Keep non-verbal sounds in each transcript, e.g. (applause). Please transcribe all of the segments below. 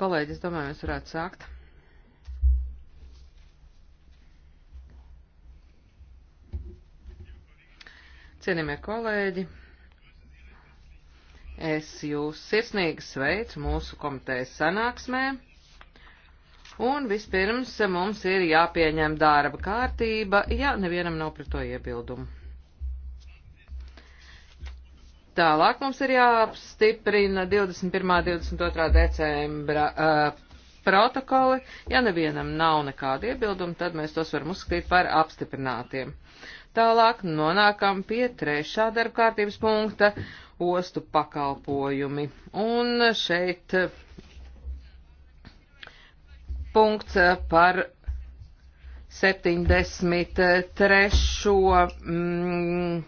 Kolēģi, es domāju, mēs varētu sākt. Cienījamie kolēģi, es jūs sirsnīgi sveicu mūsu komitejas sanāksmē. Un vispirms mums ir jāpieņem darba kārtība, ja nevienam nav pret to iebildumu. Tālāk mums ir jāapstiprina 21. 22. decembra uh, protokoli. Ja nevienam nav nekāda iebilduma, tad mēs tos varam uzskatīt par apstiprinātiem. Tālāk nonākam pie trešā darba kārtības punkta - ostu pakalpojumi. Un šeit punkts par 73. Mm,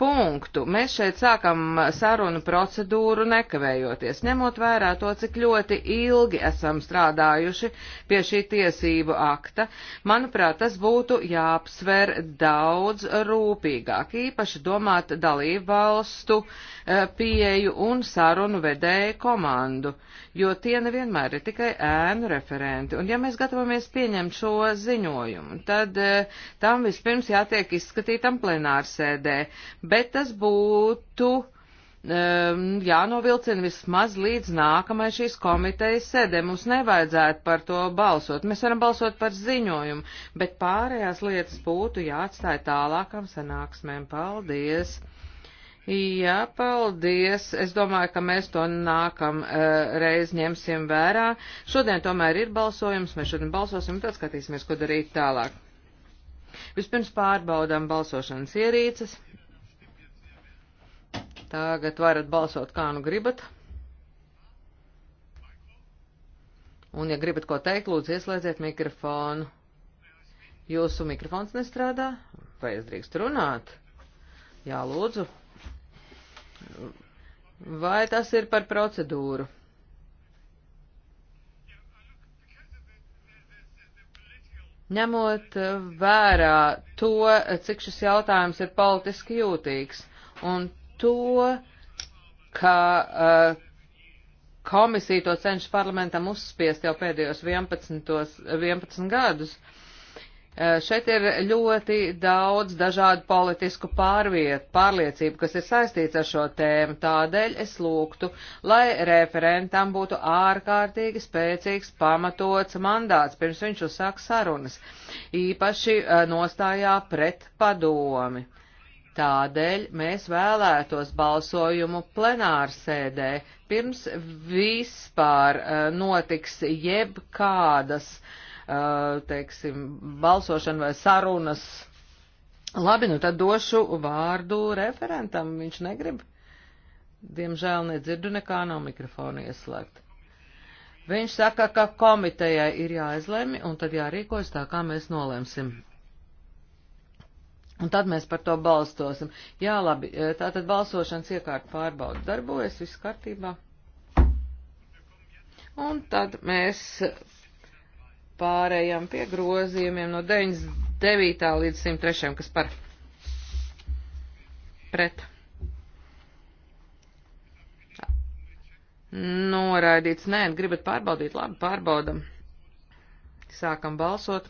punktu. Mēs šeit sākam sarunu procedūru nekavējoties, ņemot vērā to, cik ļoti ilgi esam strādājuši pie šī tiesību akta. Manuprāt, tas būtu jāapsver daudz rūpīgāk, īpaši domāt dalību valstu e, pieeju un sarunu vedēju komandu, jo tie nevienmēr ir tikai ēnu referenti. Un ja mēs gatavamies pieņemt šo ziņojumu, tad e, tam vispirms jātiek izskatītam plenārsēdē bet tas būtu um, jānovilcina vismaz līdz nākamai šīs komitejas sēdē. Mums nevajadzētu par to balsot. Mēs varam balsot par ziņojumu, bet pārējās lietas būtu jāatstāj tālākam sanāksmēm. Paldies! Jā, paldies. Es domāju, ka mēs to nākam uh, reiz ņemsim vērā. Šodien tomēr ir balsojums, mēs šodien balsosim, tad skatīsimies, ko darīt tālāk. Vispirms pārbaudām balsošanas ierīces. Tagad varat balsot, kā nu gribat. Un, ja gribat ko teikt, lūdzu ieslēdziet mikrofonu. Jūsu mikrofons nestrādā? Vai es drīkstu runāt? Jā, lūdzu. Vai tas ir par procedūru? Ņemot vērā to, cik šis jautājums ir politiski jūtīgs, un to, ka uh, komisija to cenšas parlamentam uzspiest jau pēdējos 11, 11 gadus. Eh, šeit ir ļoti daudz dažādu politisku pārviet, pārliecību, kas ir saistīts ar šo tēmu. Tādēļ es lūgtu, lai referentam būtu ārkārtīgi spēcīgs pamatots mandāts, pirms viņš uzsāk sarunas, īpaši eh, nostājā pret padomi. Tādēļ mēs vēlētos balsojumu plenārsēdē, pirms vispār eh, notiks jebkādas, eh, teiksim, balsošana vai sarunas. Labi, nu tad došu vārdu referentam, viņš negrib. Diemžēl nedzirdu nekā nav mikrofona ieslēgta. Viņš saka, ka komitejai ir jāizlemj un tad jārīkojas tā, kā mēs nolemsim. Un tad mēs par to balstosim. Jā, labi, e, tātad balsošanas iekārta pārbauda darbojas, viss kārtībā. Un tad mēs pārējām pie grozījumiem no 99. līdz 103. kas par pret. Noraidīts, nē, gribat pārbaudīt, labi, pārbaudam. Sākam balsot.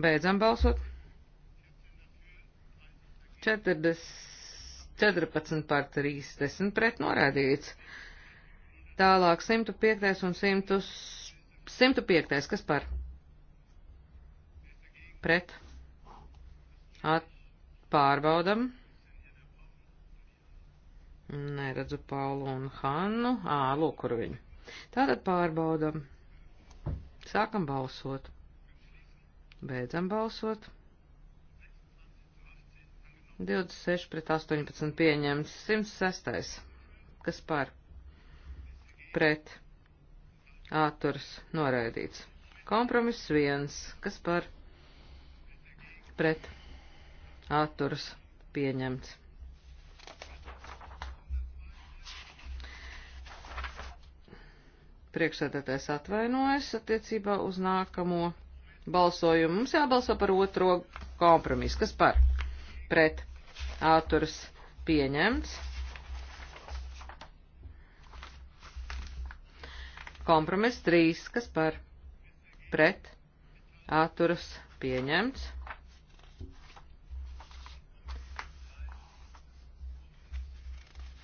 Beidzam balsot. 40, 14 par 30 pret norādīts. Tālāk 105 un 100, 105, kas par? Pret. At, pārbaudam. Neredzu Paulu un Hannu. Ā, lūk, kur viņi. Tātad pārbaudam. Sākam balsot. Beidzam balsot. 26 pret 18 pieņemts. 106. Kas par? Pret. Āturs noraidīts. Kompromiss 1. Kas par? Pret. Āturs pieņemts. Priekšsēdētājs atvainojas attiecībā uz nākamo balsojumu. Mums jābalso par otro kompromisu. Kas par? Pret. Āturs pieņemts. Kompromis 3. Kas par? Pret. Āturs pieņemts.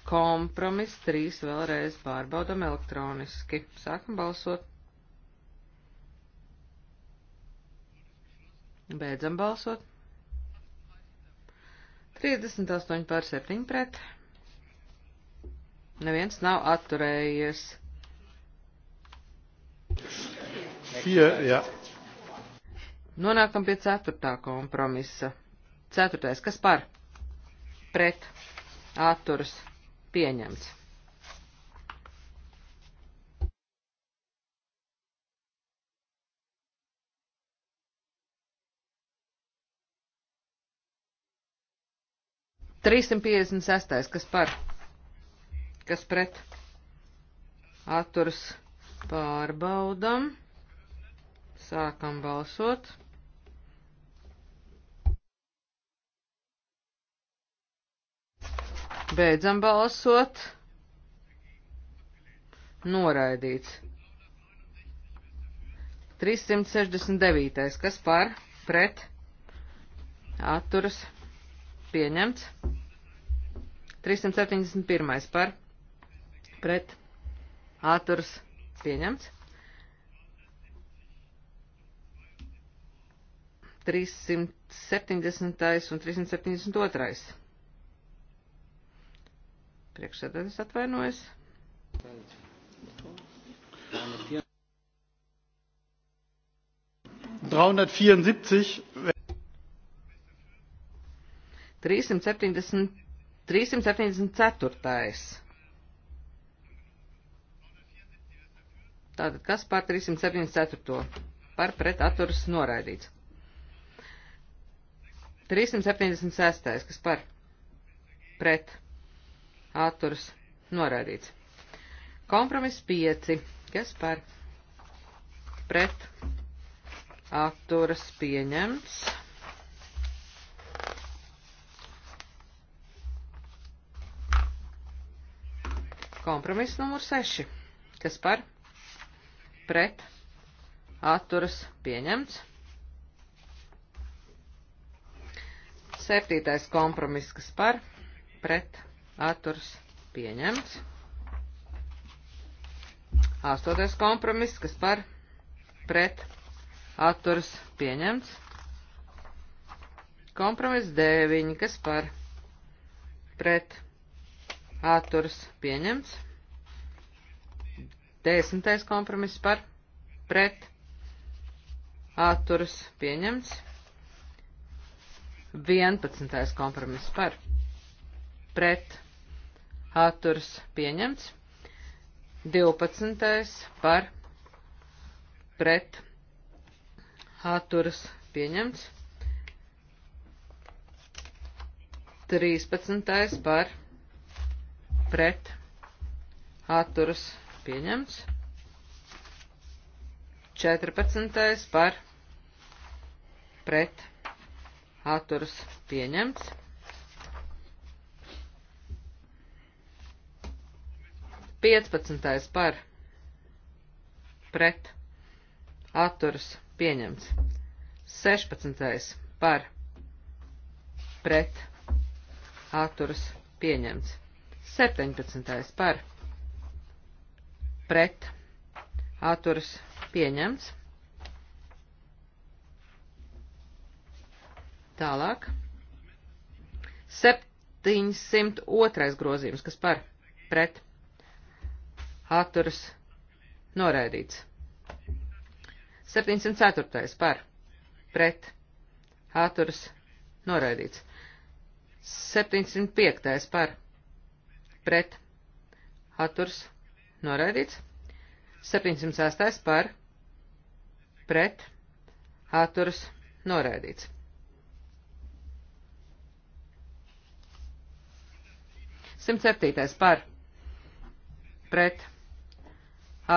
Kompromis 3 vēlreiz pārbaudam elektroniski. Sākam balsot. Beidzam balsot. 38 pār 7 pret. Neviens nav atturējies. 4, jā. Nonākam pie 4. kompromisa. 4. kas par? Pret. Atturas. Pieņemts. 356. kas par, kas pret, atturs pārbaudam, sākam balsot. Beidzam balsot. Noraidīts. 369. Kas par? Pret? Atturas pieņemts. 371. par pret āturs pieņemts. 370. un 372. Priekšsēdētājs atvainojas. Dreihundertvierundsiebzig 370, 374. Tātad, kas par 374. par pret atturas noraidīts? 376. kas par pret atturas noraidīts. Kompromiss 5. kas par pret atturas pieņemts. Kompromiss numur 6. Kas par? Pret. Atturas pieņemts. Septītais kompromiss, kas par? Pret. Atturas pieņemts. Astotais kompromiss, kas par? Pret. Atturas pieņemts. Kompromiss 9, kas par? Pret atturas pieņemts. Desmitais kompromiss par pret atturas pieņemts. Vienpadsmitais kompromiss par pret atturas pieņemts. Divpadsmitais par pret atturas pieņemts. Trīspadsmitais par pret pret atturas pieņemts. 14. par pret atturas pieņemts. Piecpadsmitais par pret atturas pieņemts. Sešpadsmitais par pret atturas pieņemts. 17. par pret atturas pieņemts. Tālāk. 702. grozījums, kas par pret atturas noraidīts. 704. par pret atturas noraidīts. 705. par pret pret atturs noraidīts, 706. par pret atturs noraidīts. 107. par pret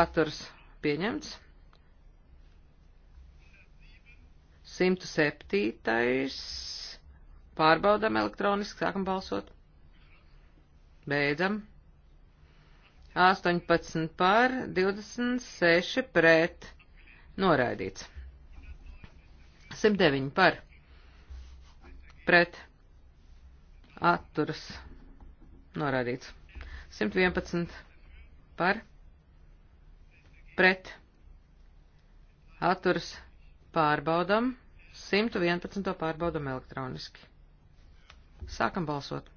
atturs pieņemts. 107. pārbaudam elektroniski, sākam balsot. Beidzam. 18 par, 26 pret. Noraidīts. 109 par. Pret. Atturas. Noraidīts. 111 par. Pret. Atturas. Pārbaudam. 111. pārbaudam elektroniski. Sākam balsot.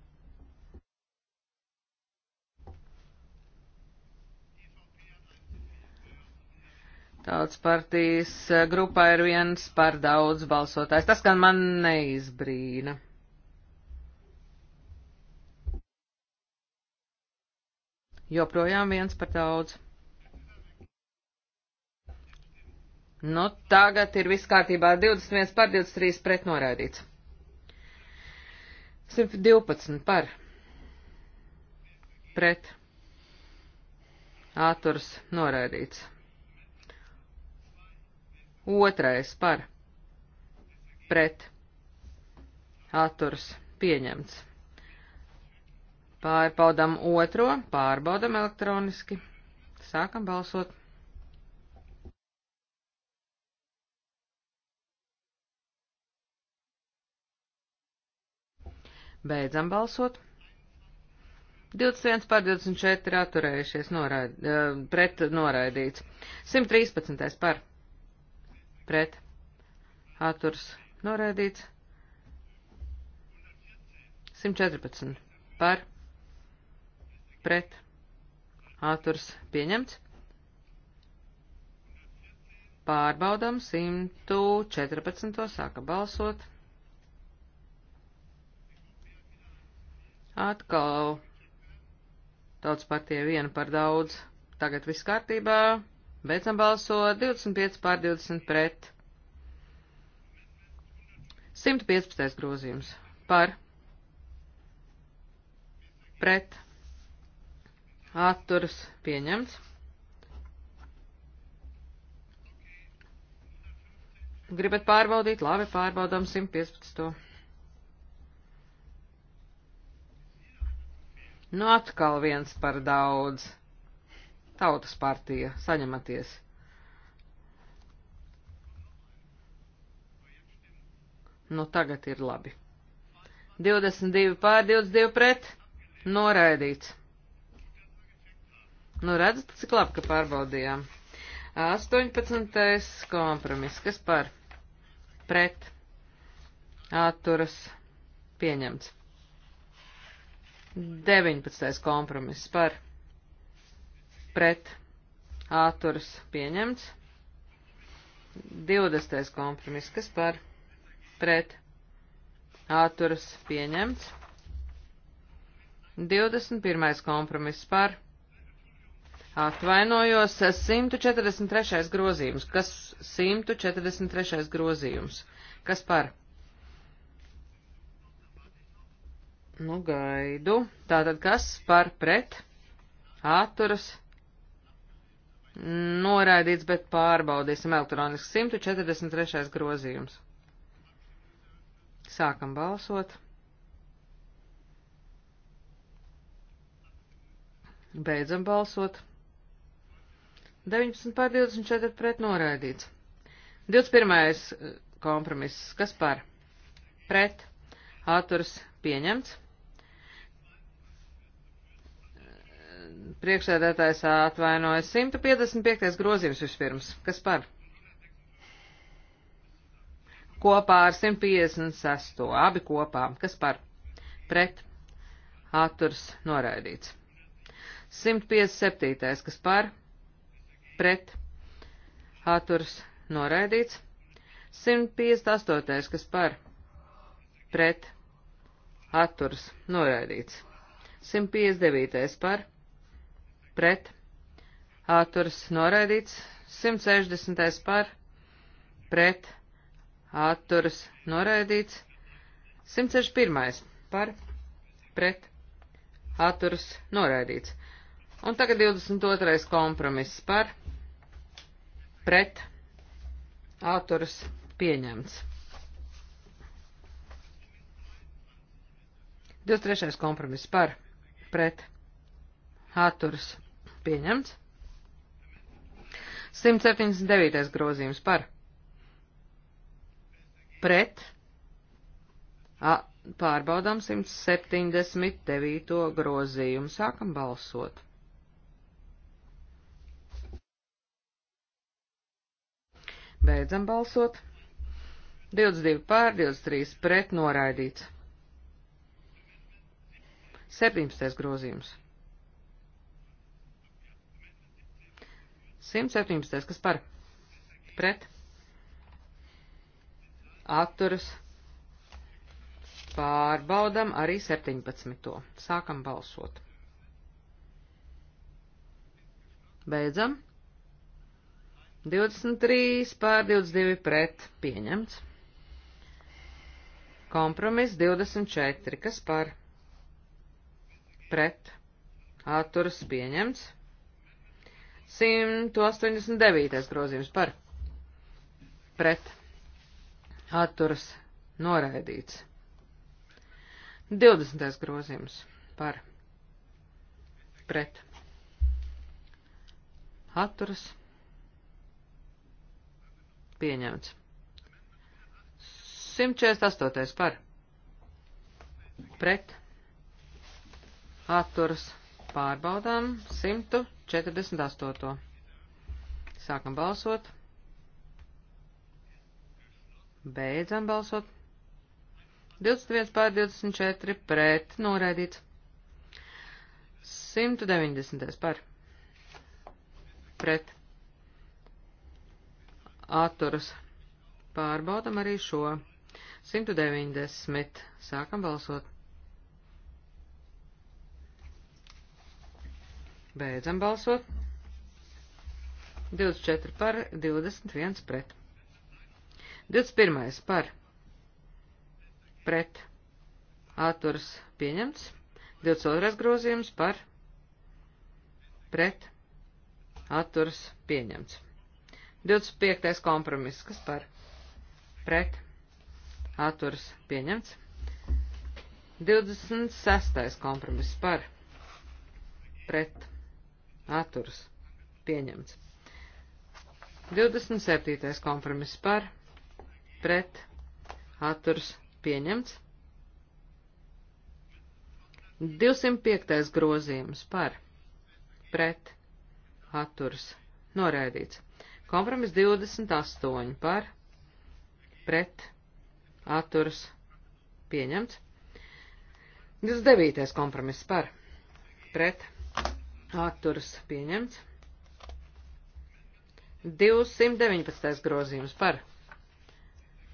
Tautas partijas eh, grupā ir viens par daudz balsotājs. Tas, gan man neizbrīna. Joprojām viens par daudz. Nu, tagad ir viss kārtībā 21 par 23 pret noraidīts. 112 par pret āturs noraidīts. Otrais par pret atturs pieņemts. Pārbaudam otro, pārbaudam elektroniski. Sākam balsot. Beidzam balsot. 21 par 24 atturējušies noraid, eh, pret noraidīts. 113 par pret atturs noraidīts. 114 par pret atturs pieņemts. Pārbaudam 114. sāka balsot. Atkal tautas partija viena par daudz. Tagad viss kārtībā. Beidzam balsot 25 pār 20 pret. 115. grozījums par pret atturas pieņemts. Gribat pārbaudīt? Labi, pārbaudām 115. Nu atkal viens par daudz. Tautas partija, saņematies. Nu, tagad ir labi. 22 pār 22 pret. Noraidīts. Nu, redzat, cik labi, ka pārbaudījām. 18. kompromis. Kas par? Pret. Atturas. Pieņemts. 19. kompromis. Par pret āturs pieņemts. 20. kompromiss, kas par pret āturs pieņemts. 21. kompromiss par atvainojos 143. grozījums. Kas 143. grozījums? Kas par? Nu, gaidu. Tātad kas par pret āturs pieņemts? Noraidīts, bet pārbaudīsim elektroniski 143. grozījums. Sākam balsot. Beidzam balsot. 19 pār 24 pret noraidīts. 21. Eh, kompromiss. Kas par? Pret. Atturs pieņemts. Priekšsēdētājs atvainojas 155. grozījums vispirms. Kas par? Kopā ar 156. Abi kopā. Kas par? Pret. Atturs noraidīts. 157. Kas par? Pret. Atturs noraidīts. 158. Kas par? Pret. Atturs noraidīts. 159. par pret, āturs noraidīts, 160. par, pret, āturs noraidīts, 161. par, pret, āturs noraidīts. Un tagad 22. kompromiss par, pret, āturs pieņemts. 23. kompromiss par, pret, āturs Pieņemts. 179. grozījums par. Pret. A, pārbaudām 179. grozījumu. Sākam balsot. Beidzam balsot. 22 pār, 23 pret noraidīts. 17. grozījums 117. kas par? Pret. Atturas. Pārbaudam arī 17. Sākam balsot. Beidzam. 23 pār 22 pret pieņemts. Kompromiss 24, kas par pret atturas pieņemts. 189. grozījums par pret atturas noraidīts. 20. grozījums par pret atturas pieņemts. 148. par pret atturas pieņemts Pārbaudām 148. Sākam balsot. Beidzam balsot. 21 pār 24 pret noraidīts. 190 par. Pret. Atturas. Pārbaudam arī šo. 190. Sākam balsot. Beidzam balsot. 24 par, 21 pret. 21 par, pret, atturs pieņemts. 22 grozījums par, pret, atturs pieņemts. 25. kompromiss, kas par, pret, atturs pieņemts. 26. kompromiss par, pret, Atturs. Pieņemts. 27. kompromiss par, pret, atturs, pieņemts. 205. grozījums par, pret, atturs, noraidīts. Kompromiss 28 par, pret, atturs, pieņemts. 29. kompromiss par, pret, atturs atturas pieņemts. 219. grozījums par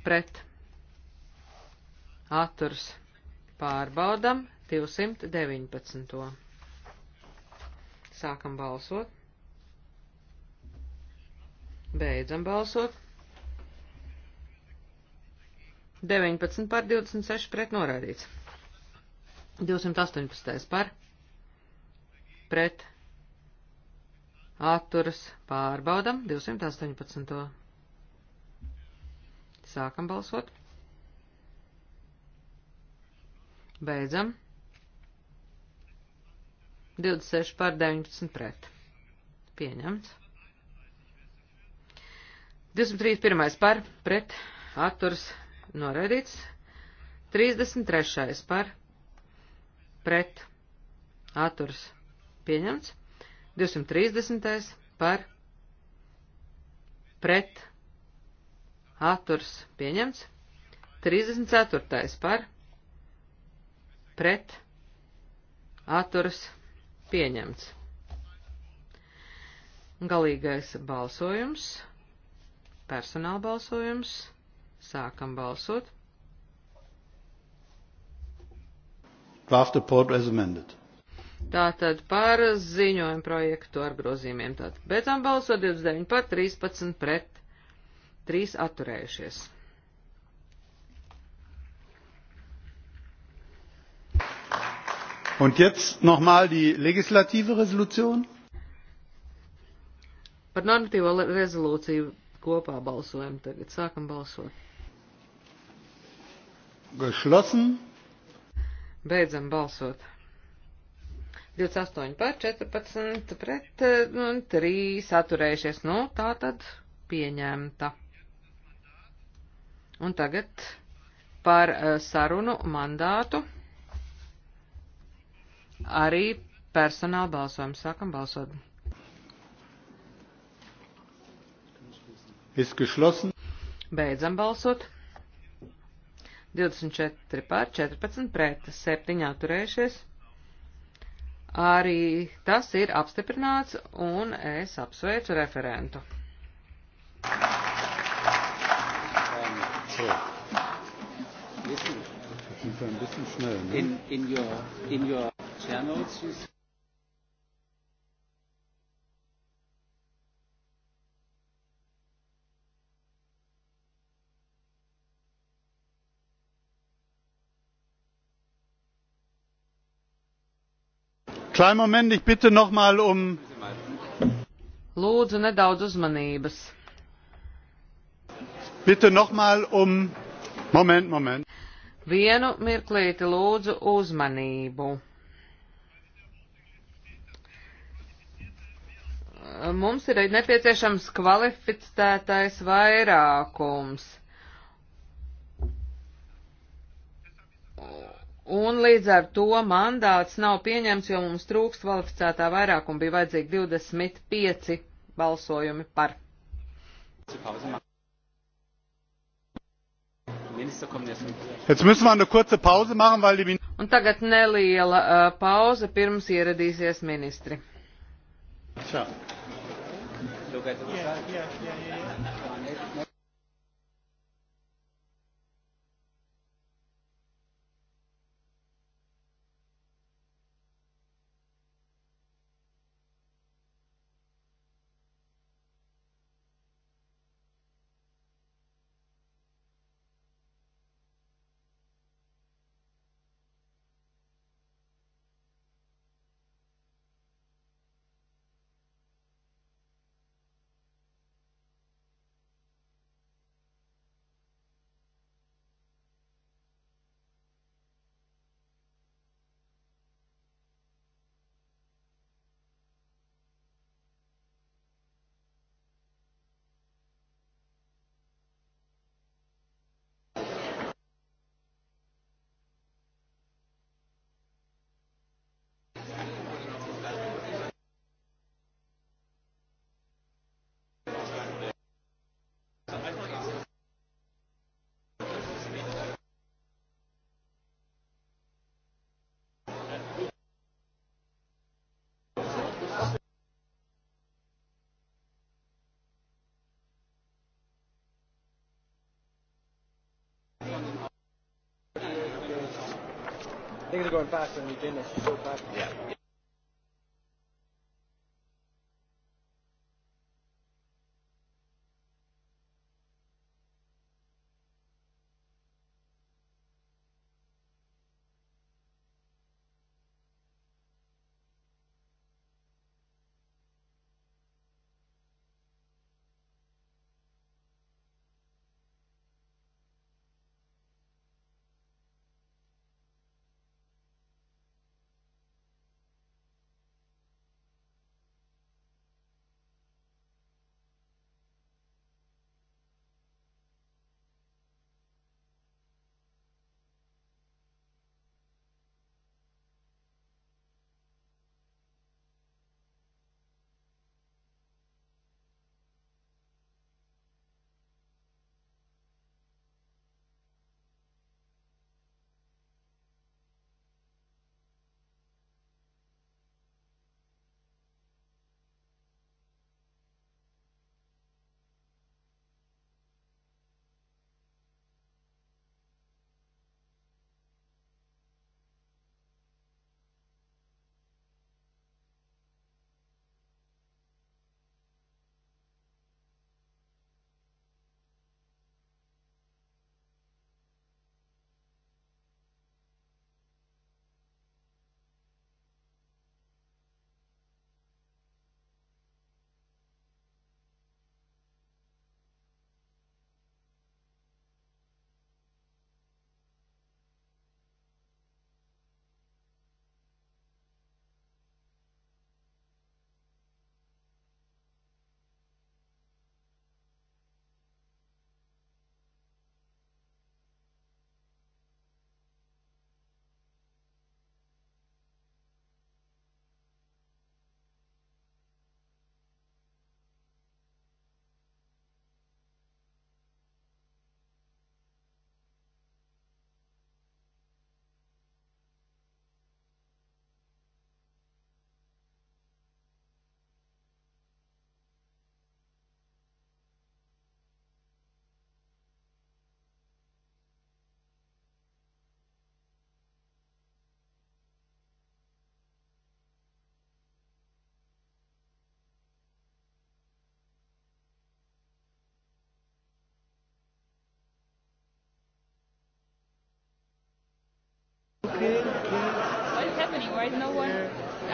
pret atturas pārbaudam 219. Sākam balsot. Beidzam balsot. 19 par 26 pret norādīts. 218 par pret atturas pārbaudam 218. Sākam balsot. Beidzam. 26 pār 19 pret. Pieņemts. 231 par pret atturs noraidīts. 33 par pret atturs noraidīts pieņemts, 230. par, pret, atturs pieņemts, 34. par, pret, atturs pieņemts. Galīgais balsojums, personāla balsojums, sākam balsot. Draft report as amended. Tātad par ziņojumu projektu ar grozījumiem. Tātad beidzām balsot 29 par 13 pret 3 atturējušies. Und jetzt nochmal die legislative Resolution. Par normatīvo rezolūciju kopā balsojam tagad. Sākam balsot. Geschlossen. Beidzam balsot. 28 par 14 pret un 3 atturējušies. Nu, tā tad pieņemta. Un tagad par eh, sarunu mandātu. Arī personāla balsojumu sākam balsot. Beidzam balsot. 24 pār 14 pret 7 atturējušies. Arī tas ir apstiprināts, un es apsveicu referentu. In, in your, in your channels, Kleinen Moment, ich bitte nochmal um. Lūdzu, nedaudz uzmanības. Bitte nochmal um. Moment, Moment. Vienu mirklīti lūdzu uzmanību. Mums ir nepieciešams kvalificētais vairākums un līdz ar to mandāts nav pieņemts, jo mums trūkst kvalificētā vairākuma, bija vajadzīgi 25 balsojumi par. Un tagad neliela uh, pauze pirms ieradīsies ministri. Ciao. Yeah, yeah, yeah, yeah. They're going to go in fast and we didn't. It's so fast. Yeah.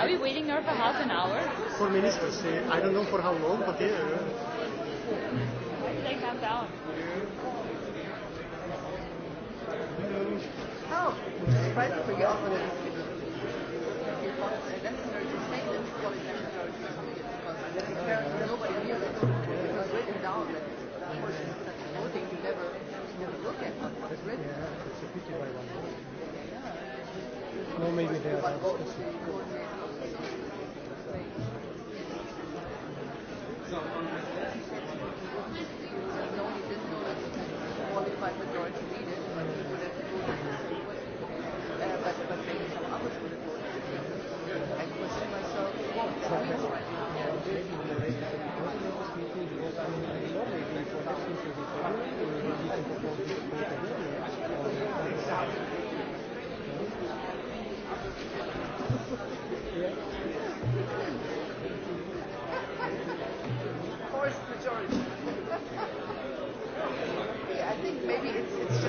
Are we waiting there for half an hour? For ministers, uh, I don't know for how long, but yeah. They come down. Oh, surprised for you often. Nobody knew that it was written down that the person that was voting you never, never look at what was written. Yeah, it's a pity by one. No, maybe they are.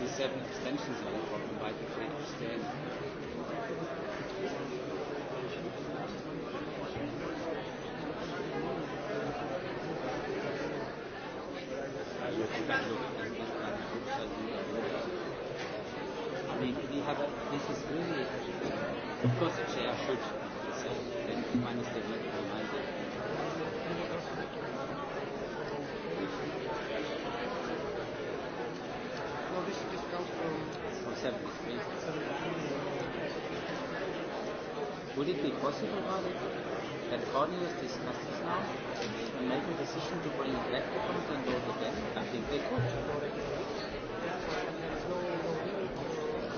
the seven abstentions are the problem. Um Why did they abstain? I mean, we have er, a, this is really, of course, the chair should, so, then minus the Would it be possible, Roger, that coordinators discuss this now and make a decision to bring it back to committee and vote again? I think they could.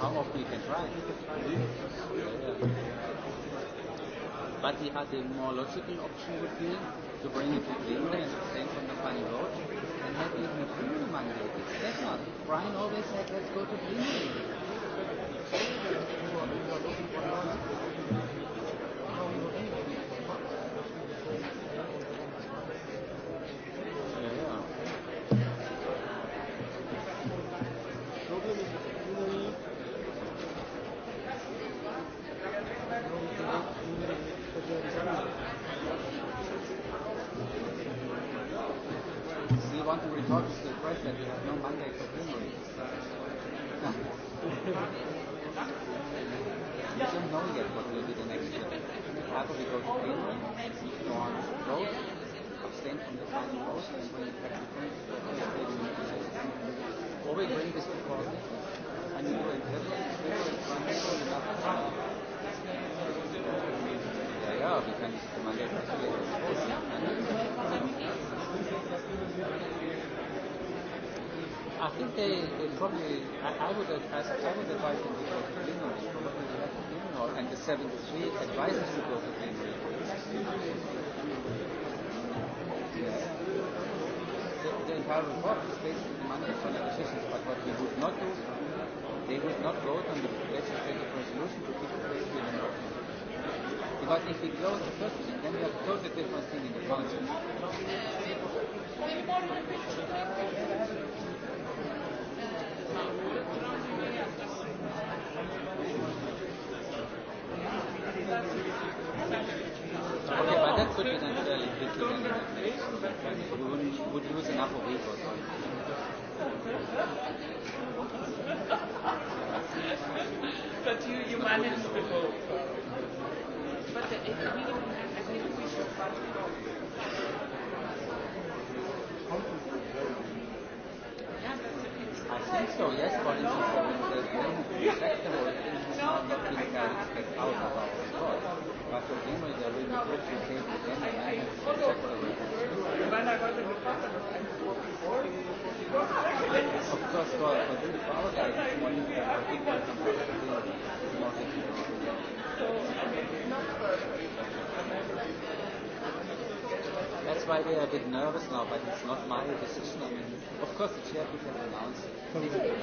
How often you can try? But the, the more logical option would be to bring it to plenary and abstain from the final vote not even a fuel mandate. That's not. Brian always said, let's go to green. You are looking for God is request that we have no Monday for humor. we don't know yet what will be the next step. Either we go to Finland or both abstain from the final process when in fact the current Or we bring this to Parliament and you will have enough. Yeah, yeah, we can Monday for I think they, they probably, I, I would advise, I would advise them to go to Greenwald, probably they have to Greenwald, and the 73 advises to go to Greenwald. Yeah. The, the entire report is based on monetary decisions, but what we would not do, they would not vote on the legislative resolution to keep the place in the But if we close the first thing, then we have a totally different thing in the council. Okay, but that could be then fairly quickly. Then. We wouldn't, would lose another week or something. but you, you managed to vote. But if we don't have, I think we should fight it off. Yeah, but I think so, yes, but it's also the detectable things are not being carried out of our thought. But for them, there will be pretty things that can be Of course, for, for the power guys, one is that I think there's some possibility in order to do it. So, I mean, it's not perfect. That's why we are a bit nervous now, but it's not my decision. I mean, of course, the chair could have announced Sicherlich.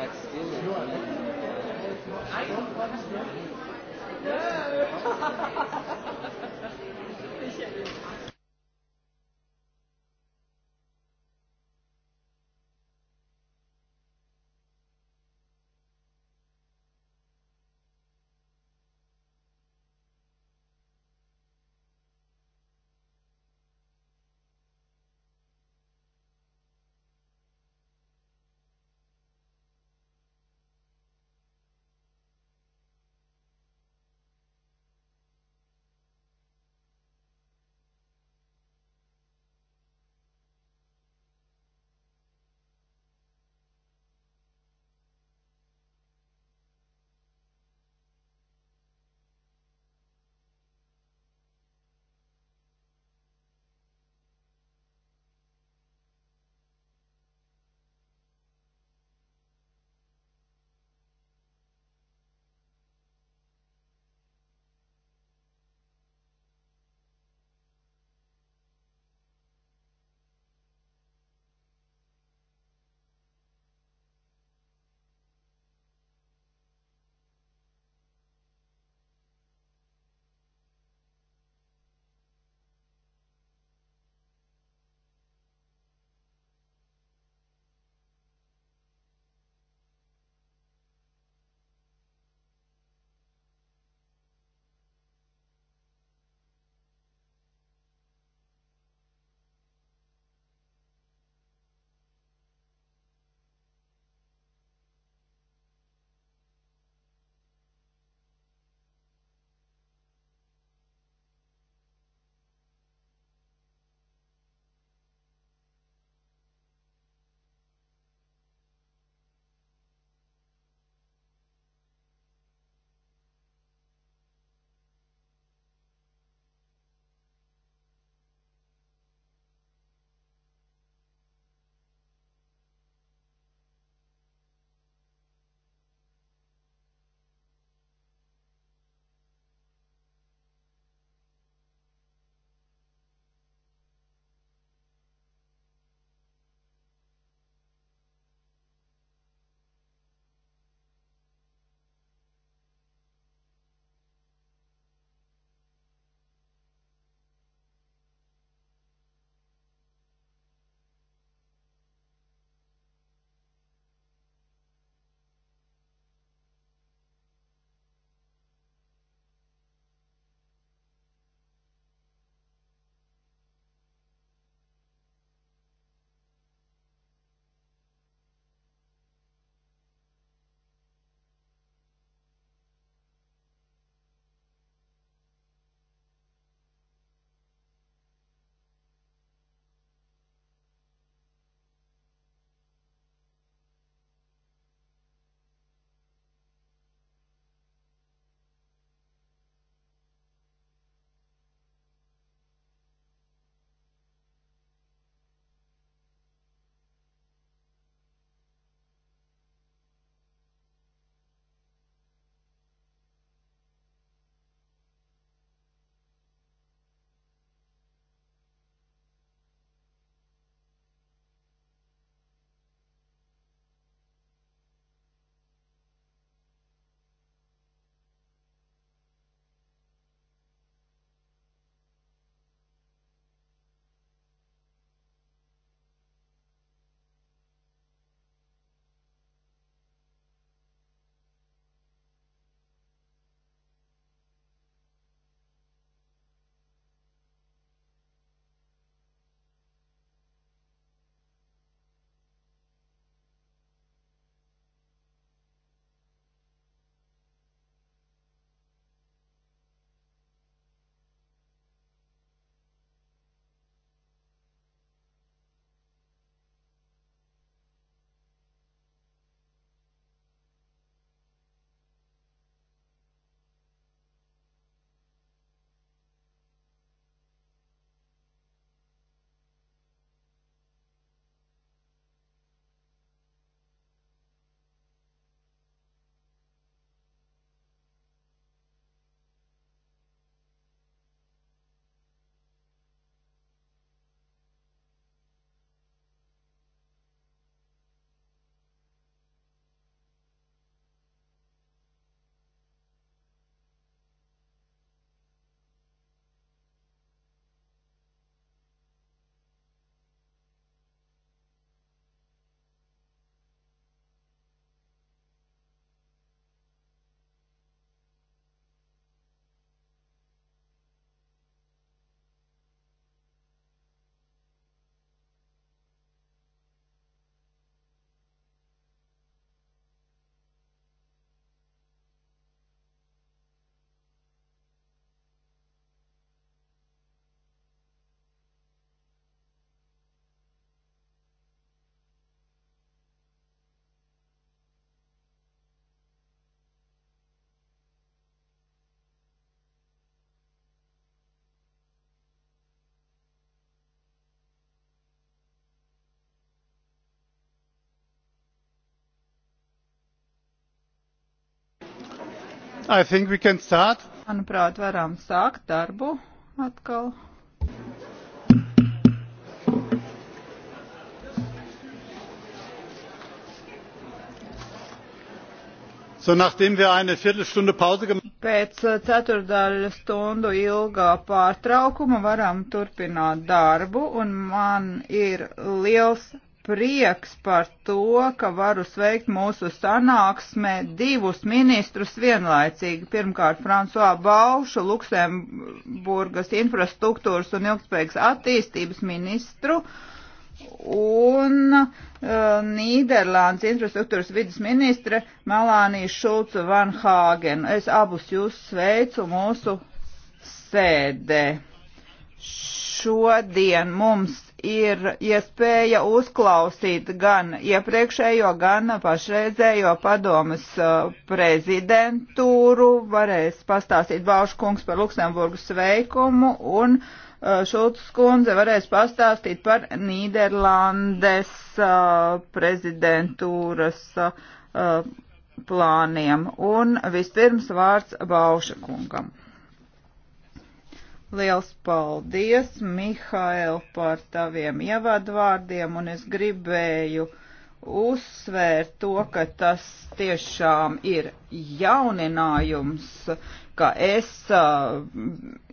I think we can start. Manuprāt, varam sākt darbu atkal. So, nachdem wir eine Viertelstunde Pause gemacht haben. Pēc uh, ceturdaļu stundu ilgā pārtraukuma varam turpināt darbu, un man ir liels prieks par to, ka varu sveikt mūsu sanāksmē divus ministrus vienlaicīgi. Pirmkārt, Fransuā Baušu, Luksemburgas infrastruktūras un ilgspējīgas attīstības ministru un uh, Nīderlandes infrastruktūras vidas ministre Melānija Šulca Van Hāgen. Es abus jūs sveicu mūsu sēdē. Šodien mums ir iespēja uzklausīt gan iepriekšējo, gan pašreizējo padomas uh, prezidentūru. Varēs pastāstīt Baušu kungs par Luksemburgas veikumu un uh, Šulcis kundze varēs pastāstīt par Nīderlandes uh, prezidentūras plāniem. Un vispirms vārds Bauša kungam. Liels paldies, Mihail, par taviem ievadvārdiem, un es gribēju uzsvērt to, ka tas tiešām ir jauninājums ka es uh,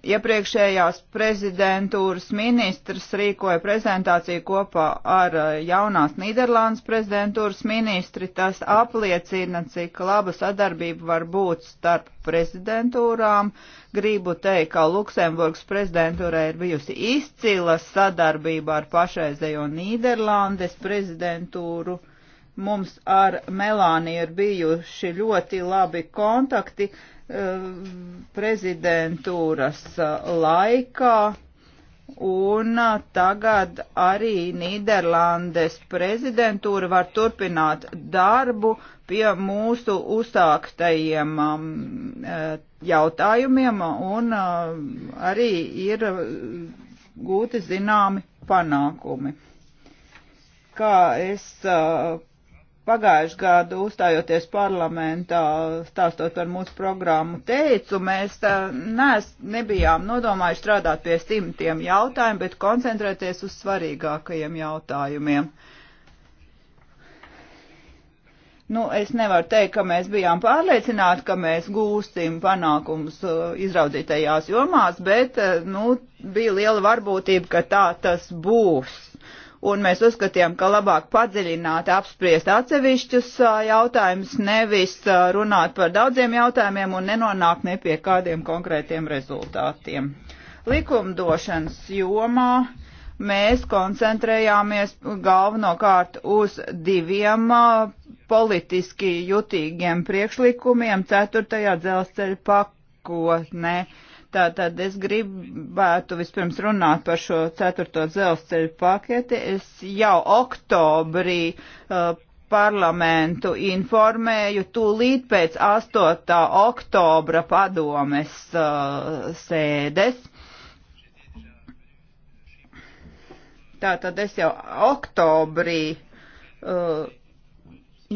iepriekšējās prezidentūras ministrs rīkoja prezentāciju kopā ar uh, jaunās Nīderlandes prezidentūras ministri. Tas apliecina, cik laba sadarbība var būt starp prezidentūrām. Gribu teikt, ka Luksemburgas prezidentūrai ir bijusi izcila sadarbība ar pašreizējo Nīderlandes prezidentūru mums ar Melāniju ir bijuši ļoti labi kontakti. Eh, prezidentūras laikā. Un tagad arī Nīderlandes prezidentūra var turpināt darbu pie mūsu uzsāktajiem um, eh, jautājumiem un eh, arī ir gūti zināmi panākumi. Kā es pagājušajā gadu uzstājoties parlamentā, stāstot par mūsu programmu, teicu, mēs nes, nebijām nodomājuši strādāt pie simtiem jautājumu, bet koncentrēties uz svarīgākajiem jautājumiem. Nu, es nevaru teikt, ka mēs bijām pārliecināti, ka mēs gūstim panākumus izraudzītajās jomās, bet, nu, bija liela varbūtība, ka tā tas būs un mēs uzskatījām, ka labāk padziļināt, apspriest atsevišķus jautājumus, nevis runāt par daudziem jautājumiem un nenonākt ne pie kādiem konkrētiem rezultātiem. Likumdošanas jomā mēs koncentrējāmies galvenokārt uz diviem politiski jutīgiem priekšlikumiem 4. dzelzceļa pakotnē. Ne Tātad es gribētu vispirms runāt par šo ceturto dzelzceļu paketi. Es jau oktobrī uh, parlamentu informēju tūlīt pēc 8. oktobra padomes uh, sēdes. Tātad es jau oktobrī uh,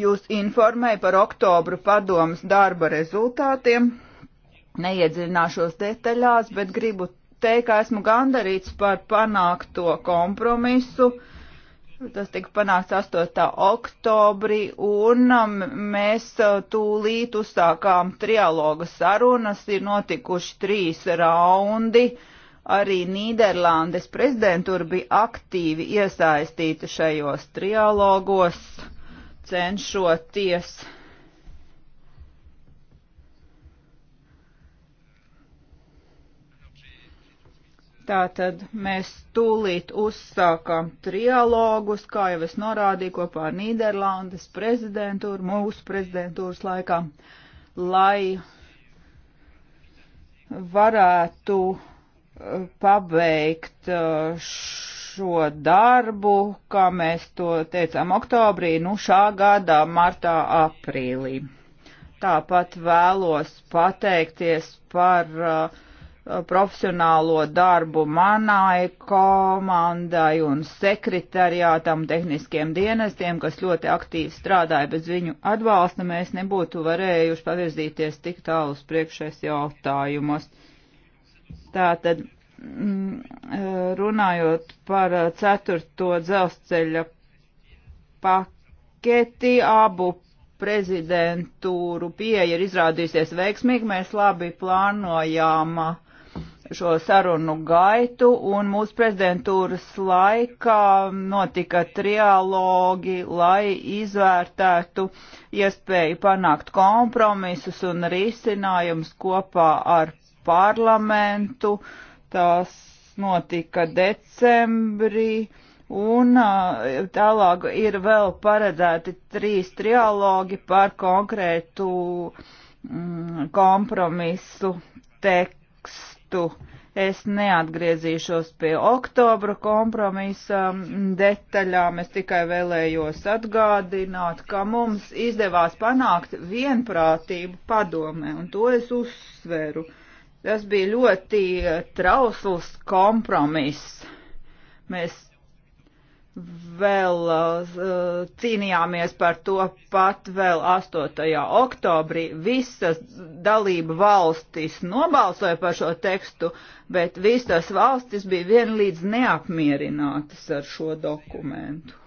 jūs informēju par oktobru padomas darba rezultātiem. Neiedzināšos detaļās, bet gribu teikt, ka esmu gandarīts par panākto kompromisu. Tas tika panākts 8. oktobrī, un um, mēs uh, tūlīt uzsākām trialoga sarunas. Ir notikuši trīs raundi. Arī Nīderlandes prezidentūra bija aktīvi iesaistīta šajos trialogos, cenšoties uh, Tātad mēs tūlīt uzsākām trialogus, kā jau es norādīju, kopā ar Nīderlandes prezidentūru, mūsu prezidentūras laikā, lai varētu eh, pabeigt eh, šo darbu, kā mēs to teicām oktobrī, nu šā gadā, martā, aprīlī. Tāpat vēlos pateikties par uh, Uh, profesionālo darbu manai komandai un sekretariātam, tehniskiem dienestiem, kas ļoti aktīvi strādāja bez viņu atbalsta, mēs nebūtu varējuši pavirzīties tik tālu uz priekšējais jautājumos. Tātad, mm, uh, runājot par uh, ceturto dzelzceļa paketi, abu prezidentūru pieeja ir izrādījusies veiksmīgi, mēs labi plānojām uh, šo sarunu gaitu, un mūsu prezidentūras laikā notika trialogi, lai izvērtētu iespēju panākt kompromisus un risinājumus kopā ar parlamentu. Tas notika decembrī. Un uh, tālāk ir vēl paredzēti trīs trialogi par konkrētu mm, kompromisu tekstu citu. Es neatgriezīšos pie oktobra kompromisa detaļām, es tikai vēlējos atgādināt, ka mums izdevās panākt vienprātību padomē, un to es uzsveru. Tas bija ļoti trausls kompromiss. Mēs vēl uh, cīnījāmies par to pat vēl 8. oktobrī. Visas dalība valstis nobalsoja par šo tekstu, bet visas valstis bija vienlīdz neapmierinātas ar šo dokumentu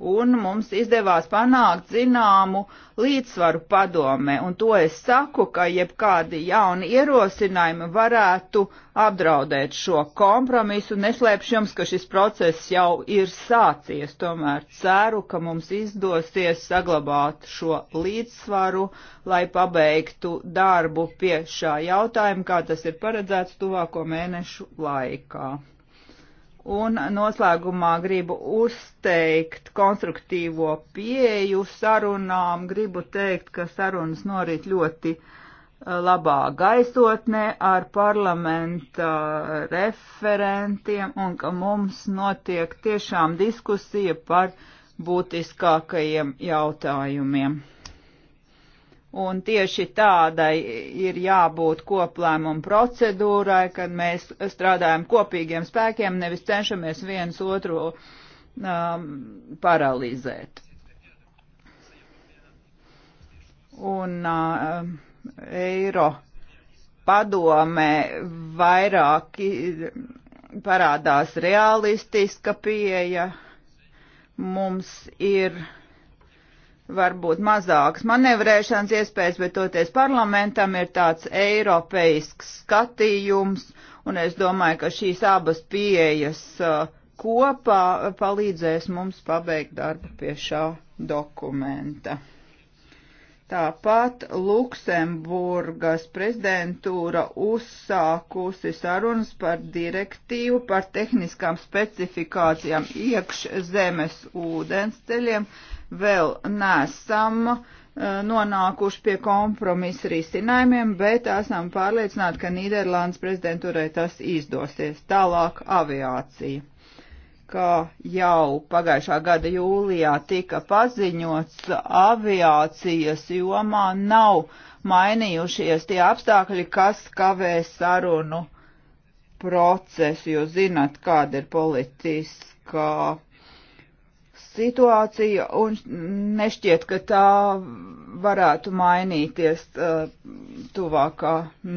un mums izdevās panākt zināmu līdzsvaru padomē, un to es saku, ka jebkādi jauni ierosinājumi varētu apdraudēt šo kompromisu, neslēpšu jums, ka šis process jau ir sācies, tomēr ceru, ka mums izdosies saglabāt šo līdzsvaru, lai pabeigtu darbu pie šā jautājuma, kā tas ir paredzēts tuvāko mēnešu laikā. Un noslēgumā gribu uzteikt konstruktīvo pieeju sarunām. Gribu teikt, ka sarunas norit ļoti eh, labā gaisotnē ar parlamenta eh, referentiem un ka mums notiek tiešām diskusija par būtiskākajiem jautājumiem. Un tieši tādai ir jābūt koplēmuma procedūrai, kad mēs strādājam kopīgiem spēkiem, nevis cenšamies viens otru um, paralizēt. Un uh, um, eiro padomē vairāk parādās realistiska pieeja. Mums ir varbūt mazākas manevrēšanas iespējas, bet toties parlamentam ir tāds eiropeisks skatījums, un es domāju, ka šīs abas pieejas uh, kopā uh, palīdzēs mums pabeigt darbu pie šā dokumenta. Tāpat Luksemburgas prezidentūra uzsākusi sarunas par direktīvu par tehniskām specifikācijām iekšzemes ūdensceļiem, ceļiem vēl nesam eh, nonākuši pie kompromisa risinājumiem, bet esam pārliecināti, ka Nīderlandes prezidentūrai tas izdosies. Tālāk aviācija. Kā jau pagājušā gada jūlijā tika paziņots, aviācijas jomā nav mainījušies tie apstākļi, kas kavē sarunu procesu, jo zināt, kāda ir politiskā situācija un nešķiet, ka tā varētu mainīties uh, tuvākā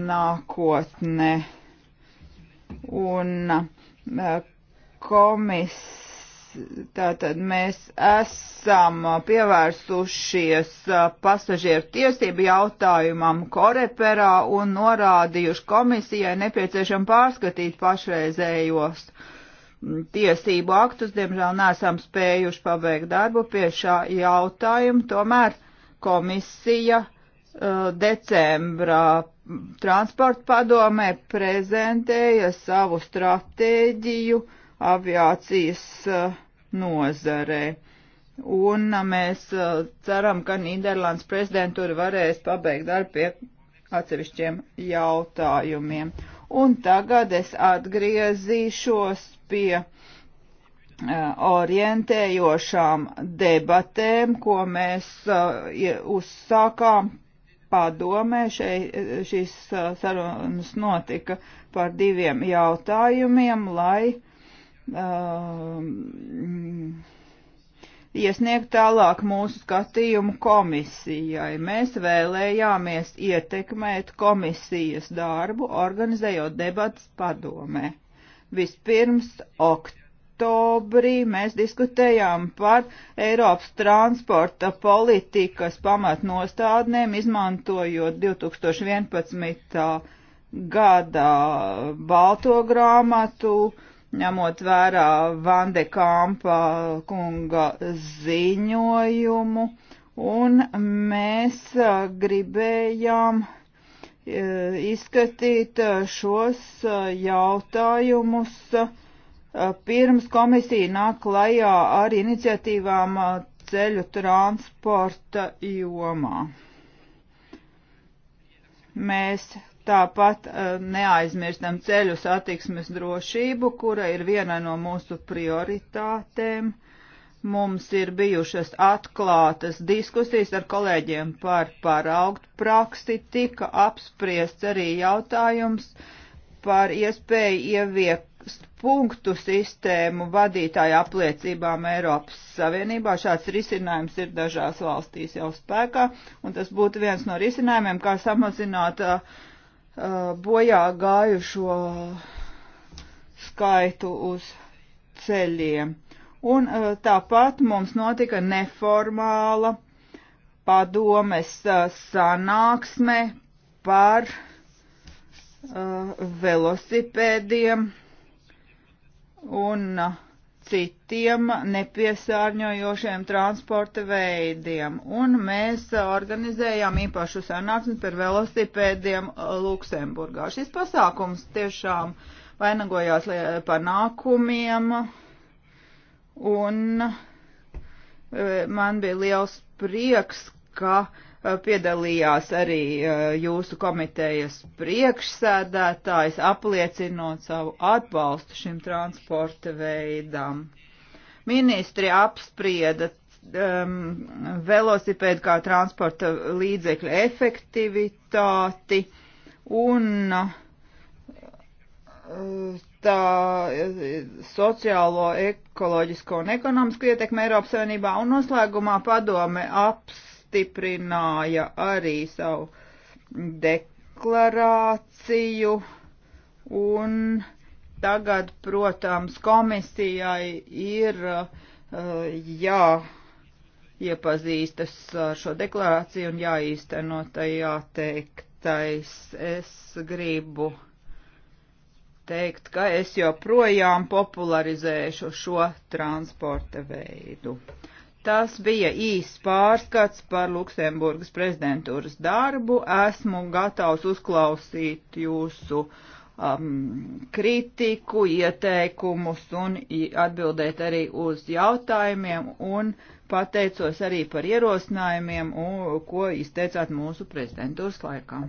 nākotnē. Un uh, komis, tātad mēs esam pievērsušies uh, pasažieru tiesību jautājumam koreperā un norādījuši komisijai nepieciešam pārskatīt pašreizējos uh, tiesību aktus, diemžēl nesam spējuši pabeigt darbu pie šā jautājuma, tomēr komisija uh, decembrā transporta padomē prezentēja savu stratēģiju aviācijas uh, nozarē. Un uh, mēs uh, ceram, ka Nīderlandes prezidentūra varēs pabeigt darbu pie atsevišķiem jautājumiem. Un tagad es atgriezīšos pie eh, orientējošām debatēm, ko mēs eh, uzsākām padomē. Šeit, eh, šīs sarunas notika par diviem jautājumiem, lai uh, iesniegt tālāk mūsu skatījumu komisijai. Mēs vēlējāmies ietekmēt komisijas darbu, organizējot debatas padomē. Vispirms oktobrī mēs diskutējām par Eiropas transporta politikas pamatnostādnēm, izmantojot 2011. gada balto grāmatu, ņemot vērā Vande Kampa kunga ziņojumu, un mēs eh, gribējām uh, Eh, izskatīt eh, šos eh, jautājumus pirms komisija nāk klajā ar iniciatīvām ceļu transporta jomā. Mēs tāpat neaizmirstam ceļu satiksmes drošību, kura ir viena no mūsu prioritātēm. Mums ir bijušas atklātas diskusijas ar kolēģiem par paraugt praksi, tika apspriests arī jautājums par iespēju ieviest punktu sistēmu vadītāju apliecībām Eiropas Savienībā. Šāds risinājums ir dažās valstīs jau spēkā, un tas būtu viens no risinājumiem, kā samazināt uh, uh bojā gājušo skaitu uz ceļiem. Un uh, tāpat mums notika neformāla padomes uh, sanāksme par uh, velosipēdiem un citiem nepiesārņojošiem transporta veidiem. Un mēs organizējām īpašu sanāksmi par velosipēdiem Luksemburgā. Šis pasākums tiešām vainagojās panākumiem. Uh, un e, man bija liels prieks, ka e, piedalījās arī e, jūsu komitejas priekšsēdētājs, apliecinot savu atbalstu šim transporta veidam. Ministri apsprieda um, velosipēdu kā transporta līdzekļu efektivitāti un uh, E, sociālo, ekoloģisko un ekonomisko ietekmi Eiropas Savienībā, un noslēgumā padome apstiprināja arī savu deklarāciju, un tagad, protams, komisijai ir uh, jā iepazīstas ar šo deklarāciju un jāīsteno tajā teiktais. Es gribu teikt, ka es joprojām popularizēšu šo transporta veidu. Tas bija īsts pārskats par Luksemburgas prezidentūras darbu. Esmu gatavs uzklausīt jūsu um, kritiku, ieteikumus un atbildēt arī uz jautājumiem un pateicos arī par ierosinājumiem, un, ko izteicāt mūsu prezidentūras laikā.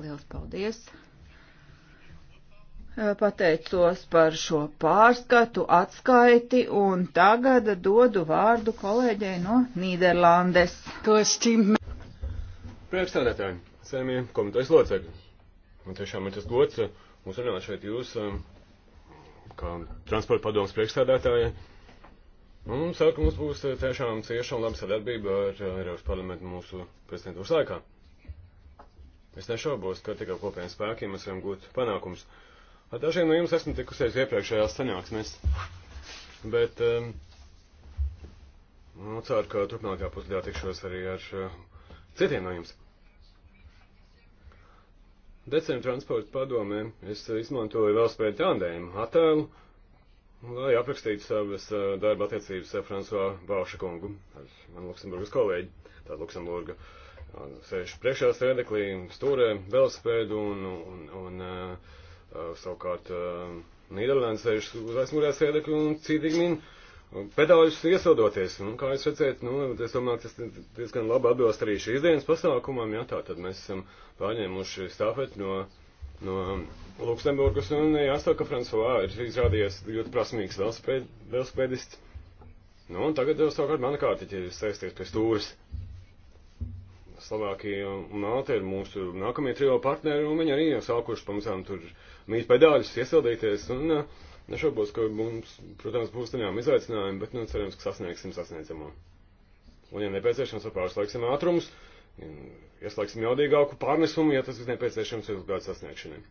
Liels paldies! Eh, pateicos par šo pārskatu, atskaiti un tagad dodu vārdu kolēģei no Nīderlandes. Priekšstādētāji, sēmie komitejas locekļi. Man tiešām ir tas gods eh, uzrunāt šeit jūs, eh, kā transporta padomas priekšstādētāji. Un ceru, ka mums būs tiešām cieša un laba sadarbība ar Eiropas parlamentu mūsu prezidentūras laikā. Es nešaubos, ka tikai kopējiem spēkiem mēs varam gūt panākums. Ar dažiem no jums esmu tikusies iepriekšējās sanāksmēs, bet um, nu, ceru, ka turpmākajā pusgadā tikšos arī ar uh, citiem no jums. Decembra transporta padomē es izmantoju velospēdu tandēmu attēlu, lai aprakstītu savas uh, darba attiecības ar Fransuā Bauša kungu, ar manu Luksemburgas kolēģi, tā Luksemburga. Uh, sēž priekšā sēdeklī, stūrē velospēdu un, un, un, un uh, Eh, savukārt eh, Nīderlandes sēž uz aizmugurējā sēdekļa un cītīgi min pedāļus iesildoties. Nu, kā jūs redzēt, nu, es domāju, ka tas diezgan labi atbilst arī šīs dienas pasākumam, jā, tā tad mēs esam pārņēmuši stafeti no, no Luksemburgas, un jāsaka, ka Francoā ir izrādījies ļoti prasmīgs velospēdists. Nu, un tagad jau savukārt mana kārtiķi ir saistīts pie stūras. Slovākija un Malta ir mūsu nākamie trio partneri, un viņi arī jau sākuši pamazām tur mīt pedāļus, iesildīties, un uh, nešaubos, ka mums, protams, būs tajām izaicinājumi, bet, nu, cerams, ka sasniegsim sasniedzamo. Un, ja nepieciešams, pārslēgsim ātrumus, ieslēgsim jaudīgāku pārnesumu, ja tas ir nepieciešams rezultātu sasniegšanai.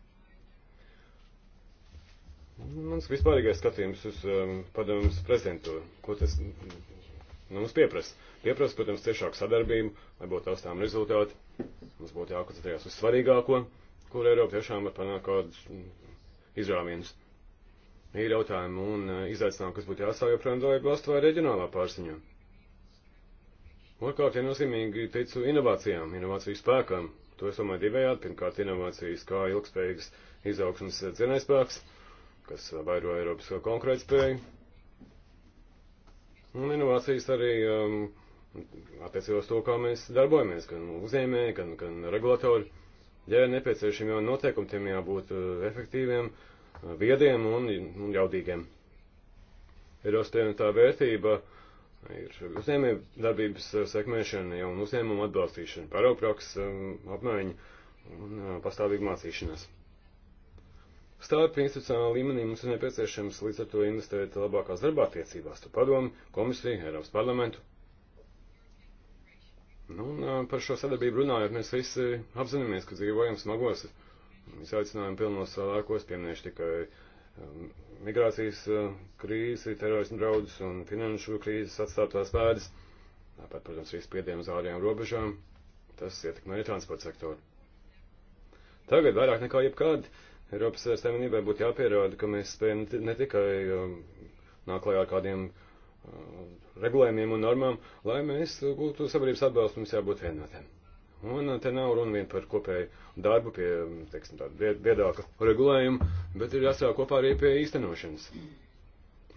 Mans vispārīgais skatījums uz um, padomus prezidentūru, ko tas Nu, mums pieprasa. Pieprasa, protams, ciešāku sadarbību, lai būtu taustām rezultāti. Mums būtu jākoncentrējas uz svarīgāko, kur Eiropa tiešām var panākt kādus mm, izrāvienus. Ir jautājumi un eh, izaicinājumi, kas būtu jāsāk joprojām dalību valstu vai reģionālā pārziņā. Otrkārt, ja nozīmīgi teicu inovācijām, inovāciju spēkam, to es domāju divējādi. Pirmkārt, inovācijas kā ilgspējīgas izaugsmas eh, dzinējspēks, kas vairo Eiropas konkurētspēju. Un inovācijas arī um, attiecībā uz to, kā mēs darbojamies, gan uzņēmēji, gan, gan regulatori. Ja ir nepieciešami jau noteikumi, tiem jābūt uh, efektīviem, uh, viediem un, un jaudīgiem. Ir ostienotā vērtība, ir uzņēmēju darbības uh, sekmēšana, ja un uzņēmumu atbalstīšana, paraugpraks um, apmaiņa un uh, pastāvīga mācīšanās. Starp institucionālā līmenī mums ir nepieciešams līdz ar to investēt labākās darbā attiecībās ar padomu, komisiju, Eiropas parlamentu. Nu, un par šo sadarbību runājot, mēs visi apzināmies, ka dzīvojam smagos izaicinājumu pilnos lēkos, pieminēšu tikai migrācijas krīzi, terorismu draudus un finanšu krīzes atstātās pēdas. Tāpat, protams, arī spiedienu uz ārējām robežām. Tas ietekmē transporta sektoru. Tagad vairāk nekā jebkad Eiropas Savienībai būtu jāpierāda, ka mēs spējam ne tikai um, nāklājā ar kādiem uh, regulējumiem un normām, lai mēs būtu sabiedrības atbalstu, mums jābūt vienotiem. Un uh, te nav runa vien par kopēju darbu pie, um, teiksim, tāda biedāka regulējuma, bet ir jāsāk kopā arī pie īstenošanas.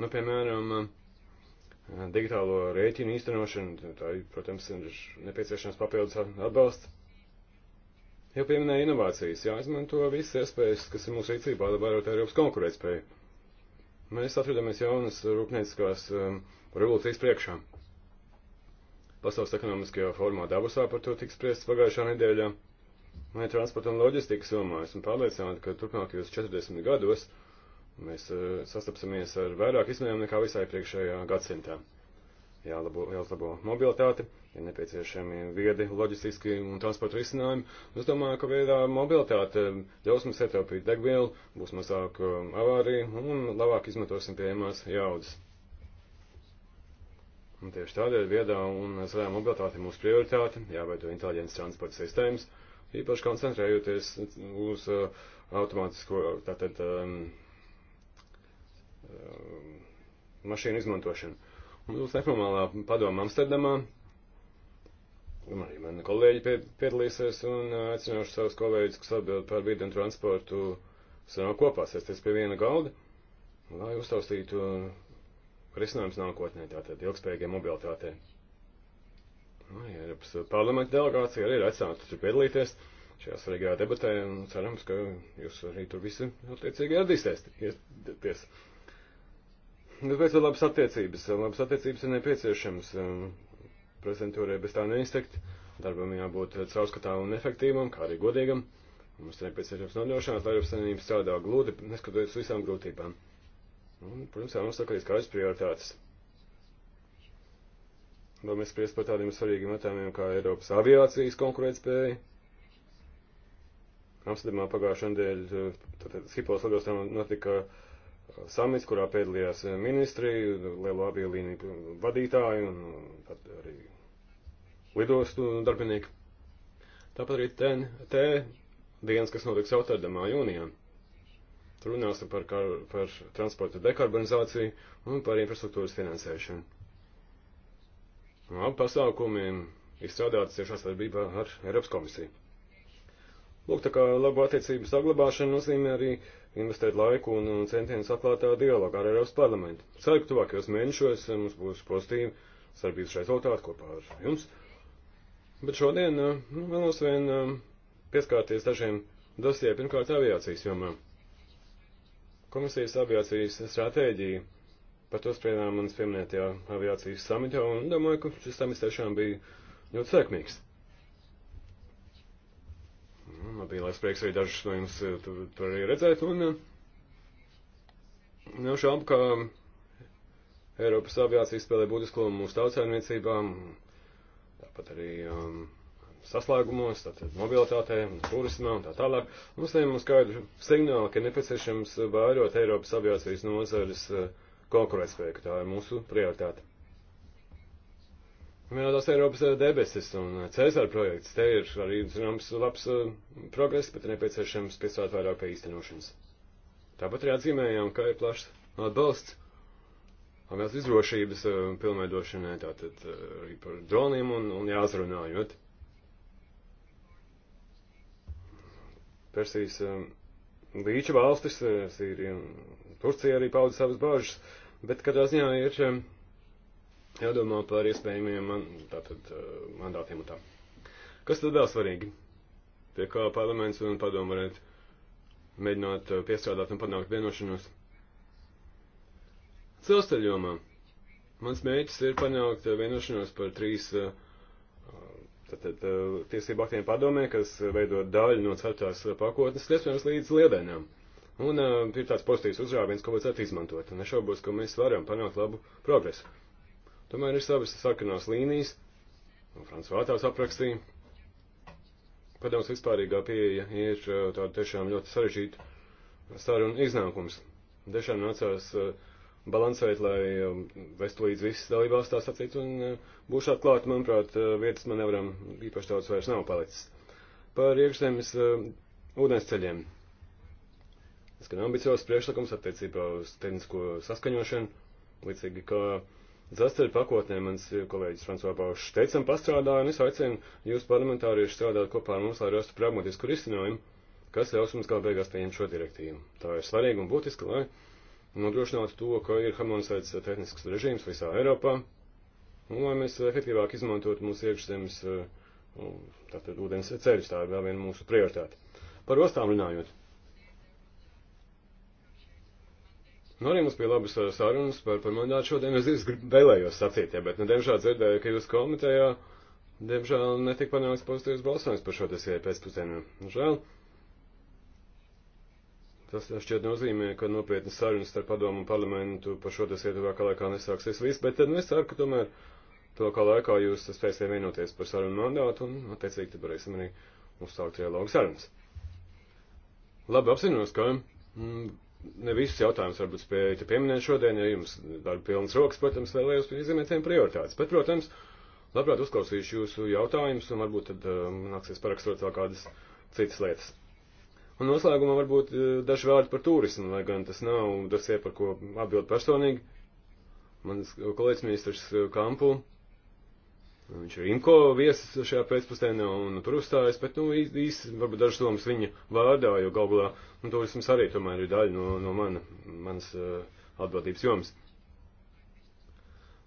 Nu, piemēram, um, digitālo rēķinu īstenošanu, tā, protams, ir nepieciešams papildus atbalsts. Jau pieminēja inovācijas, jāizmanto visas iespējas, kas ir mūsu rīcībā, lai vairot Eiropas konkurētspēju. Mēs atrodamies jaunas rūpnieciskās um, revolūcijas priekšā. Pasaules ekonomiskajā formā Davosā par to tiks spriests pagājušā nedēļā. Mēs transporta un loģistikas jomā esam pārliecināti, ka turpmākajos 40 gados mēs uh, sastapsimies ar vairāk izmaiņām nekā visā iepriekšējā gadsimtā jālabo, jāuzlabo mobilitāte, ir nepieciešami viedi, loģistiski un transporta risinājumi. Es domāju, ka veidā mobilitāte ļaus mums ietaupīt degvielu, būs mazāk um, avāriju un labāk izmantosim pieejamās jaudas. Un tieši tādēļ viedā un zaļā mobilitāte ir mūsu prioritāte, jāveido inteliģents transporta sistēmas, īpaši koncentrējoties uz uh, automātisko, tātad, um, um, mašīnu izmantošanu. Būs neformālā padoma Amsterdamā. Un arī mani kolēģi piedalīsies un uh, aicināšu savus kolēģus, kas atbild par vidu un transportu, sanāk kopā, sēsties pie viena galda, lai uztaustītu risinājums nākotnē, tātad ilgspējīgai mobilitātei. Nu, Eiropas parlamenta delegācija arī ir aicināta tur piedalīties šajā svarīgajā debatē un cerams, ka jūs arī tur visi attiecīgi atdīsties. Bet nu, pēc tam labas attiecības. Labas attiecības ir nepieciešams. Um, prezidentūrai bez tā neiztekt. Darbam jābūt caurskatāmam un efektīvam, kā arī godīgam. Mums ir nepieciešams nodrošināt, lai Eiropas Savienība strādā glūdi, neskatoties uz visām grūtībām. Un, protams, jānosaka arī skaidrs prioritātes. Lai mēs spriest par tādiem svarīgiem jautājumiem kā Eiropas aviācijas konkurētspēja. Amsterdamā pagājušā nedēļa, tātad Hipolas lidostā notika uh, samits, kurā piedalījās eh, ministri, lielo aviolīniju vadītāji un pat arī lidostu darbinieki. Tāpat arī TNT dienas, kas notiks Rotterdamā jūnijā. Tur runāsim par, kar, par transporta dekarbonizāciju un par infrastruktūras finansēšanu. Abi pasākumi izstrādāti ciešā sadarbībā ar Eiropas komisiju. Lūk, tā kā labu attiecību saglabāšana nozīmē arī uh, investēt laiku un, un centienus atklātā dialogā ar Eiropas parlamentu. Ceru, ka tuvākajos mēnešos eh, mums būs pozitīvi sarbības rezultāti kopā ar jums. Bet šodien eh, nu, vēlos vien eh, pieskārties dažiem dosiem, pirmkārt aviācijas jomā. Komisijas aviācijas stratēģija par to spriedām manas pieminētajā aviācijas samitā, un domāju, ka šis samits tiešām bija ļoti sekmīgs. Man bija liels prieks arī dažus no jums eh, tur, tur arī redzēt. Un eh, nav šaubu, ka Eiropas aviācija spēlē būtisko lomu mūsu tautsēmniecībām, tāpat arī um, saslēgumos, tātad mobilitātē, turismā un tā tālāk. Mums saņemam skaidru signālu, ka nepieciešams vairot Eiropas aviācijas nozares eh, konkurētspēju, ka tā ir mūsu prioritāte vienādās Eiropas eh, debesis un eh, Cēzara projekts. Te ir arī, zināms, eh, labs progress, bet nepieciešams piesāt vairāk pie īstenošanas. Tāpat arī atzīmējām, ka ir plašs atbalsts aviācijas izdrošības pilnveidošanai, tātad arī par droniem un, un jāzrunājot. Persijas līča valstis, Sīrija un Turcija arī pauda savas bāžas, bet katrā ziņā ir jādomā par iespējamiem man, tātad, uh, mandātiem un tā. Kas tad vēl svarīgi? Pie kā parlaments un padomu varētu mēģināt uh, piestrādāt un panākt vienošanos? Celstaļjomā. Mans mēģis ir panākt uh, vienošanos par trīs tātad, tiesību aktiem padomē, kas veido daļu no ceturtās pakotnes, iespējams, līdz liedēnām. Un uh, ir tāds pozitīvs uzrāviens, ko vajadzētu izmantot. Un es šaubos, ka mēs varam panākt labu progresu. Tomēr ir savas sarkanās līnijas, un Francijā tās aprakstīja. Padoms vispārīgā pieeja ir eh, tāda tiešām ļoti sarežģīta saruna iznākums. Tiešām nācās eh, balansēt, lai um, vestu līdz visas dalībās tā sacīt, un eh, būšu atklāti, manuprāt, vietas manevram īpaši daudz vairs nav palicis. Par iekšzemes ūdens ceļiem. Es gan ambiciozs priekšlikums attiecībā uz tehnisko saskaņošanu, līdzīgi kā ka Zastarp pakotnē mans kolēģis Francois Baušs teicam pastrādāja, un es aicinu jūs parlamentārieši strādāt kopā ar mums, lai rastu pragmatisku risinājumu, kas ļaus mums kā beigās pieņemt šo direktīvu. Tā ir svarīga un būtiska, lai nodrošinātu to, ka ir harmonizēts tehnisks režīms visā Eiropā, un lai mēs efektīvāk izmantotu mūsu iekšzemes, uh, tātad ūdens ceļus, tā ir vēl viena mūsu prioritāte. Par ostām runājot. Nu, arī mums bija labas uh, sarunas par, par mandātu šodien. Es, es vēlējos sacīt, ja, bet, nu, diemžēl dzirdēju, ka jūs komitejā, diemžēl, netika panāks pozitīvs balsojums par šo tiesai pēcpusdienu. Nu, žēl. Tas šķiet nozīmē, ka nopietnas sarunas starp padomu un parlamentu par šo tiesai tuvākā laikā nesāksies viss, bet, nu, es ceru, ka tomēr to, kā laikā jūs spēsiet vienoties par sarunu mandātu un, attiecīgi, tad varēsim arī uzsākt trialogu sarunas. Labi, apzinos, ka. Mm, ne visus jautājumus varbūt spējat pieminēt šodien, ja jums darba pilnas rokas, protams, vēlējos izņemt tiem prioritātes. Bet, protams, labprāt uzklausīšu jūsu jautājumus un varbūt tad um, nāksies parakstot vēl kādas citas lietas. Un noslēgumā varbūt uh, daži vārdi par turismu, lai gan tas nav dosie, par ko atbild personīgi. Mans kolēģis ministrs uh, Kampu Viņš ir Imko viesis šajā pēcpusdienā un tur uzstājas, bet, nu, īsti varbūt dažas domas viņa vārdā, jo galvā, un to vismaz arī tomēr ir daļa no, no mana, manas uh, atbildības jomas.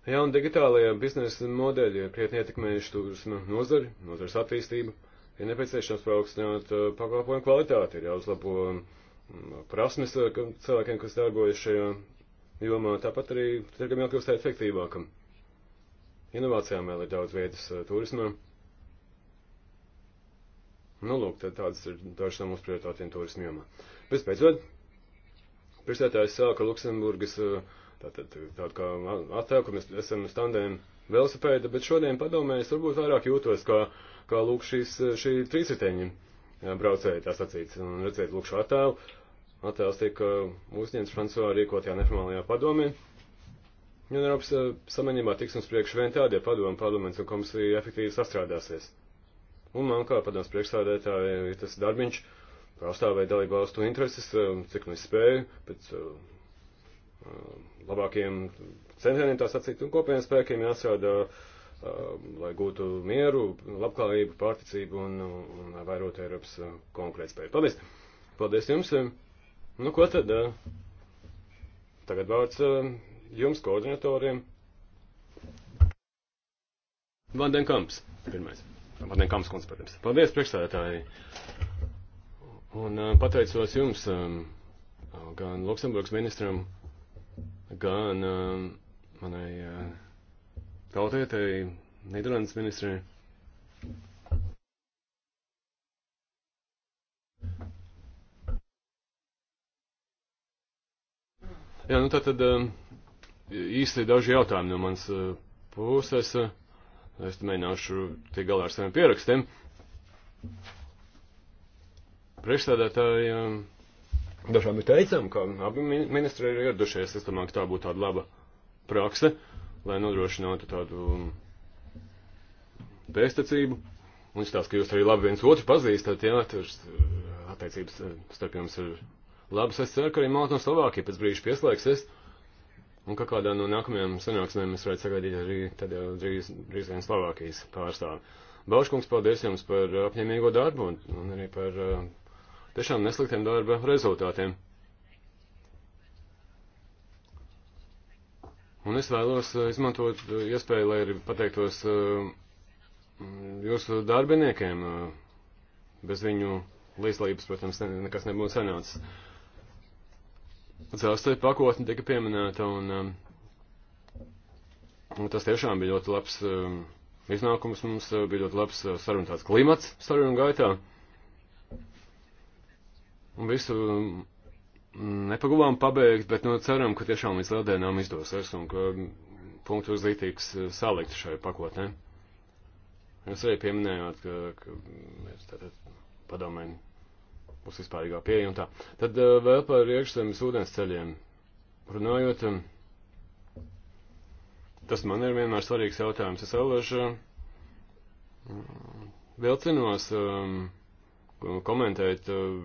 Jā, un digitālajā biznesa modeļi ir krietni ietekmējuši turismu nozari, nozars attīstību. Ir nepieciešams paaugstināt uh, pakalpojumu kvalitāti, ir jāuzlabo um, prasmes eh, cilvēkiem, kas darbojas šajā jomā, tāpat arī tirgam jākļūst efektīvākam. Tā Inovācijām vēl ir daudz vietas eh, turismam. Nu, lūk, tad tādas ir dažas no mūsu prioritātiem turismu jomā. Bezpēcot, priekšstādājs sāka Luksemburgas eh, tātad tādu kā attēlu, ka mēs esam standēm velosipēda, bet šodien padomēs varbūt vairāk jūtos kā, kā lūk šīs, šī trīsriteņa eh, braucēja, tā sacīts, un redzēt lūk šo attēlu. Attēls tiek uzņemts Francijā rīkotajā neformālajā padomē. Un Eiropas eh, samaņemā tiksums priekš vien tādie padomu parlaments un komisija efektīvi sastrādāsies. Un man kā padoms priekšstādētāji ir eh, tas darbiņš, pārstāvēt dalību valstu intereses, eh, cik nu es spēju, pēc uh, labākiem centieniem tā sacīt, un kopējiem spēkiem jāsādā, uh, lai gūtu mieru, labklājību, pārticību un, un vairot Eiropas konkurētspēju. Paldies! Paldies jums! Nu, ko tad? Tagad vārds Jums, koordinatoriem. Vandenkamps, pirmais. Vandenkamps konspirants. Paldies, priekšstādātāji. Un uh, pateicos jums, um, gan Luksemburgas ministram, gan um, manai uh, tautietēji, Nīderlandes ministrai. Jā, nu tā tad. Um, īsti daži jautājumi no manas eh, puses. Es mēģināšu tikt galā ar saviem pierakstiem. Priekšstādātājiem dažām ir teicam, ka abi ministri ir ieradušies. Es domāju, ka tā būtu tāda laba prakse, lai nodrošinātu tādu pēstacību. Un stāsta, ka jūs arī labi viens otru pazīstat, jā, tur attiecības eh, starp jums ir labas. Es ceru, ka arī Malta no Slovākija pēc brīža pieslēgsies. Es Un kā kādā no nākamajām sanāksmēm mēs varētu sagaidīt arī tad jau drīz, drīz vien Slovākijas pārstāvu. Bauškungs, paldies jums par apņēmīgo darbu un, un arī par eh, tiešām nesliktiem darba rezultātiem. Un es vēlos eh, izmantot eh, iespēju, lai arī pateiktos jūsu darbiniekiem. Bez viņu līdzlības, protams, nekas nebūtu sanācis dzelzceļa pakotne tika pieminēta, un, um, un tas tiešām bija ļoti labs um, iznākums mums, uh, bija ļoti labs uh, sarunu tāds klimats sarunu gaitā. Un visu um, nepaguvām pabeigt, bet nu, ceram, ka tiešām līdz lieldienām izdosies un ka um, punktu uz lītīgs uh, salikt šai pakotnē. Jūs arī pieminējāt, ka, ka mēs um, tātad padomājam būs vispārīgā pieeja un tā. Tad eh, vēl par iekšzemes ūdens ceļiem runājot, eh, tas man ir vienmēr svarīgs jautājums. Es alažu eh, vilcinos um, komentēt um,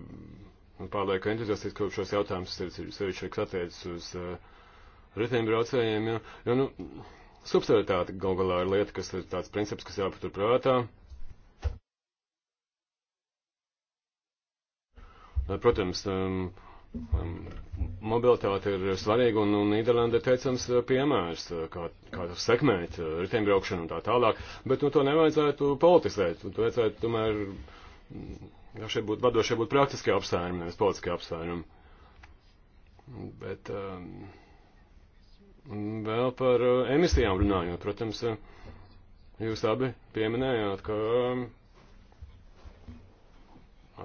pārlieku entuziastiski, kopš šos jautājumus ir sevišķi, kas attiecas uz uh, riteņbraucējiem, jo, jo nu, subsidiaritāte gal galā ir lieta, kas ir tāds princips, kas jāpatur prātā. Uh, Protams, um, um, mobilitāte ir svarīga un, un Nīderlanda ir teicams uh, piemērs, uh, kā, kā sekmēt uh, riteņbraukšanu un tā tālāk, bet nu, to nevajadzētu politizēt, to vajadzētu tomēr, mm, ja šeit būtu vadošie, būtu praktiskie apsvērumi, nevis politiskie apsvērumi. Bet um, vēl par emisijām runājot, protams, jūs abi pieminējāt, ka um,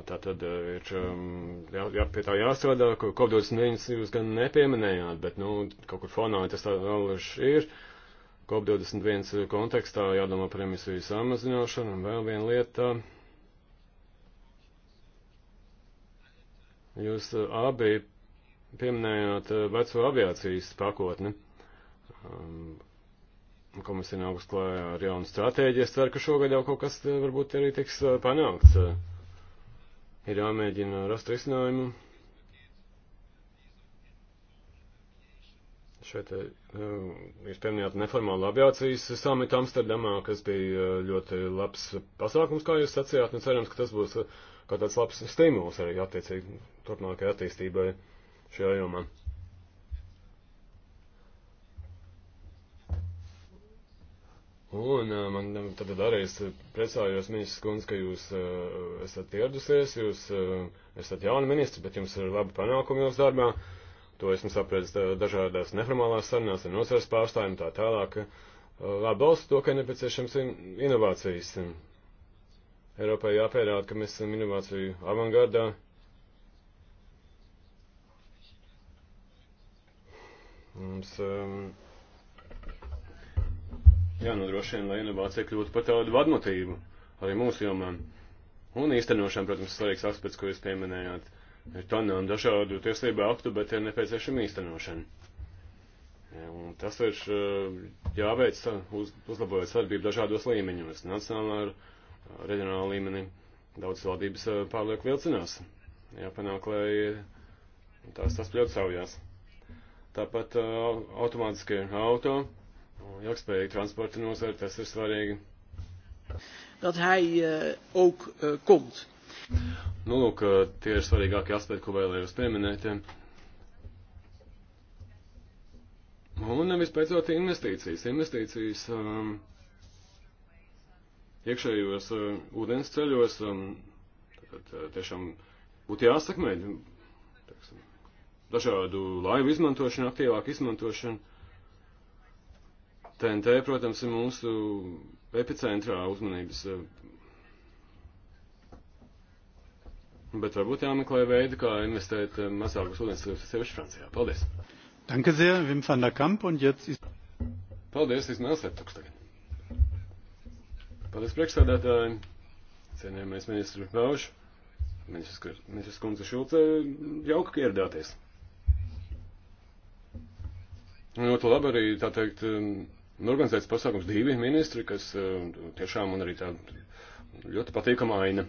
Tā tad eh, ir ehm, jā, jā, pie tā jāstrādā, ko COP29 jūs gan nepieminējāt, bet, nu, kaut kur fonā tas tā vēl ir. COP21 kontekstā jādomā par emisiju samazināšanu un vēl viena lieta. Jūs eh, abi pieminējāt eh, veco aviācijas pakotni. Ehm, komisija nāk uzklājā ar jaunu stratēģiju. Es ceru, ka šogad jau kaut kas varbūt arī tiks panākts. Uh, ir jāmēģina rast risinājumu. Šeit eh, jūs pieminējāt neformālu aviācijas samitu Amsterdamā, kas bija eh, ļoti labs pasākums, kā jūs sacījāt, un cerams, ka tas būs eh, kā tāds labs stimuls arī attiecīgi turpmākajai attīstībai šajā jomā. Un eh, man tad arī es priecājos, ministrs Kunz, ka jūs uh, esat ieradusies, jūs uh, esat jauni ministri, bet jums ir labi panākumi jūsu darbā. To esmu sapratis dažādās neformālās sarunās ar nozars pārstāvjiem tā tālāk. Uh, labi balstu to, ka ir nepieciešams in inovācijas. Eiropai jāpierāda, ka mēs esam inovāciju avangardā. Mums, um, Jā, nu droši vien, lai inovācija kļūtu par tādu vadmotīvu arī mūsu jomām. Un īstenošana, protams, svarīgs aspekts, ko jūs pieminējāt. Ir tonām dažādu tiesību aktu, bet ir nepieciešama īstenošana. Un tas ir eh, jāveic uz, uzlabojot sadarbību dažādos līmeņos - nacionālā, reģionālā līmenī. Daudz valdības eh, pārlieku vilcinās. Jāpanāk, lai tās tas pļaut savjās. Tāpat eh, automātiskie auto ilgspējīgu transporta nozari, tas ir svarīgi. Dat hij uh, ook uh, komt. Nu, lūk, eh, tie ir svarīgākie aspekti, ko vēlējos pieminēt. Un vispēcot investīcijas. Investīcijas um, iekšējos uh, ūdens ceļos um, tad, tiešām būtu jāsakmē dažādu laivu izmantošanu, aktīvāku izmantošanu. TNT, protams, ir mūsu epicentrā uzmanības. Eh, bet varbūt jāmeklē veidi, kā investēt eh, mazākus ūdensresursus, sevišķi Francijā. Paldies! Danke sehr, Wim van der Kamp, un jetzt ist... Paldies, Ismēls Leptuks tagad. Paldies priekšsādātāji, cienījamais ministru Pauš, ministrs Kunze Šulce, jauka, ka ieradāties. Nu, ļoti labi arī, tā teikt, um, Nu, organizēts pasākums divi ministri, kas eh, tiešām man arī tā ļoti patīkama aina.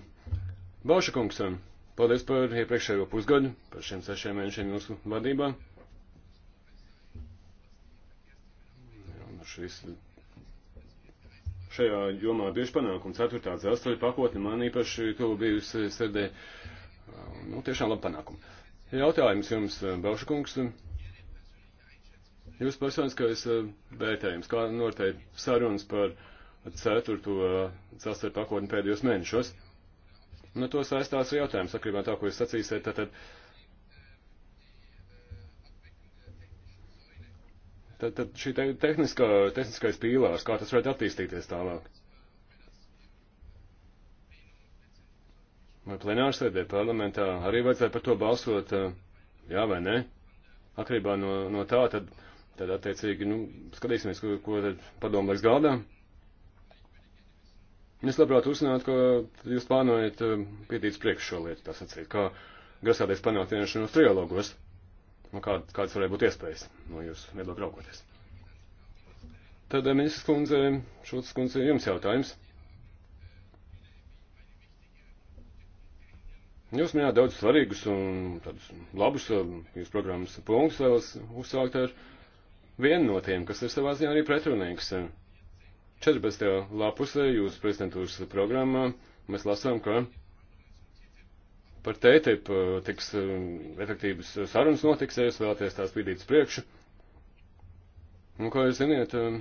Bauša kungs, eh, paldies par iepriekšējo pusgadu, par šiem sešiem mēnešiem jūsu vadībā. Jā, nu šis, šajā jomā bieži panākumi ceturtā dzelzceļa pakotne man īpaši tuvu bijusi sirdē. Eh, nu, tiešām labi panākumi. Jautājums jums, Bauša kungs. Jūs personiskais eh, vērtējums, kā noteikti sarunas par ceturto sastāvu eh, pakotni pēdējos mēnešos. Nu, to saistās ar jautājumu sakrībā tā, ko jūs sacīsiet. Tātad, tātad šī te, tehniskā, tehniskais pīlārs, kā tas varētu attīstīties tālāk? Vai plenārsēdē parlamentā arī vajadzēja par to balsot, eh, jā vai nē? Akrībā no, no tā, tad Tad, attiecīgi, nu, skatīsimies, ko, ko tad padomu liks galdā. Es labprāt uzzinātu, ka jūs plānojat um, pietīts priekš šo lietu, tā sacīt, kā grasāties panākt vienošanos trijologos, un nu, kā, kādas varētu būt iespējas no jūsu viedokļa raugoties. Tad, eh, ministrs kundze, šūtas kundze, jums jautājums. Jūs minējāt daudz svarīgus un tādus labus um, jūsu programmas punktus, vēlos uzsākt ar viena no tiem, kas ir savā ziņā arī pretrunīgs. 14. lapusē jūsu prezidentūras programmā mēs lasām, ka par TTIP eh, tiks eh, efektīvas sarunas notiks, ja jūs vēlaties tās pīdīt priekšu. Nu, kā jūs ziniet, eh,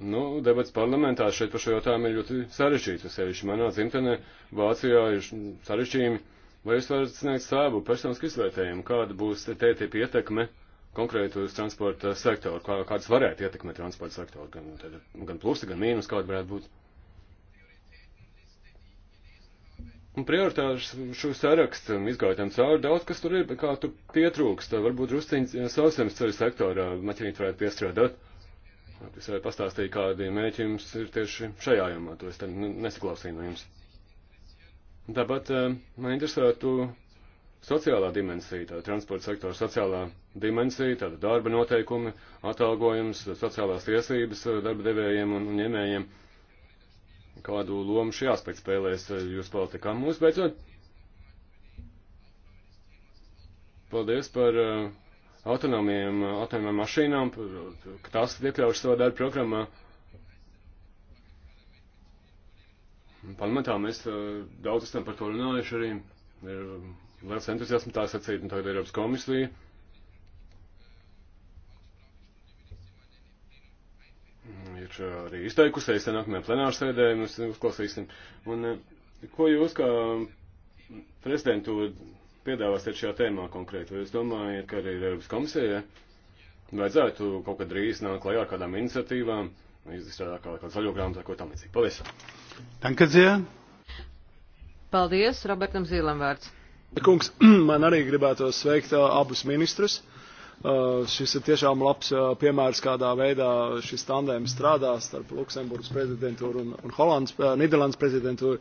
nu, debats parlamentā šeit par šo jautājumu ir ļoti sarežģīts, jo sevišķi manā dzimtenē Vācijā ir sarežģījumi. Vai jūs varat sniegt savu personisku izvērtējumu, kāda būs TTIP ietekme konkrēti uz transporta sektoru, kā, kādas varētu ietekmēt transporta sektoru, gan, tad, gan plusi, gan mīnus, kāda varētu būt. Un prioritāšu šo sarakstu izgājām cauri, daudz kas tur ir, bet kā tu pietrūkst, varbūt rusciņš eh, sauszemes ceļu sektorā maķinīt varētu piestrādāt. Es varētu pastāstīt, kādi mēķi jums ir tieši šajā jomā, to es tad nesaklausīju no jums. Tāpat eh, man interesētu sociālā dimensija, tāda transporta sektora sociālā dimensija, tāda darba noteikumi, atalgojums, sociālās tiesības eh, darba devējiem un ņēmējiem. Kādu lomu šī aspekta spēlēs eh, jūs politikā? Mums beidzot. Paldies par eh, autonomiem, autonomiem mašīnām, ka tās iekļaušas savā darba programmā. Parlamentā mēs daudz esam par to runājuši arī. Ir liels entuziasms tā sacīt, un tagad Eiropas komisija. Ir uh, arī izteikusies, ja nākamajā plenārsēdē mēs uzklausīsim. Un uh, ko jūs kā prezidentu piedāvāsiet šajā tēmā konkrēti? Vai jūs domājat, ka arī Eiropas komisija vajadzētu kaut kad drīz nākt klajā ar kādām iniciatīvām, izstrādāt kā, kādu zaļo grāmatu vai ko tam līdzīgi? Paldies! Danke sehr! Paldies, Robertam Zīlam vārds. Kungs, (clears throat) man arī gribētu sveikt uh, abus ministrus. Uh, šis ir tiešām labs uh, piemērs, kādā veidā šis tandēms strādā starp Luksemburgas prezidentūru un, un Holandas, uh, Nīderlandes prezidentūru.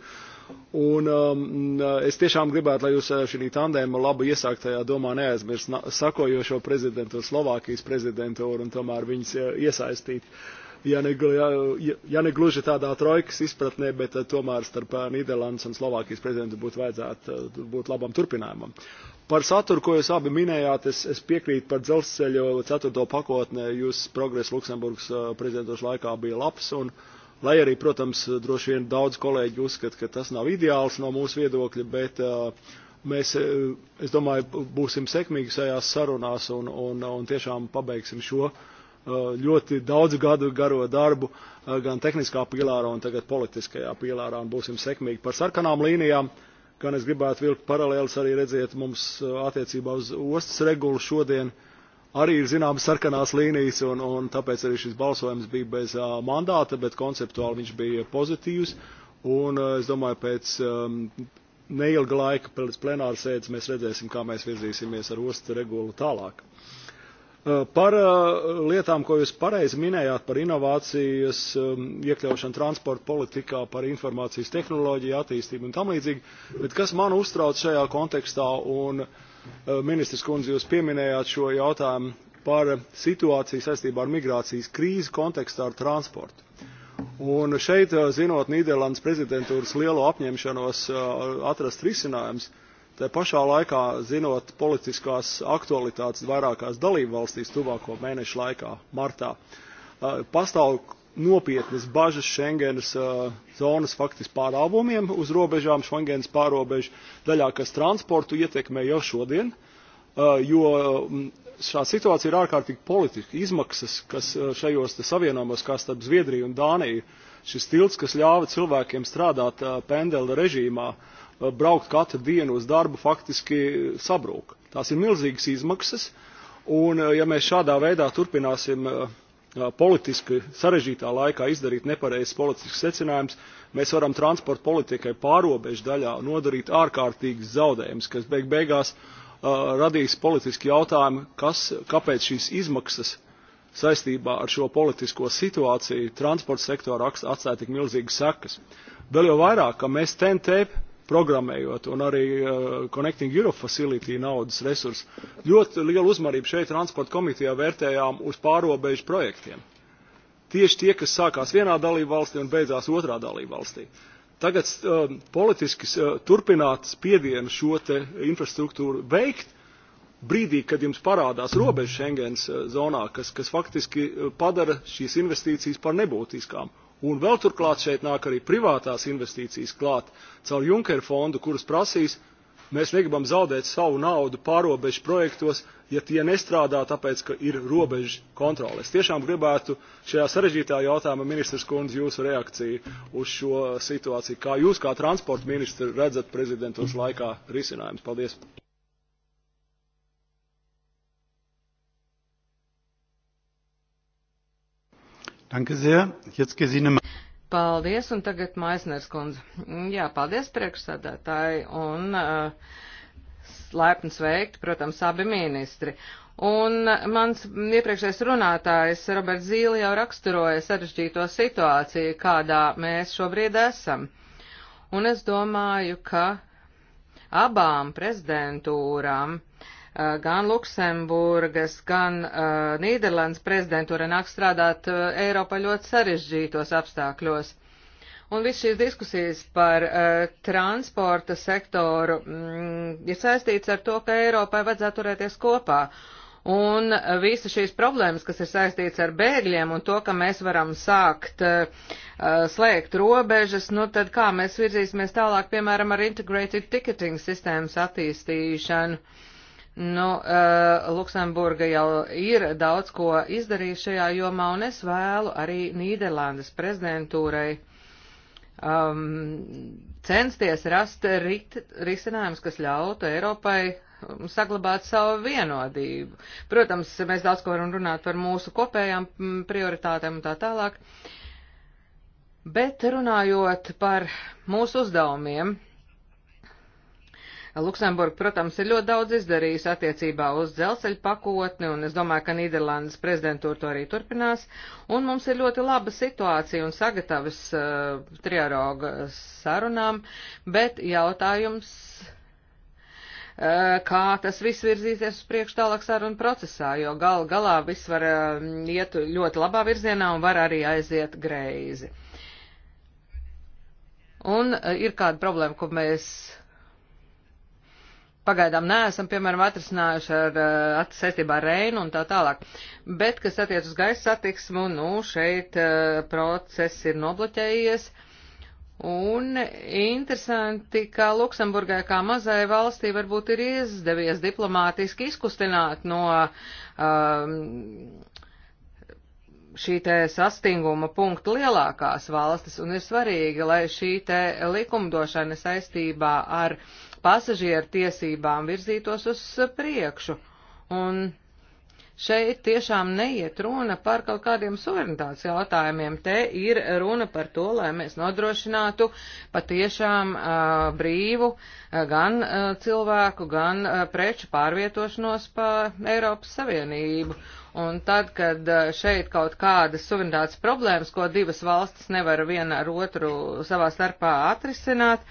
Un um, uh, es tiešām gribētu, lai jūs uh, šī tandēma labu iesāktajā domā neaizmirst sakojošo prezidentūru, Slovākijas prezidentūru un tomēr viņas iesaistīt uh, ja ne gluži tādā trojkas izpratnē, bet eh, tomēr starp eh, Nīderlandes un Slovākijas prezidentu būtu vajadzētu eh, būt labam turpinājumam. Par saturu, ko jūs abi minējāt, es, es piekrītu par dzelzceļu ceturto pakotnē. Jūs progress Luksemburgas prezidentošu laikā bija labs. Un, lai arī, protams, droši vien daudz kolēģi uzskata, ka tas nav ideāls no mūsu viedokļa, bet uh, mēs, es domāju, būsim sekmīgi šajās sarunās un, un, un tiešām pabeigsim šo uh, ļoti daudzu gadu garo darbu gan tehniskā pīlārā un tagad politiskajā pīlārā un būsim sekmīgi par sarkanām līnijām. Gan es gribētu vilkt paralēlis arī redziet mums attiecībā uz ostas regulu šodien. Arī ir zināmas sarkanās līnijas, un, un tāpēc arī šis balsojums bija bez uh, mandāta, bet konceptuāli viņš bija pozitīvs. Un uh, es domāju, pēc um, neilga laika, pēc plenāra sēdes, mēs redzēsim, kā mēs virzīsimies ar ostu regulu tālāk. Par lietām, ko jūs pareizi minējāt par inovācijas iekļaušanu transporta politikā, par informācijas tehnoloģiju attīstību un tam līdzīgi, bet kas man uztrauc šajā kontekstā, un ministrs kundze, jūs pieminējāt šo jautājumu par situāciju saistībā ar migrācijas krīzi kontekstā ar transportu. Un šeit, zinot Nīderlandes prezidentūras lielo apņemšanos atrast risinājumus, Te pašā laikā zinot politiskās aktualitātes vairākās dalību valstīs tuvāko mēnešu laikā, martā, eh, pastāv nopietnas bažas Schengenas uh, zonas faktiski pārāvumiem uz robežām, Schengenas pārobežu daļā, kas transportu ietekmē jau šodien, uh, jo mm, šā situācija ir ārkārtīgi politiska. Izmaksas, kas uh, šajos savienojumos, kā starp Zviedriju un Dāniju, šis tilts, kas ļāva cilvēkiem strādāt pendela režīmā, uh, Eh, braukt katru dienu uz darbu faktiski sabrūk. Tās ir milzīgas izmaksas, un eh, ja mēs šādā veidā turpināsim eh, politiski sarežģītā laikā izdarīt nepareizes politiskas secinājumus, mēs varam transporta politikai pārobežu daļā nodarīt ārkārtīgas zaudējumus, kas beig beigās uh, radīs politiski jautājumu, kas, kāpēc šīs izmaksas saistībā ar šo politisko situāciju transporta sektora atstāja tik milzīgas sekas. Vēl jau vairāk, ka mēs TNT programmējot, un arī uh, Connecting Europe Facility naudas resursu. Ļoti lielu uzmanību šeit transporta komitejā vērtējām uz pārobežu projektiem. Tieši tie, kas sākās vienā dalību valstī un beidzās otrā dalību valstī. Tagad uh, politiski uh, turpināt spiedienu šo te infrastruktūru veikt, brīdī, kad jums parādās robeža Schengens uh, zonā, kas, kas faktiski uh, padara šīs investīcijas par nebūtiskām Un vēl turklāt šeit nāk arī privātās investīcijas klāt caur Junker fondu, kuras prasīs, mēs negribam zaudēt savu naudu pārobežu projektos, ja tie nestrādā, tāpēc, ka ir robežu kontrole. Es tiešām gribētu šajā sarežģītā jautājumā, ministrs kundze, jūsu reakciju uz šo situāciju. Kā jūs, kā transporta ministri, redzat prezidentūras laikā risinājums? Paldies! Danke sehr. Jetzt Gesine. Paldies, un tagad Maisners kundze. Jā, paldies priekšsādātāji, un uh, laipni sveikti, protams, abi ministri. Un mans iepriekšējais runātājs, Roberts Zīle, jau raksturoja sarežģīto situāciju, kādā mēs šobrīd esam. Un es domāju, ka abām prezidentūrām Eh, gan Luksemburgas, gan eh, Nīderlandes prezidentūra nāk strādāt eh, Eiropā ļoti sarežģītos apstākļos. Un viss šīs diskusijas par uh, transporta sektoru mm, ir saistīts ar to, ka Eiropai vajadzētu turēties kopā. Un visas šīs problēmas, kas ir saistīts ar bēgļiem un to, ka mēs varam sākt uh, slēgt robežas, nu tad kā mēs virzīsimies tālāk, piemēram, ar integrated ticketing sistēmas attīstīšanu. Uh, Nu, uh, Luksemburga jau ir daudz ko izdarījusi šajā jomā, un es vēlu arī Nīderlandes prezidentūrai um, censties rast rit, risinājums, kas ļautu Eiropai um, saglabāt savu vienodību. Protams, mēs daudz ko varam runāt par mūsu kopējām mm, prioritātēm un tā tālāk, bet runājot par mūsu uzdevumiem, Luksemburga, protams, ir ļoti daudz izdarījusi attiecībā uz dzelzceļa pakotni, un es domāju, ka Nīderlandes prezidentūra to arī turpinās. Un mums ir ļoti laba situācija un sagatavas uh, trialoga sarunām, bet jautājums uh, kā tas viss virzīsies uz priekšu tālāk sarunu procesā, jo gal galā viss var um, iet ļoti labā virzienā un var arī aiziet greizi. Un uh, ir kāda problēma, ko mēs pagaidām neesam, piemēram, atrisinājuši ar, eh, ar saistībā ar Reinu un tā tālāk. Bet, kas attiec uz gaisa satiksmu, nu, šeit eh, process ir nobloķējies. Un interesanti, ka Luksemburgai kā mazai valstī varbūt ir izdevies diplomātiski izkustināt no um, šī te sastinguma punkta lielākās valstis, un ir svarīgi, lai šī te likumdošana saistībā ar uh, pasažieru tiesībām virzītos uz priekšu. Un šeit tiešām neiet runa par kaut kādiem suverenitātes jautājumiem. Te ir runa par to, lai mēs nodrošinātu patiešām uh, brīvu uh, gan uh, cilvēku, gan uh, preču pārvietošanos pa Eiropas Savienību. Un tad, kad uh, šeit kaut kādas suverenitātes problēmas, ko divas valstis nevar viena ar otru savā starpā atrisināt,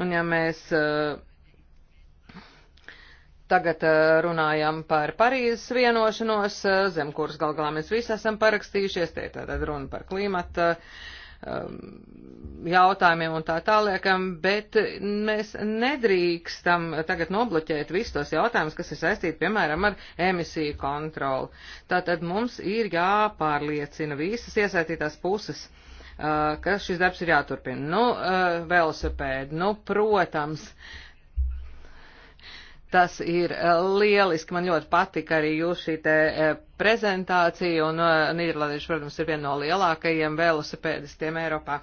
un ja mēs uh, Tagad eh, runājam par Parīzes vienošanos, eh, zem kuras gal galā mēs visi esam parakstījušies, tie tātad runa par klimata ehm, jautājumiem un tā tāliekam, bet mēs nedrīkstam tagad nobloķēt visus tos jautājumus, kas ir saistīti, piemēram, ar emisiju kontroli. Tātad mums ir jāpārliecina visas iesaistītās puses eh, ka šis darbs ir jāturpina. Nu, velosipēdi, nu, protams, uh, Tas ir eh, lieliski, man ļoti patika arī jūs šī te eh, prezentācija, un eh, Nīderlandieši, protams, ir viena no lielākajiem velosipēdistiem Eiropā.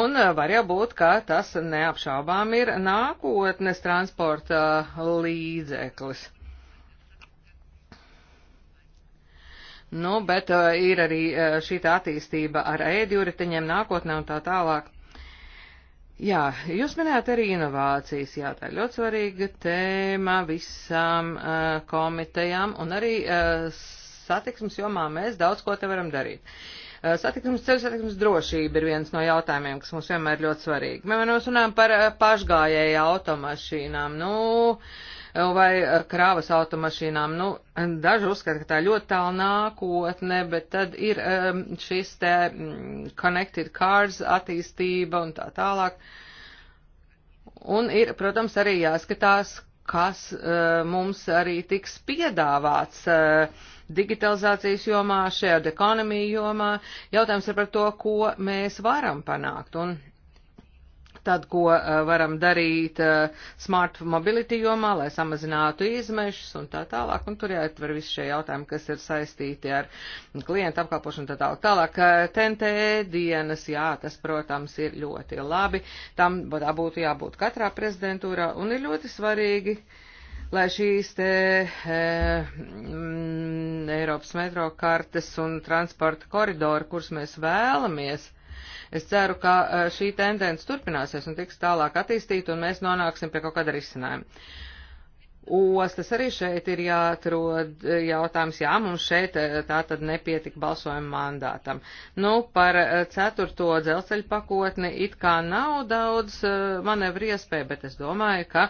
Un var jau būt, ka tas neapšaubām ir nākotnes transporta līdzeklis. Nu, bet ir arī šī attīstība ar ēdjuriteņiem nākotnē un tā tālāk. Jā, jūs minējāt arī inovācijas, jā, tā ir ļoti svarīga tēma visām uh, komitejām, un arī uh, satiksmes jomā mēs daudz ko te varam darīt. Uh, satiksmes ceļu satiksmes drošība ir viens no jautājumiem, kas mums vienmēr ir ļoti svarīgi. Mēs runājam par uh, pašgājēju automašīnām. Nu, uh, vai krāvas automašīnām. Nu, daži uzskata, ka tā ir ļoti tāla nākotne, bet tad ir um, šis te mm, connected cars attīstība un tā tālāk. Un ir, protams, arī jāskatās, kas uh, mums arī tiks piedāvāts uh, digitalizācijas jomā, šajā ekonomiju jomā. Jautājums ir par to, ko mēs varam panākt. Un tad, ko uh, varam darīt uh, smart mobility jomā, lai samazinātu izmešus un tā tālāk, un tur jāatver visi šie jautājumi, kas ir saistīti ar klientu apkalpošanu un tā tālāk. Tālāk, TNT uh, dienas, jā, tas, protams, ir ļoti labi, tam būtu jābūt katrā prezidentūrā, un ir ļoti svarīgi, lai šīs te e, eh, m, mm, Eiropas metro kartes un transporta koridori, kurus mēs vēlamies, e, Es ceru, ka eh, šī tendence turpināsies un tiks tālāk attīstīta, un mēs nonāksim pie kaut kāda risinājuma. Ostas arī šeit ir jāatrod eh, jautājums, jā, mums šeit eh, tā tad nepietika balsojuma mandātam. Nu, par ceturto dzelceļu pakotni it kā nav daudz manevru iespēju, bet es domāju, ka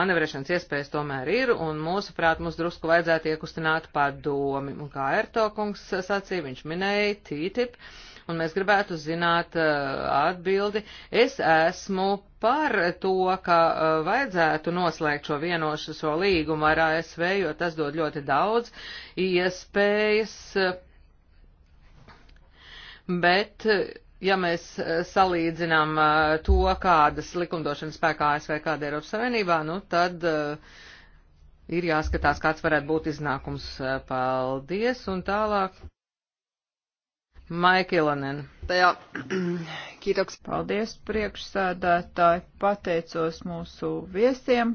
manevrēšanas iespējas tomēr ir, un mūsuprāt, mums drusku vajadzētu iekustināt padomi. Un kā Ertokungs sacīja, viņš minēja TTIP. Uh, un mēs gribētu zināt eh, atbildi. Es esmu par to, ka eh, vajadzētu noslēgt šo vienošo līgumu ar ASV, jo tas dod ļoti daudz iespējas, bet ja mēs salīdzinām eh, to, kādas likumdošanas spēkā ASV kāda Eiropas Savienībā, nu tad ir jāskatās, kāds varētu būt iznākums. Paldies un tālāk. Maikilanen. Tajā. (clears throat) Kiitoks. Paldies priekšsēdētāji. Pateicos mūsu viesiem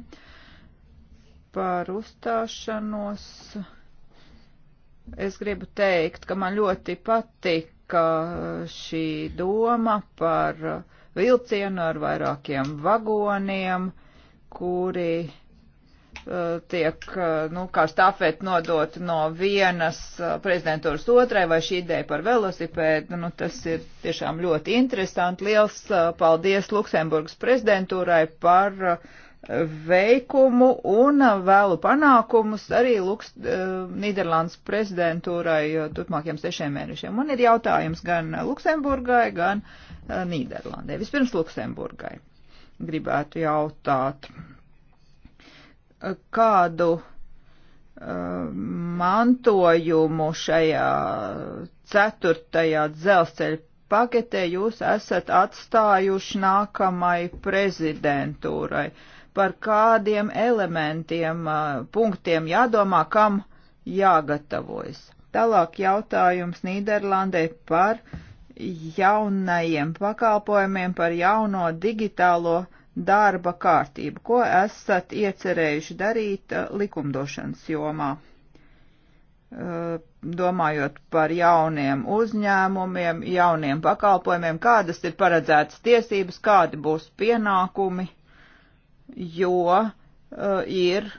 par uzstāšanos. Es gribu teikt, ka man ļoti patika šī doma par vilcienu ar vairākiem vagoniem, kuri Uh, tiek, uh, nu, kā stafeti nodot no vienas uh, prezidentūras otrai, vai šī ideja par velosipēdu, nu, tas ir tiešām ļoti interesanti. Liels paldies Luksemburgas prezidentūrai par veikumu un vēlu panākumus arī Luks, Nīderlandes prezidentūrai turpmākiem sešiem mēnešiem. Man ir jautājums gan Luksemburgai, gan Nīderlandē. Vispirms Luksemburgai gribētu jautāt kādu uh, mantojumu šajā ceturtajā dzelzceļa paketē jūs esat atstājuši nākamai prezidentūrai. Par kādiem elementiem, uh, punktiem jādomā, kam jāgatavojas. Tālāk jautājums Nīderlandē par jaunajiem pakalpojumiem, par jauno digitālo pakalpojumu darba kārtību, ko esat iecerējuši darīt eh, likumdošanas jomā, eh, domājot par jauniem uzņēmumiem, jauniem pakalpojumiem, kādas ir paredzētas tiesības, kādi būs pienākumi, jo eh, ir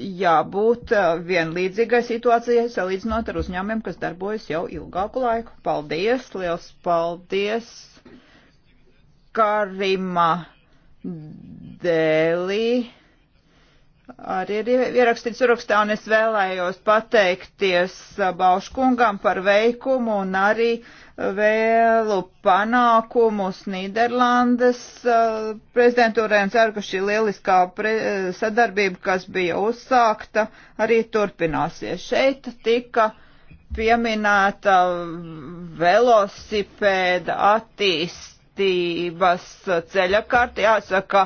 jābūt vienlīdzīgai situācijai salīdzinot ar uzņēmumiem, kas darbojas jau ilgāku laiku. Paldies, liels paldies Karima Dēlī arī ir ierakstīts rakstā, un es vēlējos pateikties Bauškungam par veikumu un arī vēlu panākumus Nīderlandes prezidentūrē, un ceru, ka šī lieliskā sadarbība, kas bija uzsākta, arī turpināsies. Šeit tika pieminēta velosipēda attīstība kustības ceļakārti. Jāsaka,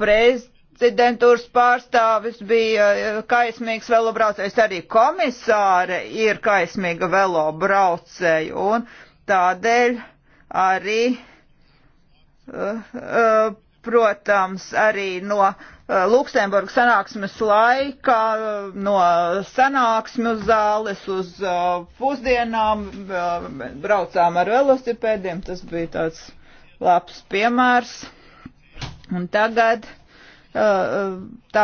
prezidentūras pārstāvis bija eh, kaismīgs velobraucējs, arī komisāre ir kaismīga velobraucēja, un tādēļ arī, eh, eh, protams, arī no Luksemburgas sanāksmes laikā no sanāksmju zāles uz pusdienām braucām ar velosipēdiem. Tas bija tāds labs piemērs. Un tagad uh, uh, tā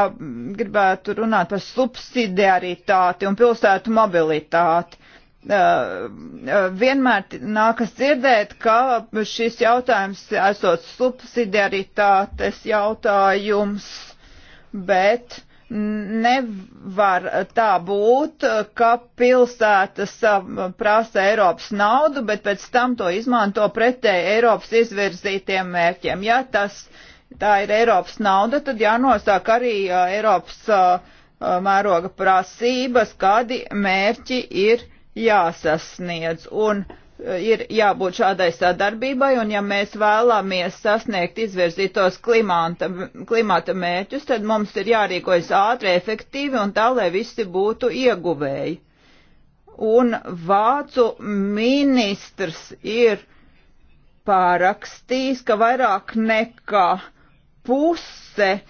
gribētu runāt par subsidiaritāti un pilsētu mobilitāti. Uh, vienmēr nākas dzirdēt, ka šis jautājums esot subsidiaritātes jautājums, bet uh, Nevar tā būt, ka pilsētas um, prasa Eiropas naudu, bet pēc tam to izmanto pretēji Eiropas izvirzītiem mērķiem. Ja tas tā ir Eiropas nauda, tad jānosāk arī uh, Eiropas uh, uh, mēroga prasības, kādi mērķi ir jāsasniedz. Un, uh, ir jābūt šādai sadarbībai, un ja mēs vēlamies sasniegt izvirzītos klimata, klimata mērķus, tad mums ir jārīkojas ātri, efektīvi un tā, lai visi būtu ieguvēji. Un vācu ministrs ir pārakstījis, ka vairāk nekā puse eh,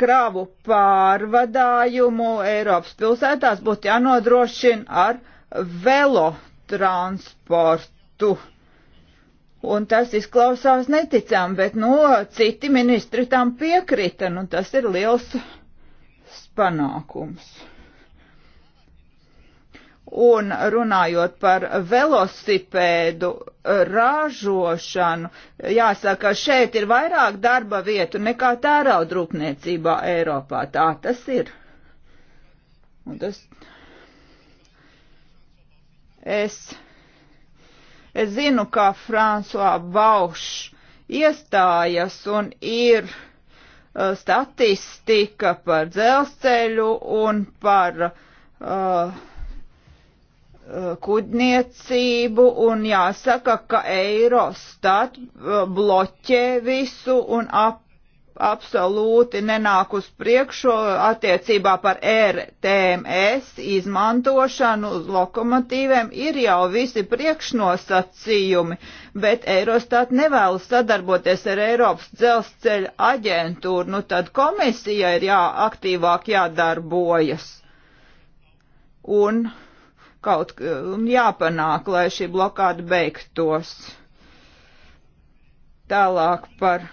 kravu pārvadājumu Eiropas pilsētās būtu jānodrošina ar velotājiem transportu. Un tas izklausās neticām, bet, nu, citi ministri tam piekrita, nu, tas ir liels panākums. Un runājot par velosipēdu ražošanu, jāsaka, šeit ir vairāk darba vietu nekā tērauda rūpniecībā Eiropā. Tā tas ir. Un tas Es, es zinu, ka Fransua Baušs iestājas un ir uh, statistika par dzelzceļu un par uh, uh kuģniecību un jāsaka, ka Eirostat uh, bloķē visu un ap absolūti nenāk uz priekšu attiecībā par RTMS izmantošanu uz lokomotīviem. Ir jau visi priekšnosacījumi, bet Eirostat nevēlas sadarboties ar Eiropas dzelzceļa aģentūru. Nu tad komisija ir jāaktīvāk jādarbojas. Un kaut un jāpanāk, lai šī blokāda beigtos. Tālāk par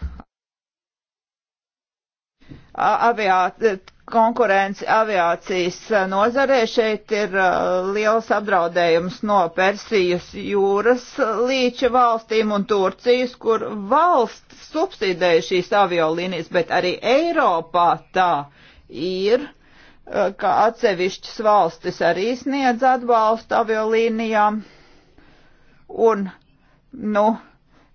aviāt, e, konkurence aviācijas nozarē. Šeit ir e, liels apdraudējums no Persijas jūras līča valstīm un Turcijas, kur valsts subsidēja šīs aviolīnijas, bet arī Eiropā tā ir e, ka atsevišķas valstis arī sniedz atbalstu aviolīnijām. Un, nu,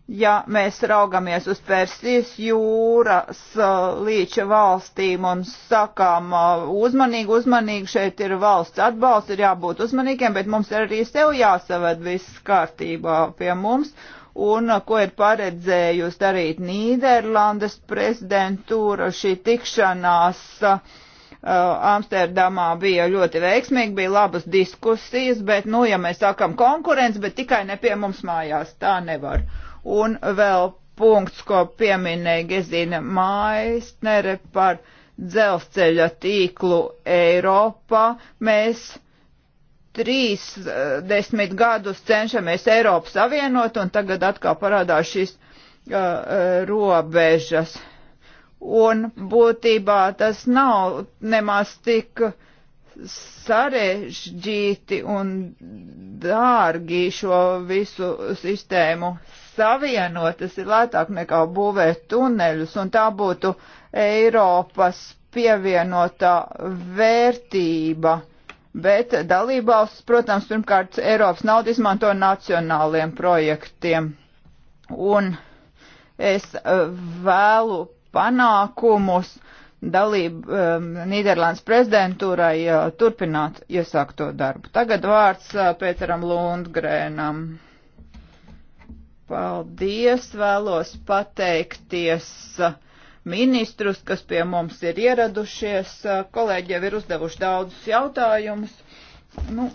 ja mēs raugamies uz Persijas jūras uh, līča valstīm un sakām uh, uzmanīgi, uzmanīgi, šeit ir valsts atbalsts, ir jābūt uzmanīgiem, bet mums ir arī sev jāsavad viss kārtībā pie mums. Un uh, ko ir paredzējusi darīt Nīderlandes prezidentūra šī tikšanās uh, Amsterdamā bija ļoti veiksmīgi, bija labas diskusijas, bet, nu, ja mēs sākam konkurence, bet tikai ne pie mums mājās, tā nevar. Uh, Un vēl punkts, ko pieminēja Gezina Maisnere par dzelzceļa tīklu Eiropā. Mēs trīs eh, desmit gadus cenšamies Eiropu savienot, un tagad atkal parādās šīs uh, eh, eh, robežas. Un būtībā tas nav nemaz tik sarežģīti un dārgi šo visu sistēmu savienot, tas ir lētāk nekā būvēt tuneļus, un tā būtu Eiropas pievienotā vērtība. Bet dalībvalsts, protams, pirmkārt Eiropas naudu izmanto nacionāliem projektiem. Un es eh, vēlu panākumus dalību um, eh, Nīderlandes prezidentūrai uh, turpināt iesākto darbu. Tagad vārds uh, Pēteram Lundgrēnam. Paldies, vēlos pateikties uh, ministrus, kas pie mums ir ieradušies. Uh, kolēģi jau ir uzdevuši daudzus jautājumus. Nu,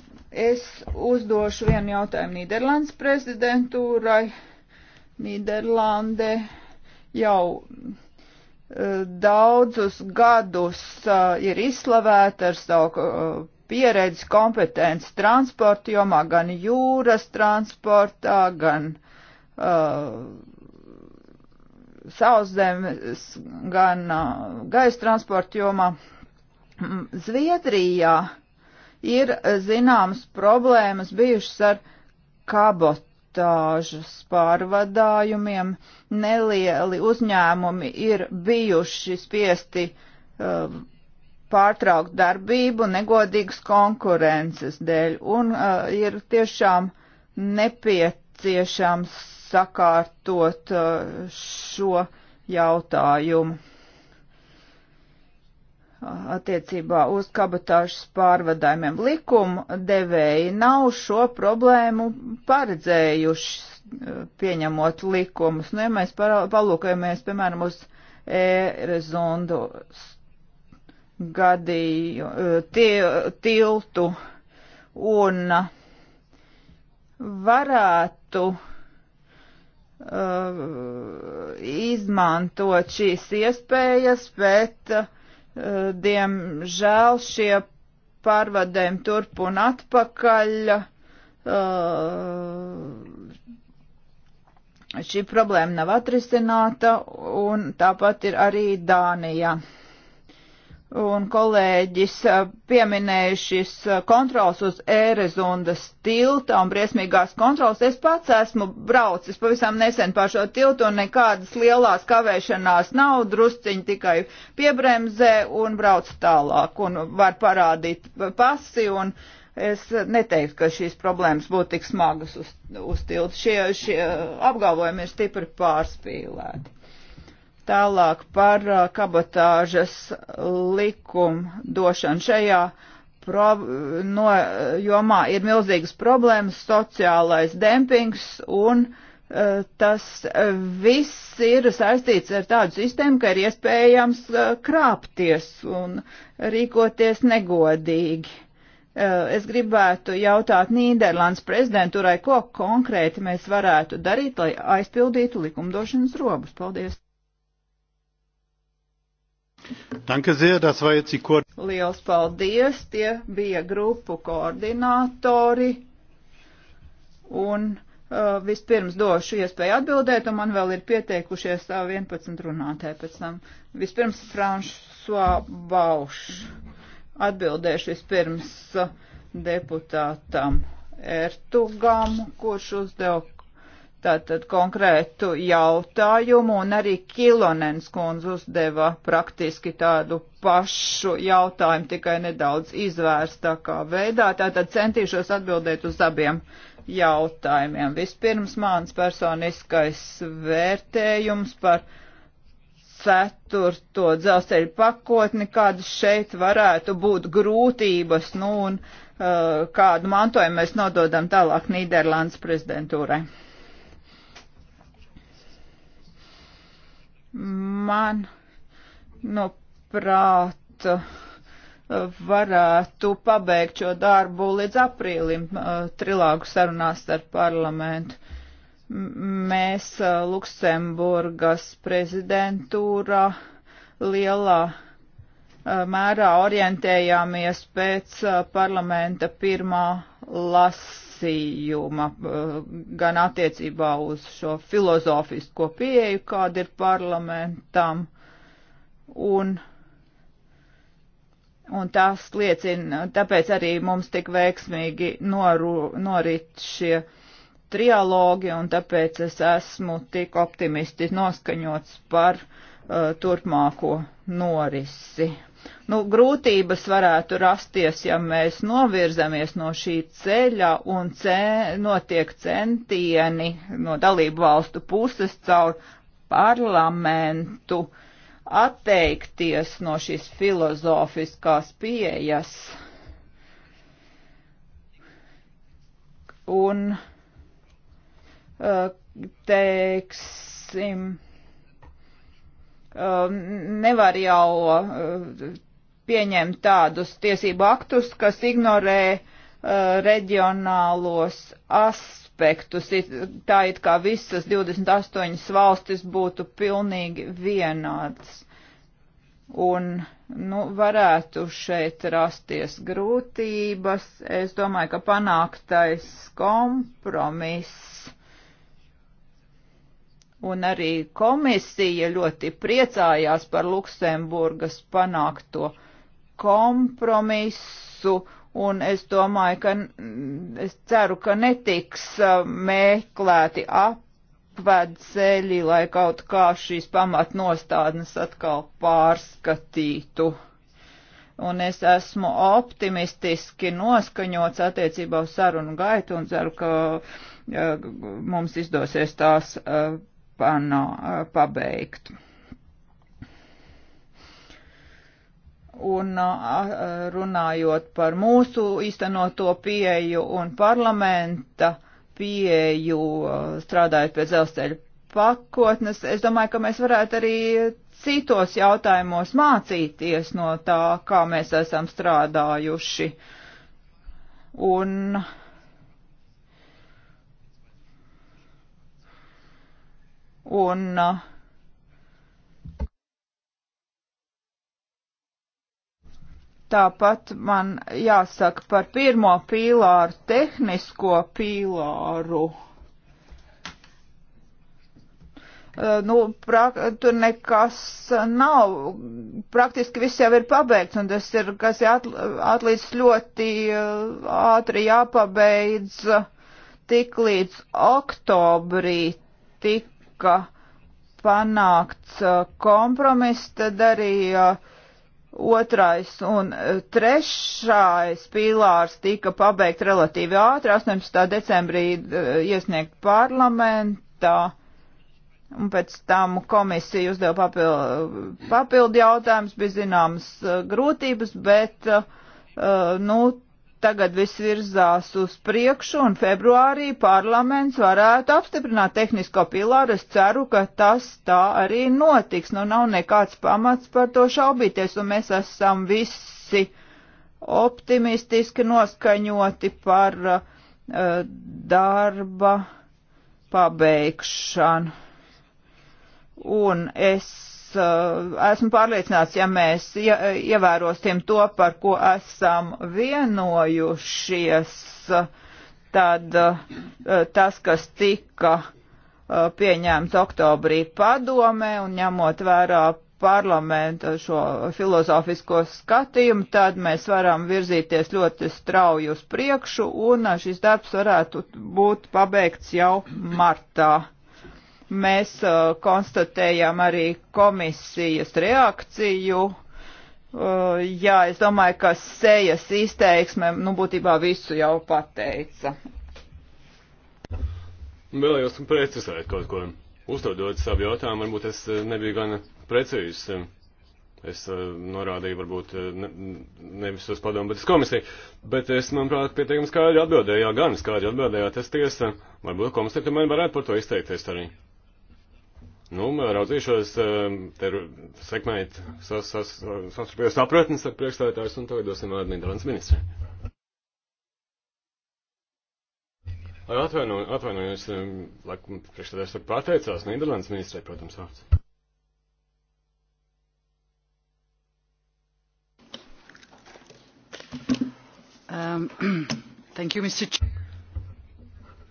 es uzdošu vienu jautājumu Nīderlandes prezidentūrai. Nīderlande jau uh, daudzus gadus ir izslavēta ar savu pieredzi, kompetenci transporta jomā, gan jūras transportā, gan Uh, sauszemes, gan uh, gaisa transporta jomā. Mm, Zviedrijā ir zināmas problēmas bijušas ar kabotāžas pārvadājumiem. Nelieli uzņēmumi ir bijuši spiesti uh, pārtraukt darbību negodīgas konkurences dēļ, un uh, ir tiešām nepieciešams sakārtot uh, šo jautājumu attiecībā uz kabatāžas pārvadājumiem. Likuma devēji nav šo problēmu paredzējuši uh, pieņemot likumus. Nu, ja mēs palūkojamies, piemēram, uz e-rezondu gadīju, uh, tiltu un varētu Uh, izmantot šīs iespējas, bet, uh, diemžēl, šie pārvadēm turp un atpakaļ uh, šī problēma nav atrisināta, un tāpat ir arī Dānija un kolēģis pieminēja šis kontrols uz ērezundas tilta un briesmīgās kontrols. Es pats esmu braucis pavisam nesen pār šo tiltu un nekādas lielās kavēšanās nav, drusciņi tikai piebremzē un brauc tālāk un var parādīt pasi un es neteiktu, ka šīs problēmas būtu tik smagas uz, uz tiltu. Šie, šie apgalvojumi ir stipri pārspīlēti. Tālāk par uh, kabatāžas likumu došanu šajā pro, no, jomā ir milzīgas problēmas, sociālais dempings un uh, tas viss ir saistīts ar tādu sistēmu, ka ir iespējams uh, krāpties un rīkoties negodīgi. Uh, es gribētu jautāt Nīderlandes prezidentūrai, ko konkrēti mēs varētu darīt, lai aizpildītu likumdošanas robus. Paldies! Lielas paldies! Tie bija grupu koordinātori. Un uh, vispirms došu iespēju atbildēt, un man vēl ir pieteikušies uh, 11 runātāji pēc tam. Vispirms Franšsua Bauš. Atbildēšu vispirms uh, deputātam Ertugam, kurš uzdeva tātad konkrētu jautājumu, un arī Kilonens kundz uzdeva praktiski tādu pašu jautājumu, tikai nedaudz izvērstākā veidā. Tātad centīšos atbildēt uz abiem jautājumiem. Vispirms mans personiskais vērtējums par ceturto dzelzceļa pakotni, kādas šeit varētu būt grūtības, nu un uh, kādu mantojumu mēs nododam tālāk Nīderlandes prezidentūrai. Man, nu, prāta varētu pabeigt šo darbu līdz aprīlim trilāgu sarunās ar parlamentu. Mēs Luksemburgas prezidentūra lielā mērā orientējāmies pēc parlamenta pirmā las lasījuma eh, gan attiecībā uz šo filozofisko pieeju, kāda ir parlamentam, un Un tas liecina, tāpēc arī mums tik veiksmīgi noru, norit šie trialogi, un tāpēc es esmu tik optimisti noskaņots par uh, turpmāko norisi. Nu, grūtības varētu rasties, ja mēs novirzamies no šī ceļa un ce notiek centieni no dalību valstu puses caur parlamentu atteikties no šīs filozofiskās pieejas. Un uh, teiksim, Um, nevar jau uh, pieņemt tādus tiesību aktus, kas ignorē uh, reģionālos aspektus. Tā it kā visas 28 valstis būtu pilnīgi vienādas. Un, nu, varētu šeit rasties grūtības. Es domāju, ka panāktais kompromiss un arī komisija ļoti priecājās par Luksemburgas panākto kompromisu, un es domāju, ka es ceru, ka netiks meklēti apvedceļi, lai kaut kā šīs pamatnostādnes atkal pārskatītu. Un es esmu optimistiski noskaņots attiecībā uz sarunu gaitu un ceru, ka uh, mums izdosies tās uh, pano, eh, pabeigt. Un eh, runājot par mūsu īstenoto pieeju un parlamenta pieeju, eh, strādājot pie dzelzceļa pakotnes, es domāju, ka mēs varētu arī citos jautājumos mācīties no tā, kā mēs esam strādājuši. Un uh, un uh, Tāpat man jāsaka par pirmo pīlāru, tehnisko pīlāru. Uh, nu, pra, tur nekas nav, praktiski viss jau ir pabeigts, un tas ir, kas ir atl atlīdz ļoti uh, ātri jāpabeidz tik līdz oktobrī, tik tika panākts uh, kompromiss, tad arī uh, otrais un uh, trešais pīlārs tika pabeigt relatīvi ātri, 18. decembrī iesniegt parlamentā. Un pēc tam komisija uzdeva papildu, papildu jautājumus, bija zināmas grūtības, bet, nu, tagad viss virzās uz priekšu, un februārī parlaments varētu apstiprināt tehnisko pilāru. Es ceru, ka tas tā arī notiks. Nu, nav nekāds pamats par to šaubīties, un mēs esam visi optimistiski noskaņoti par uh, darba pabeigšanu. Un es Uh, esmu pārliecināts, ja mēs ievērosim to, par ko esam vienojušies, tad uh, tas, kas tika uh, pieņēmts oktobrī padomē un ņemot vērā parlamenta šo filozofisko skatījumu, tad mēs varam virzīties ļoti strauji uz priekšu un šis darbs varētu būt pabeigts jau martā. Mēs uh, konstatējam arī komisijas reakciju. Uh, jā, es domāju, ka sejas izteiksme, nu, būtībā visu jau pateica. Vēlējos precizēt kaut ko. Uzdodot savu jautājumu, varbūt es uh, nebiju gana precīzs. Es uh, norādīju, varbūt uh, ne, nevis uz padomu, bet uz komisiju. Bet es, manuprāt, pietiekami skaidri atbildēju. Jā, gan skaidri atbildējāt, tas tiesa. Varbūt komisija tomēr varētu par to izteikties arī. Nu, eh, raudzīšos eh, te sekmēt sastarpējo sapratnes ar priekšstādātājus un tagad dosim vārdu Nīderlandes ministri. Atvaino, atvainojos, eh, laikam priekšstādājs tur pateicās Nīderlandes ministrei, protams, vārds. Um, (clears throat) thank you, Mr. Ch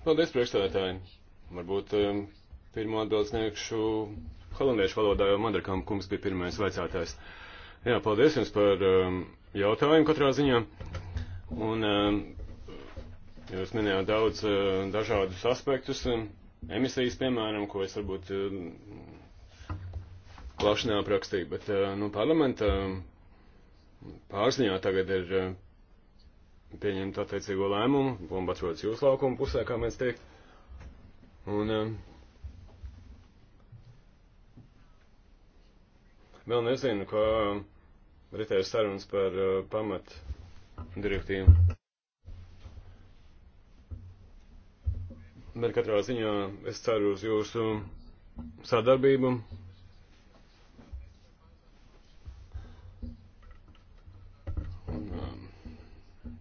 Paldies, priekšstādātāji. Varbūt um, Pirmo atbildu sniegšu holandiešu valodā, jo Mandrakam kungs bija pirmais vajadzētājs. Jā, paldies jums par um, jautājumu katrā ziņā. Un um, jūs minējāt daudz uh, dažādus aspektus, um, emisijas, piemēram, ko es varbūt uh, plaši neaprakstīju, bet uh, nu, parlamenta um, pārziņā tagad ir uh, pieņemt attiecīgo lēmumu, bomba atrodas jūsu laukuma pusē, kā mēs teikt. Un, uh, Vēl nezinu, kā ritēs sarunas par uh, pamat direktīvu. Bet katrā ziņā es ceru uz jūsu sadarbību. Un, uh,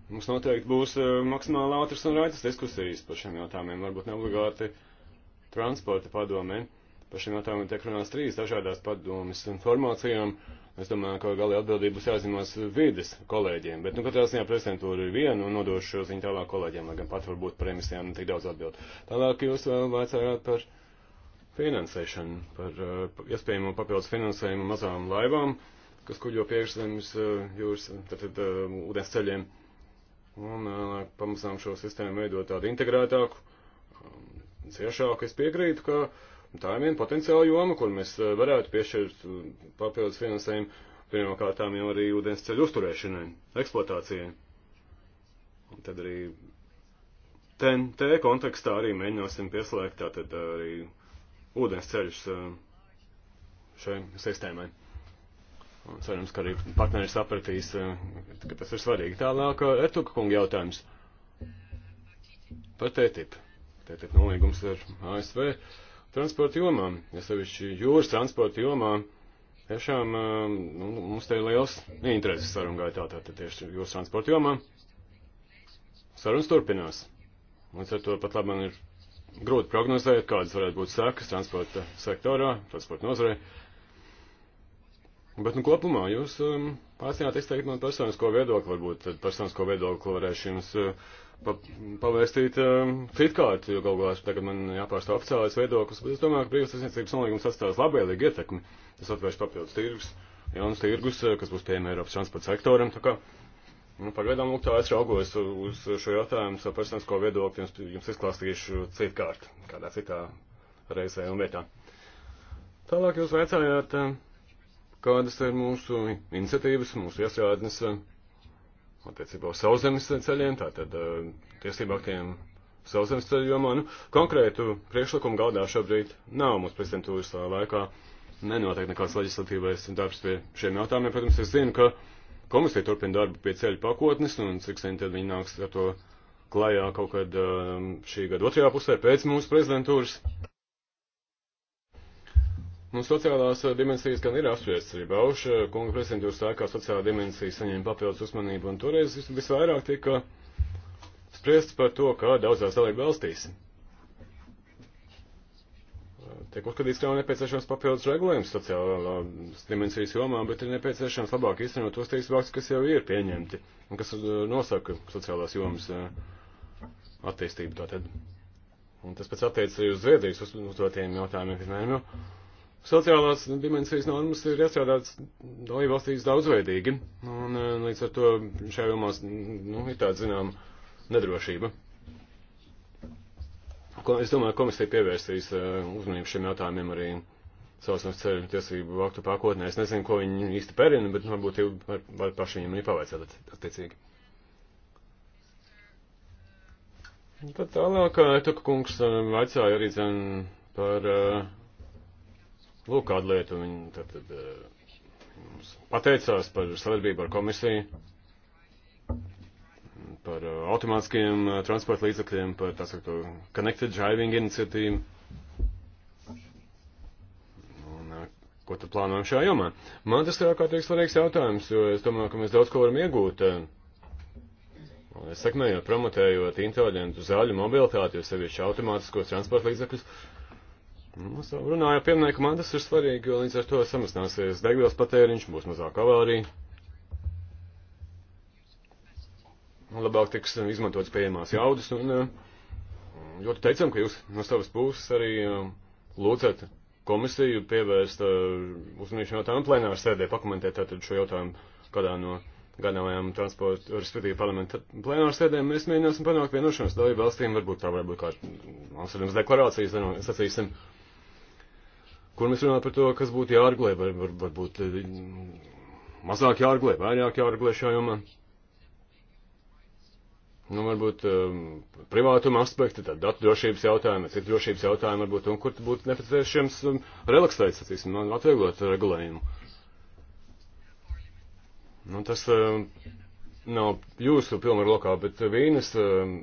mums noteikti būs uh, maksimāli ātras un raitas diskusijas par šiem jautājumiem. Varbūt ne obligāti transporta padomē. Par šiem jautājumiem tiek runāts trīs dažādās padomas un formācijām. Es domāju, ka galīgi atbildība būs jāzinās vides kolēģiem, bet, nu, katrā ziņā prezidentūra ir viena un nodošu šo ziņu tālāk kolēģiem, lai gan pat varbūt par emisijām ne tik daudz atbild. Tālāk jūs vēl vaicājāt par finansēšanu, par uh, iespējamo papildus finansējumu mazām laivām, kas kuģo priekšzemes uh, jūras, tātad uh, ūdens ceļiem. Un uh, pamazām šo sistēmu veidot tādu integrētāku, um, ciešāku. Es piekrītu, ka. Uh, Tā ir viena potenciāla joma, kur mēs eh, varētu piešķirt eh, papildus finansējumu, pirmkārt, jau arī ūdens ceļu uzturēšanai, eksploatācijai. Un tad arī TNT kontekstā arī mēģināsim pieslēgt tātad arī ūdens ceļus eh, šai sistēmai. Un cerams, ka arī partneri sapratīs, ka tas ir svarīgi. Tālāk, Ertuka kunga jautājums par TTIP. TTIP nolīgums ar ASV transporta jomā, ja sevišķi jūras transporta jomā, tiešām eh, nu, mums te ir liels neintereses sarungaitā, tātad tieši jūras transporta jomā. Sarunas turpinās. Līdz ar to pat labi man ir grūti prognozēt, kādas varētu būt sekas transporta sektorā, transporta nozarei. Bet, nu, kopumā jūs um, eh, aicināt izteikt man personisko viedokli, varbūt personisko viedokli varēšu jums uh, pa, pavēstīt um, fitkārt, jo galu galā tagad man jāpārstāv oficiālais viedoklis, bet es domāju, ka brīvās tiesniecības nolīgums atstās labvēlīgu ietekmi. Tas atvērš papildus tirgus, jaunas tirgus, eh, kas būs pieejami Eiropas transporta sektoram. Tā kā, nu, pagaidām, lūk, tā es raugos uz šo jautājumu, savu personisko viedokli jums, jums izklāstīšu citkārt, kādā citā reizē un vietā. Tālāk jūs veicājāt, eh, kādas ir mūsu iniciatīvas, mūsu iestrādnes. Uh, eh, attiecībā uz sauszemes ceļiem, tātad uh, tiesību aktiem sauszemes ceļu jomā. Nu, konkrētu priekšlikumu galdā šobrīd nav mums prezidentūras laikā. Nenotiek nekāds leģislatīvais darbs pie šiem jautājumiem. Protams, es zinu, ka komisija turpina darbu pie ceļu pakotnes, un cik sen tad viņi nāks ar to klajā kaut kad um, šī gada otrajā pusē pēc mūsu prezidentūras. Un nu, sociālās eh, dimensijas gan ir apspriestas arī Bauša eh, kunga prezidentūras laikā sociālā dimensija saņēma papildus uzmanību, un toreiz vis, visvairāk tika spriests par to, kā daudzās dalību valstīs eh, tiek uzskatīts, ka nav nepieciešams papildus regulējums sociālās dimensijas jomā, bet ir nepieciešams labāk īstenot tos tiesību aktus, kas jau ir pieņemti un kas nosaka sociālās jomas attīstību tātad. Un tas pēc attiecas arī uz Zviedrijas uzdotiem jautājumiem, piemēram, jau. Sociālās dimensijas normas ir iestrādātas dalībvalstīs daudzveidīgi, un eh, līdz ar to šajā jomā nu, ir tāda zināma nedrošība. Ko, es domāju, komisija pievērsīs eh, uzmanību šiem jautājumiem arī sausums ceļu tiesību aktu pakotnē. Es nezinu, ko viņi īsti pērina, bet nu, varbūt jau var, var paši viņiem arī pavaicāt attiecīgi. Tad tālāk, eh, Tuka kungs vaicāja arī zin par uh, Lūk, kāda lieta viņi tad, tad eh, mums pateicās par sadarbību ar komisiju, par eh, automātiskiem eh, transporta līdzakļiem, par tā sakot, Connected Driving iniciatīvu. ko tad plānojam šajā jomā. Man tas ir ārkārtīgi svarīgs jautājums, jo es domāju, ka mēs daudz ko varam iegūt. Es sekmēju, promotējot inteliģentu zāļu mobilitāti, jo sevišķi automātiskos transporta līdzekļus, Mums nu, runāja pieminēja, man tas ir svarīgi, jo līdz ar to samazināsies degvielas patēriņš, būs mazāk avārija. Labāk tiks um, izmantotas pieejamās jaudas un um, ļoti teicam, ka jūs no savas puses arī um, lūdzat komisiju pievērst uh, uzmanību jautājumu plenāru sēdē, pakomentēt tātad šo jautājumu kādā no gadāmajām transporta, respektīvi parlamenta plenāru sēdēm. Mēs mēģināsim panākt vienošanos dalību valstīm, varbūt tā varētu būt kā mm, Amsterdams deklarācijas, sacīsim. No, kur mēs runājam par to, kas būtu jāregulē, var, var, varbūt eh, mazāk jāregulē, vairāk jāregulē šajā jomā. Nu, varbūt um, privātuma aspekti, tad datu drošības jautājumi, citu drošības jautājumi varbūt, un kur būtu nepieciešams um, relaksēt, sacīsim, nu, atvieglot regulējumu. Nu, tas um, nav jūsu pilnvaru lokā, bet vīnas um,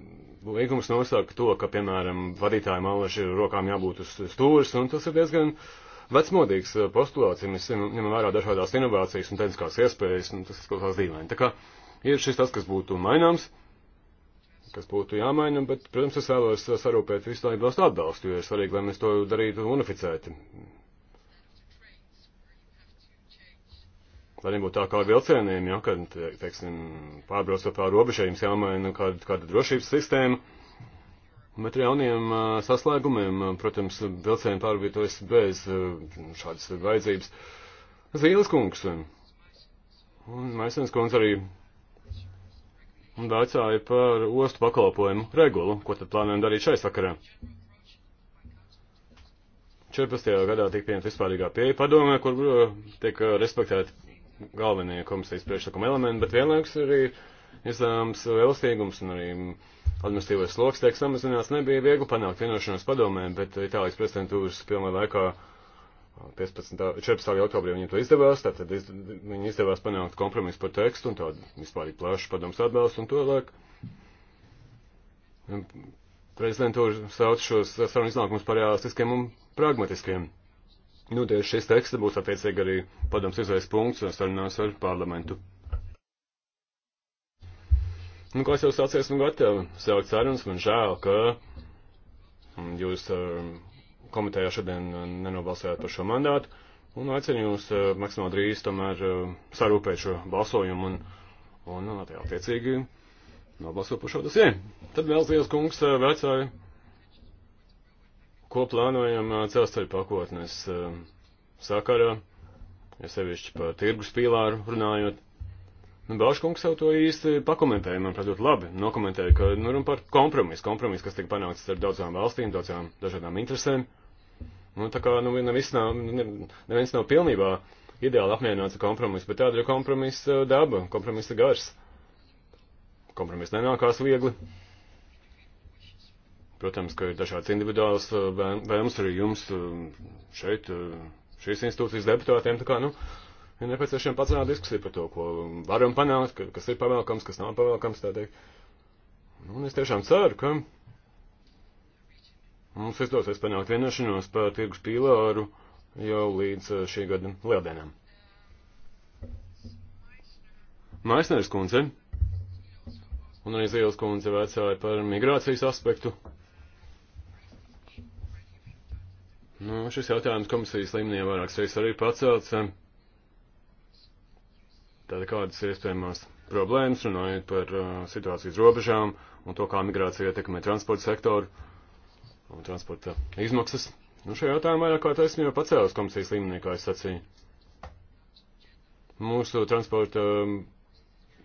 līgums nosaka to, ka, piemēram, vadītājiem allaži rokām jābūt uz stūris, un tas ir diezgan. Uh, vecmodīgs eh, postulāts, ja mēs ņemam vērā dažādās inovācijas un tehniskās iespējas, un nu, tas izklausās dīvaini. Tā kā ir šis tas, kas būtu maināms, kas būtu jāmaina, bet, protams, es vēlos eh, sarūpēt visu tādu valstu atbalstu, jo ir svarīgi, lai mēs to darītu unificēti. Lai nebūtu tā kā vilcieniem, ja, kad, teiksim, pārbraucot pār robežai, jums jāmaina kāda, kāda drošības sistēma Bet ar jauniem saslēgumiem, protams, vilcieni pārvietojas bez šādas vajadzības. Zīles kungs un Maisens kungs arī vecāja par ostu pakalpojumu regulu, ko tad plānojam darīt šai sakarā. 14. gadā tika pieņemta vispārīgā pieeja padomē, kur tiek respektēti galvenie komisijas priekšlikuma elementi, bet vienlaikus arī uh, ir zināms elastīgums un arī administratīvais sloks tiek samazināts. Nebija viegli panākt vienošanos padomē, bet Itālijas prezidentūras pilnā laikā 15. 14. oktobrī viņiem to izdevās, tātad iz, viņi izdevās panākt kompromisu par tekstu un tādu vispārīgi plašu padomus atbalstu un to laiku. Prezidentūra sauc šos sarunu iznākumus par realistiskiem un pragmatiskiem. Nu, tieši šis teksts būs attiecīgi arī padoms izvēles punkts sarunās ar parlamentu. Mm. Nu, kā es jau sacīju, esmu nu gatava sākt sarunas. Man žēl, ka jūs eh, komitējā šodien eh, nenobalsējāt par šo mandātu. Un aicinu jūs eh, maksimāli drīz tomēr sarūpēt šo balsojumu un, un, un nu, attiecīgi nobalsot par šo dosie. Tad vēl liels kungs vecāji, ko plānojam celstaļu pakotnes sakarā, ja sevišķi par tirgus pīlāru runājot. Nu, Bauškungs jau to īsti pakomentēja, manuprāt, ļoti labi. Nokomentēja, ka nu, runa par kompromisu, kompromisu, kas tika panācis ar daudzām valstīm, daudzām dažādām interesēm. Nu, tā kā nu, nevis nav, ne, neviens nav pilnībā ideāli apmierināts ar kompromisu, bet tāda ir kompromisa daba, kompromisa gars. Kompromiss nenākās viegli. Protams, ka ir dažāds individuāls uh, vēlms arī jums uh, šeit, uh, šīs institūcijas deputātiem. Tā kā, nu, ir nepieciešama padziļināta diskusija par to, ko varam panākt, kas ir pavēlkams, kas nav pavēlkams, tā teikt. Nu, un es tiešām ceru, ka mums izdosies panākt vienošanos par tirgus pīlāru jau līdz eh, šī gada lieldienām. Maisneris kundze un arī Zīles kundze vecāja par migrācijas aspektu. Nu, šis jautājums komisijas līmenī vairākas reizes arī pacelts. Eh, Tātad kādas ir iespējamās problēmas, runājot par uh, situācijas robežām un to, kā migrācija ietekmē transporta sektoru un transporta izmaksas. Nu, šajā jautājumā vairāk kā taisnība jau pacēlas komisijas līmenī, kā es sacīju. Mūsu transporta um,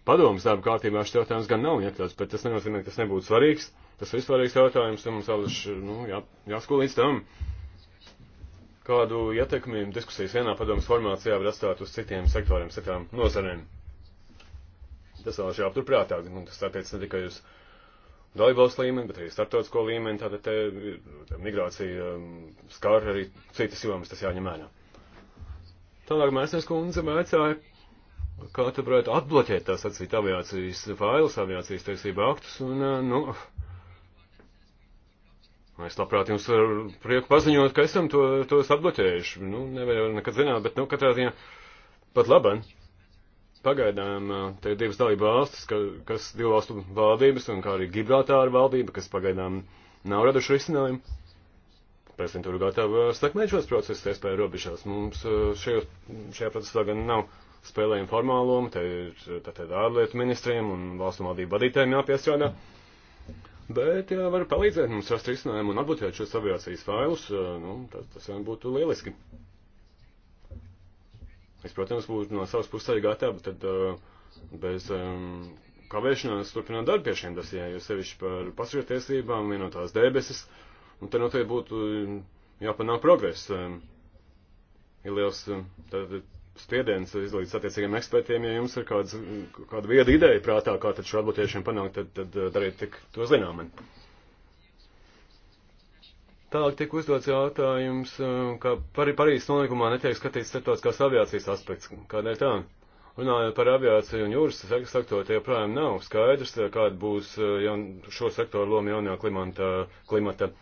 padomas darba kārtībā šis jautājums gan nav iekļauts, bet tas nenozīmē, ka tas nebūtu svarīgs. Tas ir svarīgs jautājums, un mums vēl ir nu, jā, jāskolīdz tam. Uh, kādu ietekmi diskusijas vienā padomas formācijā var atstāt uz citiem sektoriem, citām nozarēm. Tas vēl ir jāapturprātā, un nu, tas attiec ne tikai uz dalībvalsts līmeni, bet arī starptautisko līmeni, tātad te, te migrācija um, skar arī citas jomas, tas jāņem vērā. Tālāk Mēsnes kundze mēcāja, kā te varētu atbloķēt tā sacīt aviācijas failus, aviācijas tiesību aktus, un, uh, nu, Es labprāt jums varu prieku paziņot, ka esam to, tos atbloķējuši. Nu, nevar nekad zināt, bet, nu, katrā ziņā pat labam. Pagaidām te ir divas dalība valstis, ka, kas divu valstu valdības un kā arī Gibraltāra valdība, kas pagaidām nav raduši risinājumu. Prezidentūra gatava sekmēt šos procesus iespēju robežās. Mums šajos, šajā procesā gan nav spēlējuma formālumu, te ir tātad ārlietu ministriem un valstu valdību vadītājiem jāpiestrādā. Mm bet jā, var palīdzēt mums rast risinājumu un atbūtēt šos aviācijas failus, nu, tas, tas jau būtu lieliski. Es, protams, būtu no savas puses arī gatava, tad bez um, kavēšanās turpināt darbu pie šiem dosijām, jo sevišķi par pasažiertiesībām, vienotās debesis, un te noteikti būtu jāpanāk progress. Um, ir liels, tad spiediens izlīdz attiecīgiem ekspertiem, ja jums ir kāds, kāda vieda ideja prātā, kā tad šo atbūtiešanu panākt, tad, tad eh, dariet tik to zinām. Man. Tālāk tiek uzdots jautājums, eh, ka par, Parīzes nolīgumā netiek skatīts starptautiskās aviācijas aspekts. Kādēļ tā? Runājot par aviāciju un jūras sektoru, tie joprojām nav skaidrs, eh, kāda būs jaun, šo sektoru loma jaunajā klimata, klimata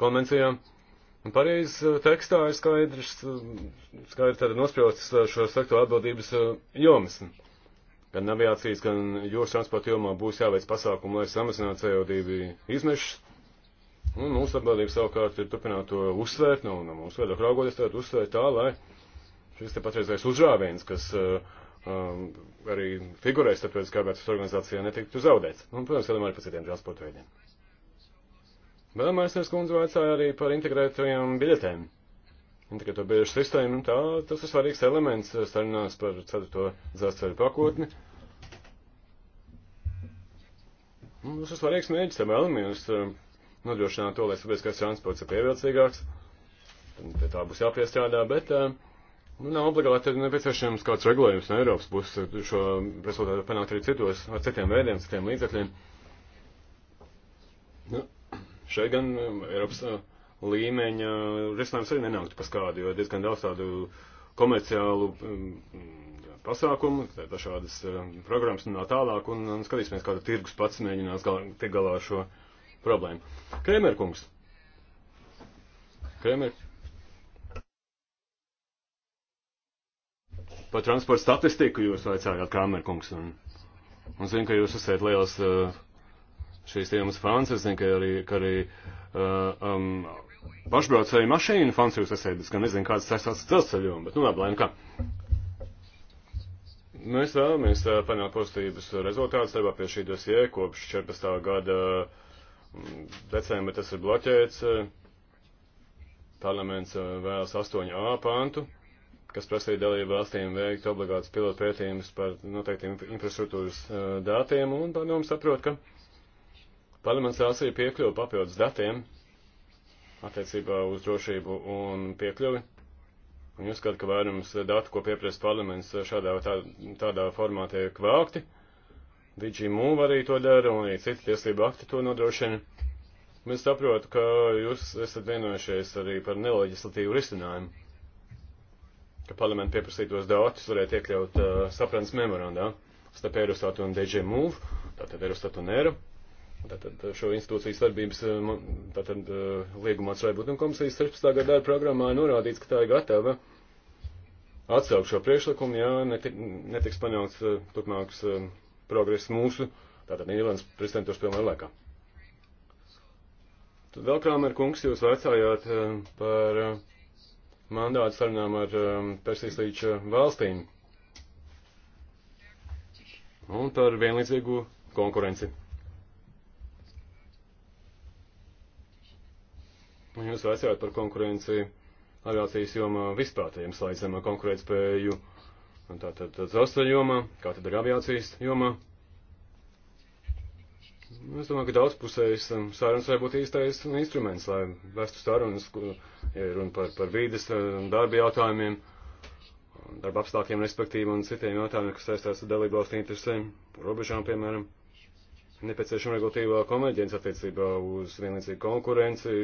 konvencijā. Uh, Un pareiz eh, tekstā ir skaidrs, eh, skaidri tāda nospraustas eh, šo sektoru atbildības jomas. Gan aviācijas, gan jūras transporta jomā būs jāveic pasākumu, lai samazinātu CO2 izmešus. Un mūsu atbildība savukārt ir turpināt to uzsvērt, nu, no mūsu viedokļa raugoties, tad uzsvērt tā, lai šis te patreizais uzrāviens, kas uh, um, arī figurēs starptautiskā aviācijas organizācijā, netiktu zaudēts. Un, protams, vienmēr par citiem transporta veidiem. Vēl Maisners kundze vajadzēja arī par integrētajām biļetēm. Integrēto biļešu sistēmu, tā, tas ir svarīgs elements eh, sarunās par ceturto dzelzceļu pakotni. Un nu, tas ir svarīgs mēģis, ja vēlamies eh, nodrošināt to, lai sabiedriskais transports ir pievilcīgāks. Pie tā būs jāpiestrādā, bet eh, nu, nav obligāti nepieciešams kāds regulējums no Eiropas puses šo rezultātu panākt arī citos, ar citiem veidiem, citiem līdzekļiem. Šeit gan um, Eiropas uh, līmeņa uh, risinājums arī nenāktu pas kādu, jo diezgan daudz tādu komerciālu um, pasākumu, dažādas uh, programmas un tā tālāk, un, un skatīsimies, kāda tirgus pats mēģinās gal, tiek galā ar šo problēmu. Kremerkungs. Kremer. Par transporta statistiku jūs vaicājāt, Kremerkungs, un, un zinu, ka jūs esat liels uh, šīs tēmas fans, es zinu, ka arī, ka arī uh, um, pašbraucēju mašīnu fans jūs esat, es gan nezinu, kāds saistās ar dzelzceļojumu, bet nu labi, lai nu kā. Mēs vēlamies uh, panākt pozitīvas rezultātus darbā pie šī dosie, kopš 14. gada um, decembra tas ir bloķēts. Parlaments uh, vēlas 8a pantu, kas prasīja dalību valstīm veikt obligātus pilotu pētījumus par noteiktiem infrastruktūras uh, datiem, un padomu saprot, ka Parlaments prasīja piekļuvi papildus datiem attiecībā uz drošību un piekļuvi. Un jūs skatāt, ka vairums datu, ko pieprasa parlaments šādā tā, tādā formā tiek vākti. Digi Move arī to dara un arī citi tiesību akti to nodrošina. Mēs saprotu, ka jūs esat vienojušies arī par neleģislatīvu risinājumu ka parlamenta pieprasītos datus varētu iekļaut uh, saprānas memorandā starp Eurostatu un DG Move, tātad Eurostatu un Eiropu. Tātad eh, šo institūciju svarbības eh, tātad, eh, liegumā Traibutuma komisijas 16. gadā programmā norādīts, ka tā ir gatava atsaukt šo priekšlikumu, ja neti, netiks panāks turpmāks progress mūsu, tātad Nīderlandes prezidentūras pilnvaru laikā. Tad vēl Krāmer kungs, jūs vecājāt par mandātu sarunām ar Persijas līča valstīm un par vienlīdzīgu konkurenci. Nu, jūs vaicājat par konkurenci aviācijas jomā vispār, tad jums laicam konkurētspēju tātad dzelzceļa jomā, kā tad ir aviācijas jomā. Nu, es domāju, ka daudzpusējs um, sarunas var būt īstais instruments, lai vestu sarunas, ja runa par, par vīdes um, darba jautājumiem, darba apstākļiem, respektīvi, un citiem jautājumiem, kas saistās ar dalību valstu interesēm, robežām, piemēram nepieciešama regulatīvā konverģence attiecībā uz vienlīdzīgu konkurenci,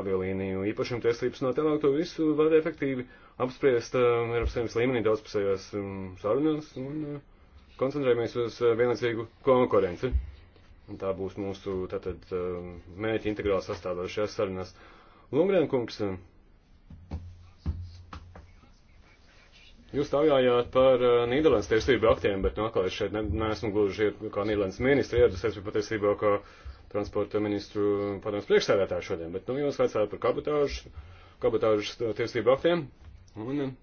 aviolīniju īpašumu tiesības no tenāk to visu var efektīvi apspriest uh, Eiropas Savienības līmenī daudzpusējās um, sarunās un uh, koncentrējamies uz uh, vienlīdzīgu konkurenci. Un tā būs mūsu tātad uh, mērķi integrāli sastāvošajās sarunās. Lungrēn kungs, um, jūs taujājāt par uh, Nīderlandes tiesību aktiem, bet nu, atkal es šeit ne, neesmu gluži kā Nīderlandes ministri ieradusies, bet patiesībā kā uh, transporta ministru padomus priekšsēdētāju šodien, bet, nu, jūs vajadzētu par kabotāžu, kabotāžas tiesību aktiem. Un,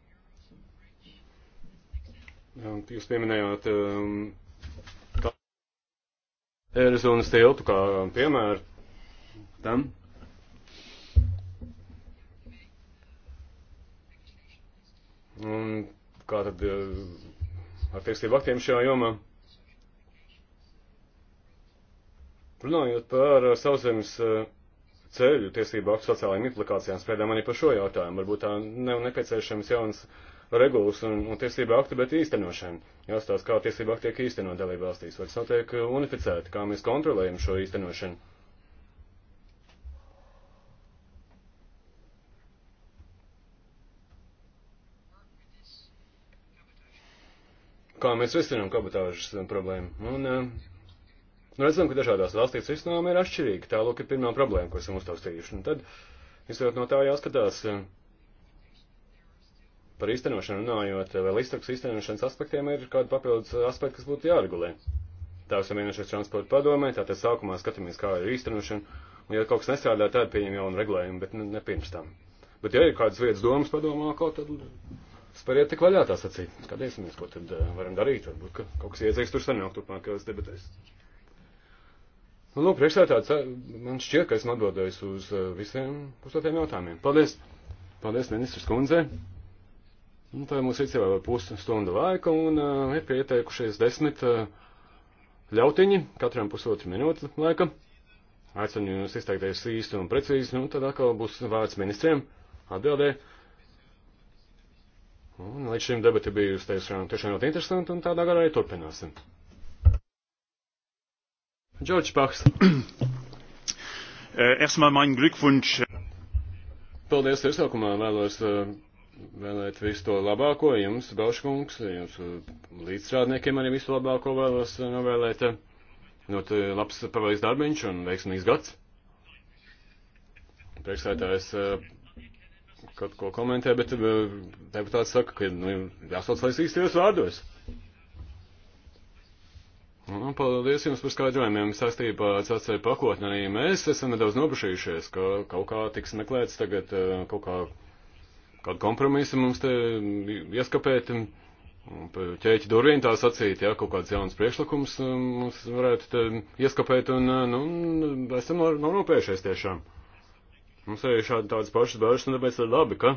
jā, um, jūs pieminējāt um, Eirozonas tiltu kā piemēru tam. Un kā tad uh, ar tiesību aktiem šajā jomā? Runājot par eh, sauszemes eh, ceļu tiesību aktu sociālajām implikācijām, spēdām arī par šo jautājumu. Varbūt tā nav nepieciešams jauns regulas un, un tiesību aktu, bet īstenošana. Jāstāsta, kā tiesību akti tiek īstenot dalību valstīs, vai tas notiek eh, unificēti, kā mēs kontrolējam šo īstenošanu. Kā mēs risinām kabatāžas problēmu? Un, uh, Nu, redzam, ka dažādās valstīs risinājumi ir atšķirīgi. Tālūk ir pirmā problēma, ko esam uztaustījuši. Un tad, izsot no tā jāskatās eh, par īstenošanu runājot, eh, vēl izturks īstenošanas aspektiem ir kāda papildus aspekta, kas būtu jāregulē. Tā esam vienojušies transporta padomē, tātad sākumā skatāmies, kā ir īstenošana. Un, ja kaut kas nestrādā, tad pieņem jaunu regulējumu, bet ne, ne pirms tam. Bet, ja ir kādas vietas domas padomā, kaut tad spēriet tik vaļā tā sacīt. Skatīsimies, ko tad eh, varam darīt. Varbūt, ka kaut kas iedzēs tur sanāk turpmākajās debatēs. Un, nu, lūk, priekšsētāts, eh, man šķiet, ka esmu atbildējis uz eh, visiem uzdotiem jautājumiem. Paldies! Paldies, ministrs kundze! Un nu, tā mums ir jau pusstunda laika, un uh, ir pieteikušies desmit uh, ļautiņi, katram pusotru minūtu laika. Aicinu jūs izteikties īsti un precīzi, un nu, tad atkal būs vārds ministriem atbildē. Un līdz šim debati bija, es teicu, tiešām ļoti interesanti, un tādā garā arī turpināsim. George Bachs. Äh, erstmal meinen Glückwunsch. Paldies iesaukumā. Vēlos äh, vēlēt visu to labāko jums, Belškungs, jūsu äh, līdzstrādniekiem arī visu labāko vēlos novēlēt. Ļoti nu, labs paveiks darbiņš un veiksmīgs gads. Priekšsētājs kaut ko komentē, bet deputāts saka, ka nu, jāsauc, lai es īstajos vārdos. Un nu, paldies jums par skaidrojumiem saistībā ar atseju pakotni. Arī mēs esam nedaudz nobušījušies, ka kaut kā tiks meklēts tagad eh, kaut kā kādu kompromisu mums te ieskapēt. Ķēķi durvīm tā sacīt, ja kaut kāds jauns priekšlikums eh, mums varētu te ieskapēt un, eh, nu, esam norūpējušies tiešām. Mums arī šādi tādas pašas bērnas, un nu, tāpēc ir labi, ka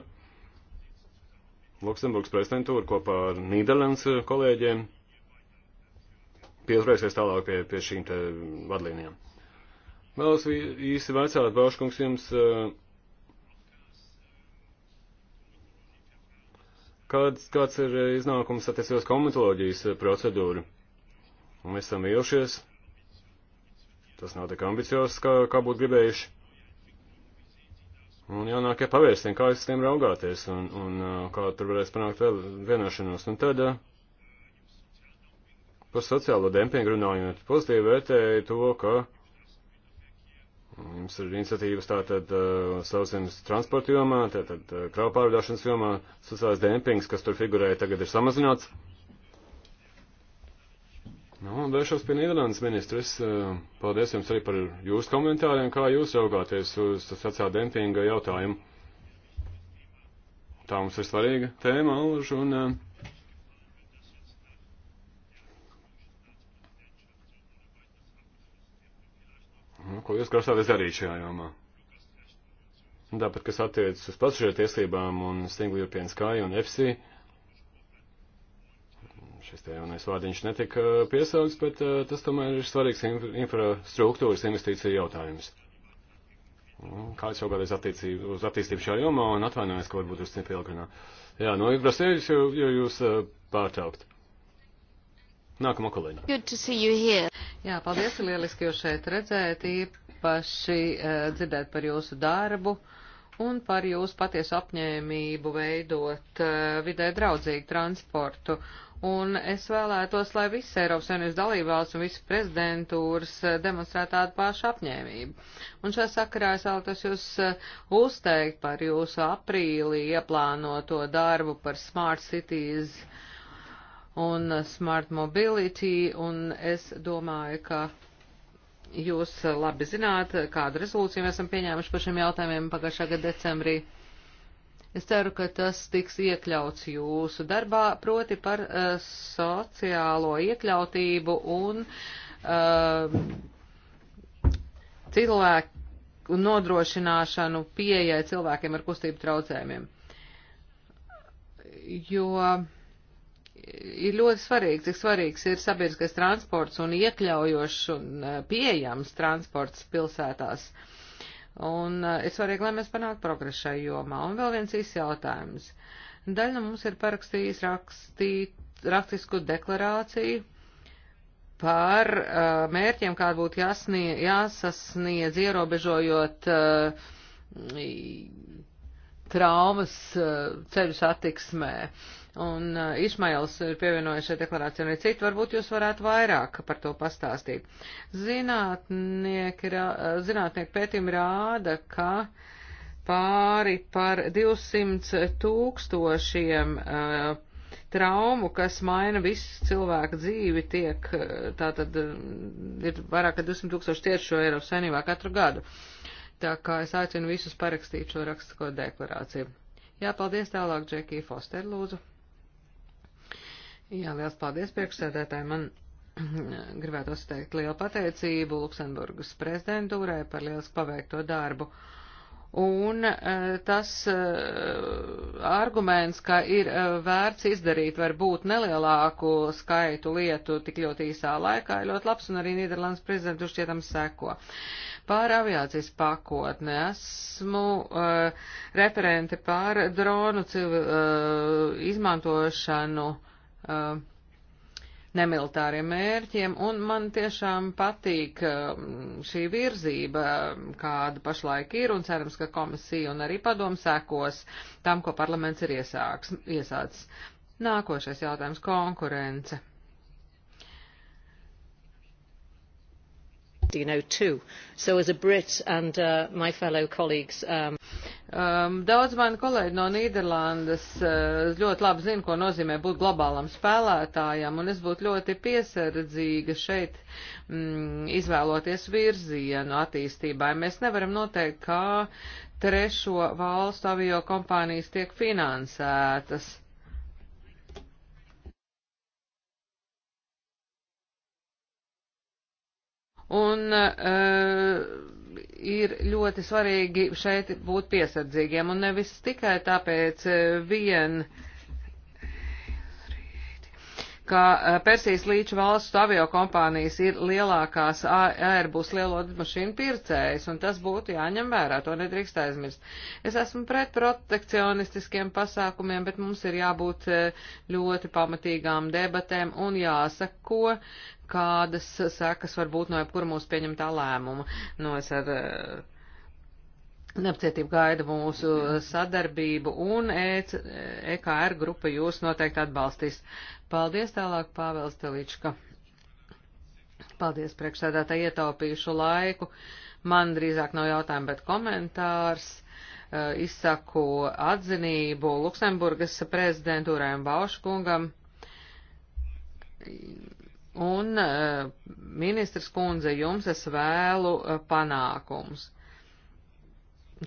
Luksemburgas prezidentūra kopā ar Nīderlandes kolēģiem pieturēsies tālāk pie, pie šīm te vadlīnijām. Vēlos īsi vecāt, Bauškungs, jums, eh, kāds, kāds ir iznākums attiecībās komitoloģijas eh, procedūru? Mēs esam vīlušies, tas nav tik ambiciozs, kā, kā būtu gribējuši. Un jaunākie pavērsieni, kā jūs tiem raugāties un, un eh, kā tur varēs panākt vēl vienošanos. Un tad, uh, Par sociālo dempingu runājot, pozitīvi vērtēju to, ka mums ir iniciatīvas tātad uh, sausiems transporta jomā, tātad uh, kravu pārvadāšanas jomā, sociālais dempings, kas tur figurēja, tagad ir samazināts. Nu, vēršos pie Nīderlandes ministres. Uh, paldies jums arī par jūsu komentāriem, kā jūs raugāties uz sociālā dempinga jautājumu. Tā mums ir svarīga tēma, Alž, un jūs grasāties darīt šajā jomā? Tāpat, kas attiecas uz pasažieru tiesībām un Single European Sky un FC, šis te jaunais vārdiņš netika uh, piesaukts, bet uh, tas tomēr ir svarīgs infrastruktūras investīcija jautājums. Kāds jau nu, kādreiz attiecību, uz attīstību šajā jomā un atvainojos, ka varbūt uz cim pilgrinā. Jā, no nu, Ibrasēļas jau, jau jūs uh, pārtraukt. Nākamā kolēģa. Jā, paldies, lieliski jūs šeit redzēt īpaši eh, dzirdēt par jūsu darbu un par jūsu patiesu apņēmību veidot eh, vidē draudzīgu transportu. Un es vēlētos, lai visas Eiropas Savienības dalībvalsts un visas prezidentūras eh, demonstrē tādu pašu apņēmību. Un šajā sakarā es vēlētos jūs uzteikt par jūsu aprīlī ieplānoto darbu par Smart Cities un Smart Mobility, un es domāju, ka Jūs labi zināt, kādu rezolūciju mēs esam pieņēmuši par šiem jautājumiem pagājušā gada decembrī. Es ceru, ka tas tiks iekļauts jūsu darbā, proti par uh, sociālo iekļautību un uh, cilvēku nodrošināšanu pieejai cilvēkiem ar kustību traucējumiem. Jo ir ļoti svarīgi, cik svarīgs ir sabiedriskais transports un iekļaujošs un e, pieejams transports pilsētās. Un e, ir svarīgi, lai mēs panāktu progresu šai jomā. Un vēl viens īsts jautājums. Daļa no mums ir parakstījis rakstīt, rakstisku deklarāciju par uh, mērķiem, kāda būtu jāsnie, jāsasniedz ierobežojot uh, traumas uh, ceļu satiksmē. Uh, un uh, Išmails ir pievienojis šai deklarācijai arī citu, varbūt jūs varētu vairāk par to pastāstīt. Zinātnieki, uh, zinātnieki pētījumi rāda, ka pāri par 200 tūkstošiem uh, traumu, kas maina visu cilvēku dzīvi, tiek, uh, tātad uh, ir vairāk kā 200 tūkstoši tieši šo Eiropas saimnībā katru gadu. Tā kā es aicinu visus parakstīt šo rakstisko deklarāciju. Jā, paldies tālāk, Džekija Foster, lūdzu. Jā, liels paldies priekšsēdētāji. Man (clears throat) gribētu uzteikt lielu pateicību Luksemburgas prezidentūrai par lielisku paveikto darbu. Un eh, tas eh, arguments, ka ir eh, vērts izdarīt varbūt nelielāku skaitu lietu tik ļoti īsā laikā, ir ļoti labs, un arī Nīderlandes prezidentu šķietam seko. Pār aviācijas pakotne esmu uh, referente pār dronu civil, uh, izmantošanu uh, uh, nemilitāriem mērķiem, un man tiešām patīk uh, šī virzība, kāda pašlaik ir, un cerams, ka komisija un arī padomu sekos tam, ko parlaments ir iesāks, iesācis. Nākošais jautājums - konkurence. You know, too. So as a Brit and uh, my fellow colleagues. Um... Um, daudz mani kolēģi no Nīderlandes uh, ļoti labi zina, ko nozīmē būt globālam spēlētājam, un es būtu ļoti piesardzīga šeit mm, izvēloties virzienu attīstībai. Mēs nevaram noteikt, kā trešo valstu avio kompānijas tiek finansētas. Un uh, ir ļoti svarīgi šeit būt piesardzīgiem un nevis tikai tāpēc eh, vien, uh, ka eh, Persijas līča valstu aviokompānijas ir lielākās Airbus lielo lidmašīnu pircējas, un tas būtu jāņem vērā, to nedrīkst aizmirst. Es esmu pret protekcionistiskiem pasākumiem, bet mums ir jābūt eh, ļoti pamatīgām debatēm un jāsaka, ko, kādas sekas var būt no jebkura mūsu pieņemtā lēmuma. No nu, es ar eh, Nepacietība gaida mūsu sadarbību un EKR e grupa jūs noteikti atbalstīs. Paldies tālāk, Pāvils Telička. Paldies, priekšsēdētāji, ietaupīšu laiku. Man drīzāk nav jautājumu, bet komentārs. E, izsaku atzinību Luksemburgas prezidentūrēm Bauškungam. Un e, ministrs kundze, jums es vēlu panākums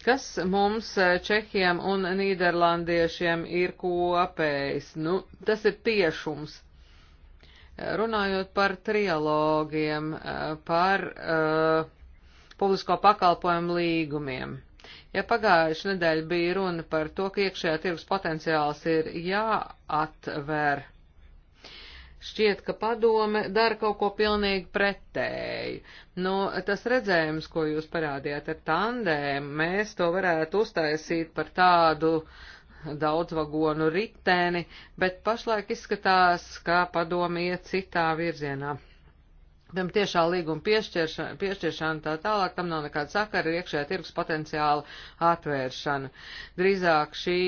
Kas mums eh, čehiem un nīderlandiešiem ir kopējs? Nu, tas ir tiešums. Eh, runājot par trialogiem, eh, par uh, publisko pakalpojumu līgumiem. Ja pagājuši nedēļa bija runa par to, ka iekšējā tirgus potenciāls ir jāatver Šķiet, ka padome dara kaut ko pilnīgi pretēju. Nu, tas redzējums, ko jūs parādījāt ar tandēm, mēs to varētu uztaisīt par tādu daudzvagonu riteni, bet pašlaik izskatās, ka padome iet citā virzienā. Tam tiešā līguma piešķiršana, piešķiršana tā tālāk, tam nav nekāda sakara ar iekšējā tirgus potenciāla atvēršanu. Drīzāk šī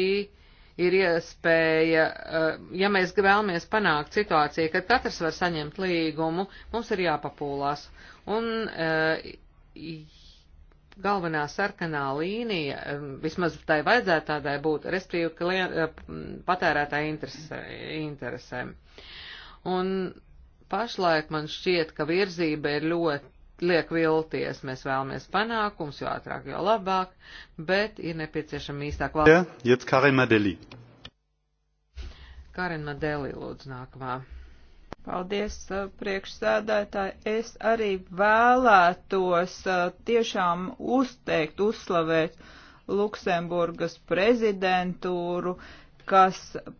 ir iespēja, eh, ja mēs vēlamies panākt situāciju, kad katrs var saņemt līgumu, mums ir jāpapūlās. Un eh, galvenā sarkanā līnija, eh, vismaz tai vajadzētu tādai būt, respektīvi patērētāja interesē, interesēm. Un pašlaik man šķiet, ka virzība ir ļoti liek vilties, mēs vēlamies panākums, jo ātrāk, jo labāk, bet ir nepieciešama īstā kvalitāte. Ja, Karin Madeli. Karin Madeli, lūdzu, nākamā. Paldies, uh, priekšsēdētāji. Es arī vēlētos uh, tiešām uzteikt, uzslavēt Luksemburgas prezidentūru kas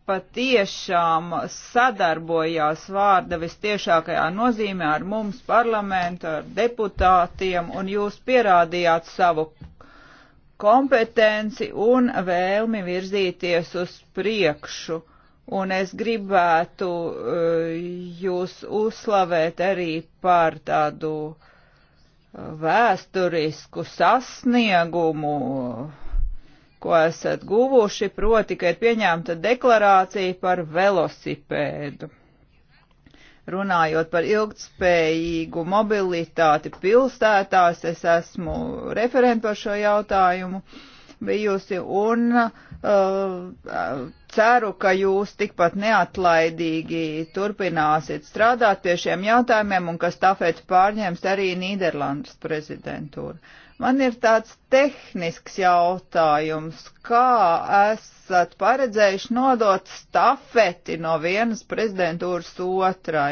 patiešām sadarbojās vārda vistiešākajā nozīmē ar mums parlamentu, ar deputātiem, un jūs pierādījāt savu kompetenci un vēlmi virzīties uz priekšu. Un es gribētu eh, jūs uzslavēt arī par tādu eh, vēsturisku sasniegumu, ko esat guvuši, proti, ka ir pieņemta deklarācija par velosipēdu. Runājot par ilgtspējīgu mobilitāti pilsētās, es esmu referenti par šo jautājumu bijusi un uh, ceru, ka jūs tikpat neatlaidīgi turpināsiet strādāt pie šiem jautājumiem un ka stafeti pārņems arī Nīderlandes prezidentūra. Man ir tāds tehnisks jautājums, kā esat paredzējuši nodot stafeti no vienas prezidentūras otrai.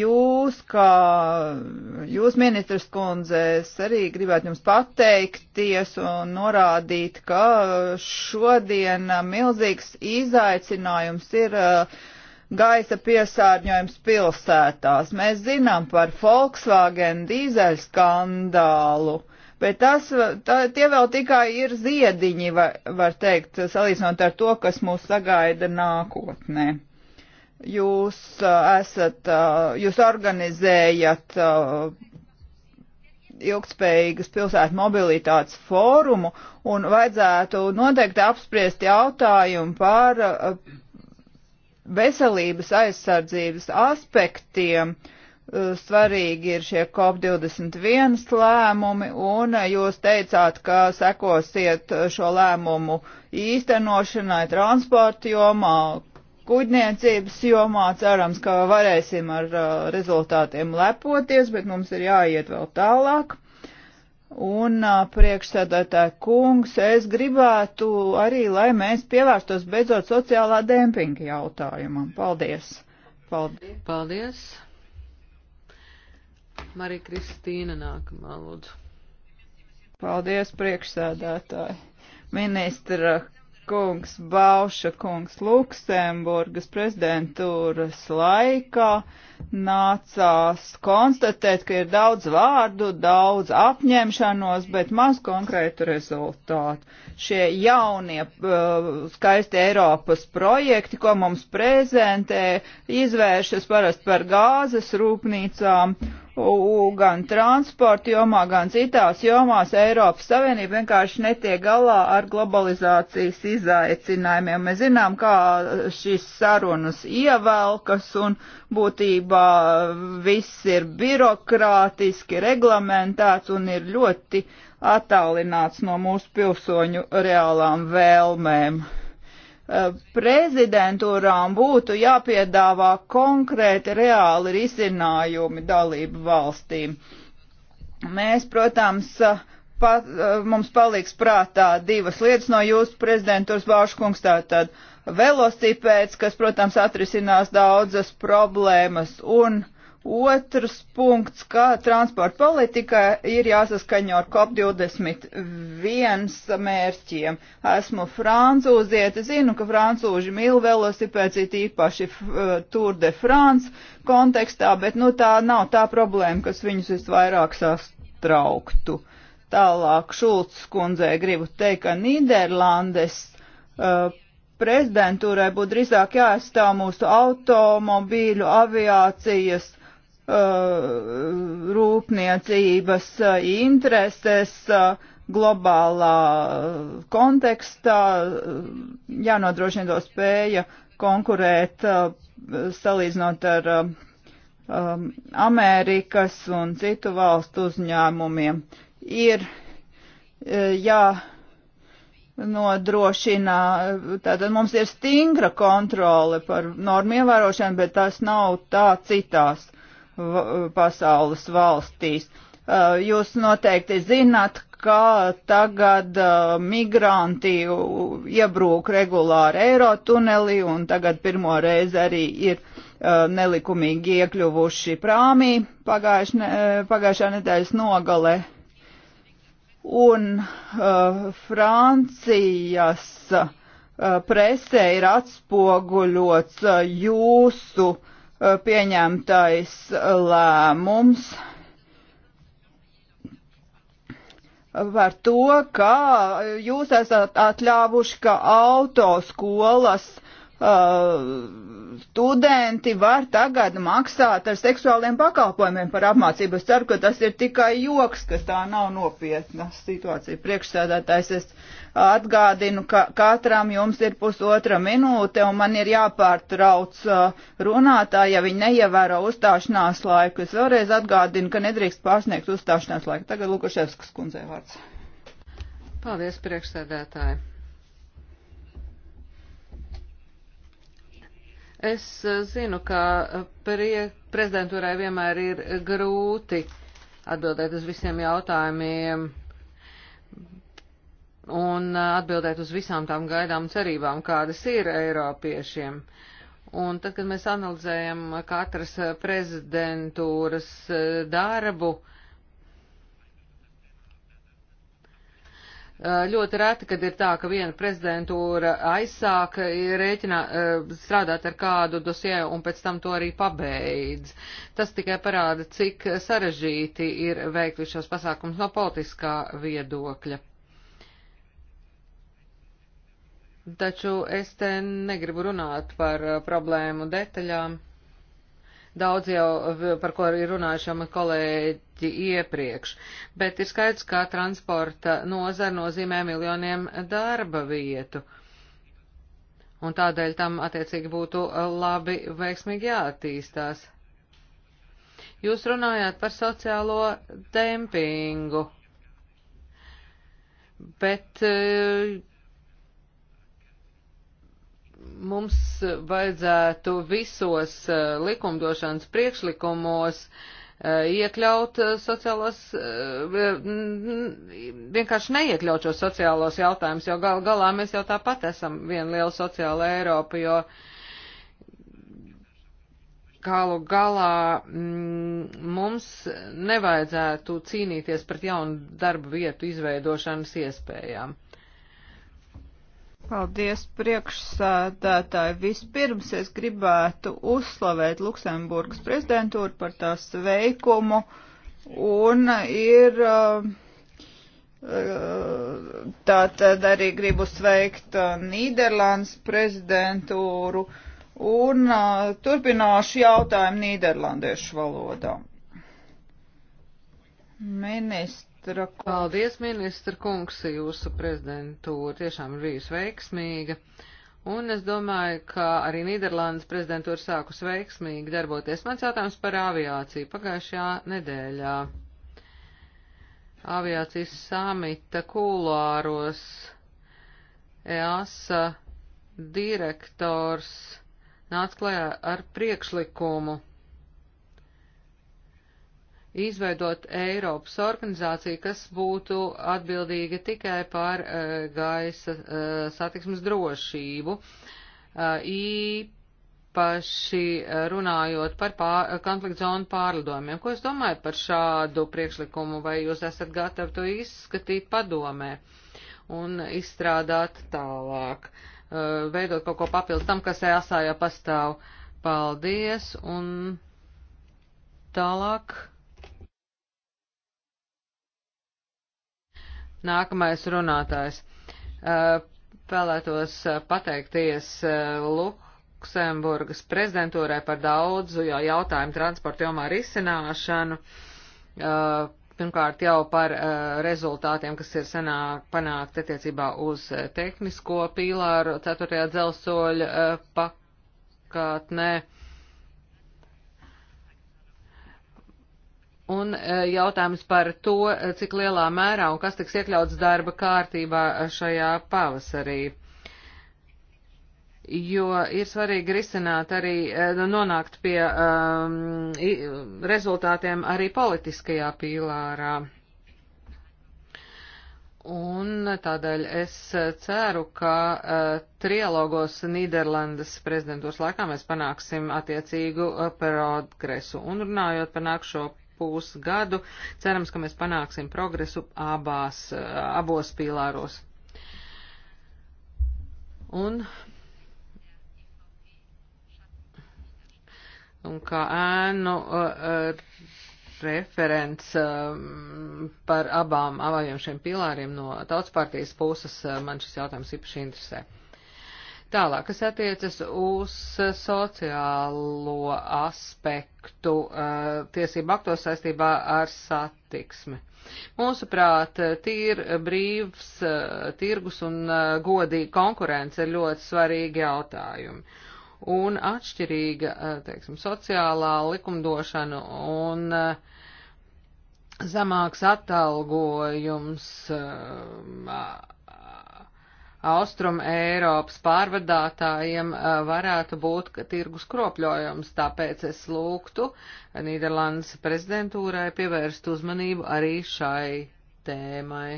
Jūs, kā jūs, ministrs kundze, es arī gribētu jums pateikties un norādīt, ka šodien uh, milzīgs izaicinājums ir uh, gaisa piesārņojums pilsētās. Mēs zinām par Volkswagen dīzeļu skandālu. Bet tas, tā, tie vēl tikai ir ziediņi, var, var teikt, salīdzinot ar to, kas mūs sagaida nākotnē. Jūs esat, jūs organizējat ilgspējīgas pilsētu mobilitātes fórumu un vajadzētu noteikti apspriest jautājumu par veselības aizsardzības aspektiem uh, Eh, svarīgi ir šie COP21 lēmumi, un eh, jūs teicāt, ka sekosiet eh, šo lēmumu īstenošanai transporta jomā, kuģniecības jomā. Cerams, ka varēsim ar rezultātiem lepoties, bet mums ir jāiet vēl tālāk. Un priekšsēdētāja kungs, es gribētu arī, lai mēs pievērstos beidzot sociālā dempinga jautājumam. Paldies! Paldies! Paldies. Marija Kristīna nākamā lūdzu. Paldies, priekšsēdētāji. Ministra kungs Bauša kungs Luksemburgas prezidentūras laikā nācās konstatēt, ka ir daudz vārdu, daudz apņemšanos, bet maz konkrētu rezultātu. Šie jaunie uh, skaisti Eiropas projekti, ko mums prezentē, izvēršas parasti par gāzes rūpnīcām gan transporta jomā, gan citās jomās Eiropas Savienība vienkārši netiek galā ar globalizācijas izaicinājumiem. Mēs zinām, kā šis sarunas ievelkas un būtībā viss ir birokrātiski reglamentēts un ir ļoti attālināts no mūsu pilsoņu reālām vēlmēm prezidentūrām būtu jāpiedāvā konkrēti reāli risinājumi dalību valstīm. Mēs, protams, pat, mums paliks prātā divas lietas no jūsu prezidentūras Bāškungs, tātad velosipēds, kas, protams, atrisinās daudzas problēmas un uh, Otrs punkts, kā transporta politika ir jāsaskaņo ar COP21 mērķiem. Esmu francūzieti, zinu, ka francūži mīl velosipēds, it īpaši Tour de France kontekstā, bet nu tā nav tā problēma, kas viņus visvairāk sastrauktu. Tālāk Šulcs kundzei gribu teikt, ka Nīderlandes uh, prezidentūrai būtu drīzāk jāaizstāv mūsu automobīļu aviācijas Uh, rūpniecības uh, intereses uh, globālā kontekstā, jānodrošina to spēja konkurēt salīdzinot ar um, Amerikas un citu valstu uzņēmumiem. Ir jā, nodrošina, tātad mums ir stingra kontrole par normu ievērošanu, bet tas nav tā citās uh, pasaules valstīs. Uh, jūs noteikti zināt, kā tagad uh, migranti iebrūk regulāri Eirotunelī un tagad pirmo reizi arī ir uh, nelikumīgi iekļuvuši prāmī pagājušā, pagājušā nedēļas nogale. Un uh, Francijas uh, presē ir atspoguļots uh, jūsu uh, Eh, pieņemtais lēmums par to, ka jūs esat atļāvuši, ka autoskolas Uh, studenti var tagad maksāt ar seksuāliem pakalpojumiem par apmācību. Es ceru, ka tas ir tikai joks, ka tā nav nopietna situācija. Priekšsēdētājs es Atgādinu, ka katram jums ir pusotra minūte un man ir jāpārtrauc uh, runātāji, ja viņi neievēro uzstāšanās laiku. Es vēlreiz atgādinu, ka nedrīkst pārsniegt uzstāšanās laiku. Tagad Lukaševskas kundzei vārds. Paldies, priekšsēdētāji. Es uh, zinu, ka uh, prie, prezidentūrai vienmēr ir grūti atbildēt uz visiem jautājumiem un uh, atbildēt uz visām tām gaidām un cerībām, kādas ir Eiropiešiem. Un tad, kad mēs analizējam katras uh, prezidentūras uh, darbu, ļoti reti, kad ir tā, ka viena prezidentūra aizsāk rēķinā, strādāt ar kādu dosie un pēc tam to arī pabeidz. Tas tikai parāda, cik sarežģīti ir veikt šos pasākums no politiskā viedokļa. Taču es te negribu runāt par uh, problēmu detaļām. Daudz jau par ko ir runājuši mani kolēģi iepriekš, bet ir skaidrs, ka transporta nozara nozīmē miljoniem darba vietu. Un tādēļ tam attiecīgi būtu uh, labi veiksmīgi jāattīstās. Jūs runājāt par sociālo dempingu, bet uh, Mums vajadzētu visos eh, likumdošanas priekšlikumos eh, iekļaut eh, sociālos, vienkārši neiekļaut šos sociālos jautājumus, jo gal galā mēs jau tāpat esam viena liela sociāla Eiropa, jo galu galā mm, mums nevajadzētu cīnīties pret jaunu darba vietu izveidošanas iespējām. Paldies, priekšsādātāji. Vispirms es gribētu uzslavēt Luksemburgas prezidentūru par tās veikumu un ir. Uh, Tātad arī gribu sveikt uh, Nīderlandes prezidentūru un uh, turpināšu jautājumu Nīderlandiešu valodā. Ministrs ministra. Paldies, ministra kungs, jūsu prezidentūra tiešām ir bijusi veiksmīga. Un es domāju, ka arī Nīderlandes prezidentūra sākus veiksmīgi darboties. Mans jautājums par aviāciju pagājušajā nedēļā. Aviācijas samita kulāros EASA direktors nāca klajā ar priekšlikumu izveidot Eiropas organizāciju, kas būtu atbildīga tikai par uh, gaisa uh, satiksmes drošību, uh, īpaši runājot par pār, konflikt zonu pārlidojumiem. Ko jūs domājat par šādu priekšlikumu, vai jūs esat gatavi to izskatīt padomē un izstrādāt tālāk, uh, veidot kaut ko papildus tam, kas EASA jau pastāv? Paldies, un tālāk. Nākamais runātājs. Eh, vēlētos eh, pateikties eh, Luksemburgas prezidentūrai par daudzu jau jautājumu transporta jomā risināšanu. Pirmkārt jau par rezultātiem, kas ir senāk panākt attiecībā uz tehnisko pīlāru 4. dzelsoļa pakātnē. Un e, jautājums par to, e, cik lielā mērā un kas tiks iekļauts darba kārtībā e, šajā pavasarī jo ir svarīgi risināt arī, nu, nonākt pie um, rezultātiem arī politiskajā pīlārā. Un tādēļ es ceru, ka uh, trialogos Nīderlandes prezidentūras laikā mēs panāksim attiecīgu uh, progresu. Un runājot par nākšo pusgadu. Cerams, ka mēs panāksim progresu abās, eh, abos pīlāros. Un, un kā ēnu uh, referents um, par abām, abām šiem pilāriem no tautas partijas puses, man šis jautājums īpaši interesē. Tālāk, kas attiecas uz sociālo aspektu eh, tiesību aktos saistībā ar satiksmi. Mūsuprāt, tīr brīvs eh, tirgus un eh, godīga konkurence ir ļoti svarīgi jautājumi. Un atšķirīga, teiksim, sociālā likumdošana un uh, zemāks atalgojums, Austrum Eiropas pārvadātājiem eh, varētu būt tirgus kropļojums, tāpēc es lūgtu Nīderlandes prezidentūrai pievērst uzmanību arī šai tēmai.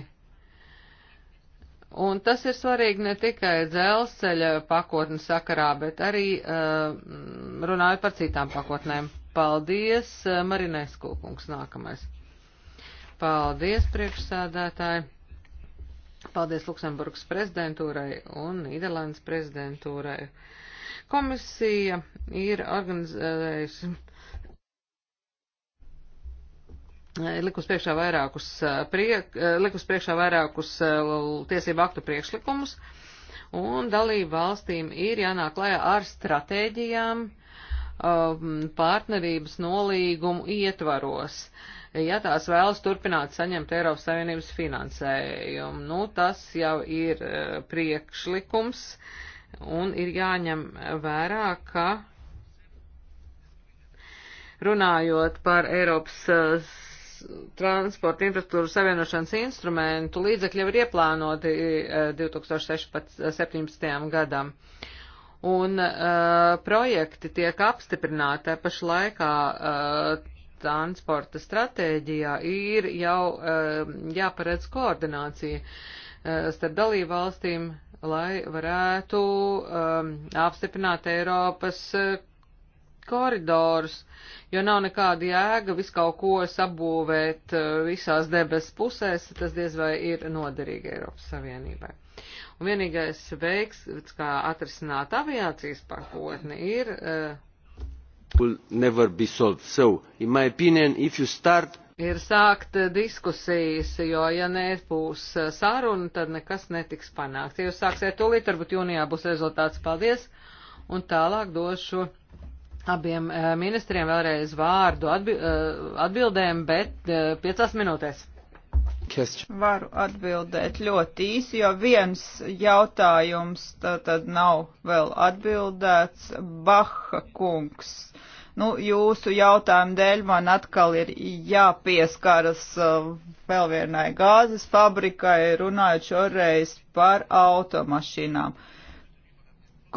Un tas ir svarīgi ne tikai dzelzceļa pakotnes sakarā, bet arī uh, eh, runājot par citām pakotnēm. Paldies, eh, Marinēs Kūkungs, nākamais. Paldies, priekšsādātāji. Paldies Luksemburgas prezidentūrai un Nīderlandes prezidentūrai. Komisija ir organizējusi eh, likus priekšā vairākus, eh, priek, eh, likus priekšā vairākus tiesību aktu priekšlikumus, un dalību valstīm ir jānāk klajā ar stratēģijām partnerības nolīgumu ietvaros. Uh, ja tās vēlas turpināt saņemt Eiropas Savienības finansējumu. Nu, tas jau ir e, priekšlikums un ir jāņem vērā, ka runājot par Eiropas e, transporta infrastruktūru savienošanas instrumentu, līdzekļi jau ir ieplānoti 2017. E, gadam un uh, projekti tiek apstiprināti pašlaikā uh, transporta stratēģijā ir jau um, jāparedz koordinācija uh, starp dalību valstīm, lai varētu um, apstiprināt Eiropas uh, koridors, jo nav nekāda jēga visu kaut ko sabūvēt uh, visās debes pusēs, tas diez vai ir noderīgi Eiropas Savienībai. Un vienīgais veiks, kā atrisināt aviācijas pakotni, ir uh, will never be solved. So, in my opinion, if you start ir sākt diskusijas, jo ja nebūs uh, saruna, tad nekas netiks panākt. Ja jūs sāksiet tūlīt, varbūt jūnijā būs rezultāts. Paldies! Un tālāk došu abiem uh, ministriem vēlreiz vārdu atbi uh, atbildēm, bet piecās minūtēs. Varu atbildēt ļoti īsi, jo viens jautājums tad nav vēl atbildēts. Baha kungs, nu, jūsu jautājumu dēļ man atkal ir jāpieskaras uh, vēl vienai gāzes fabrikai, runājot šoreiz par automašīnām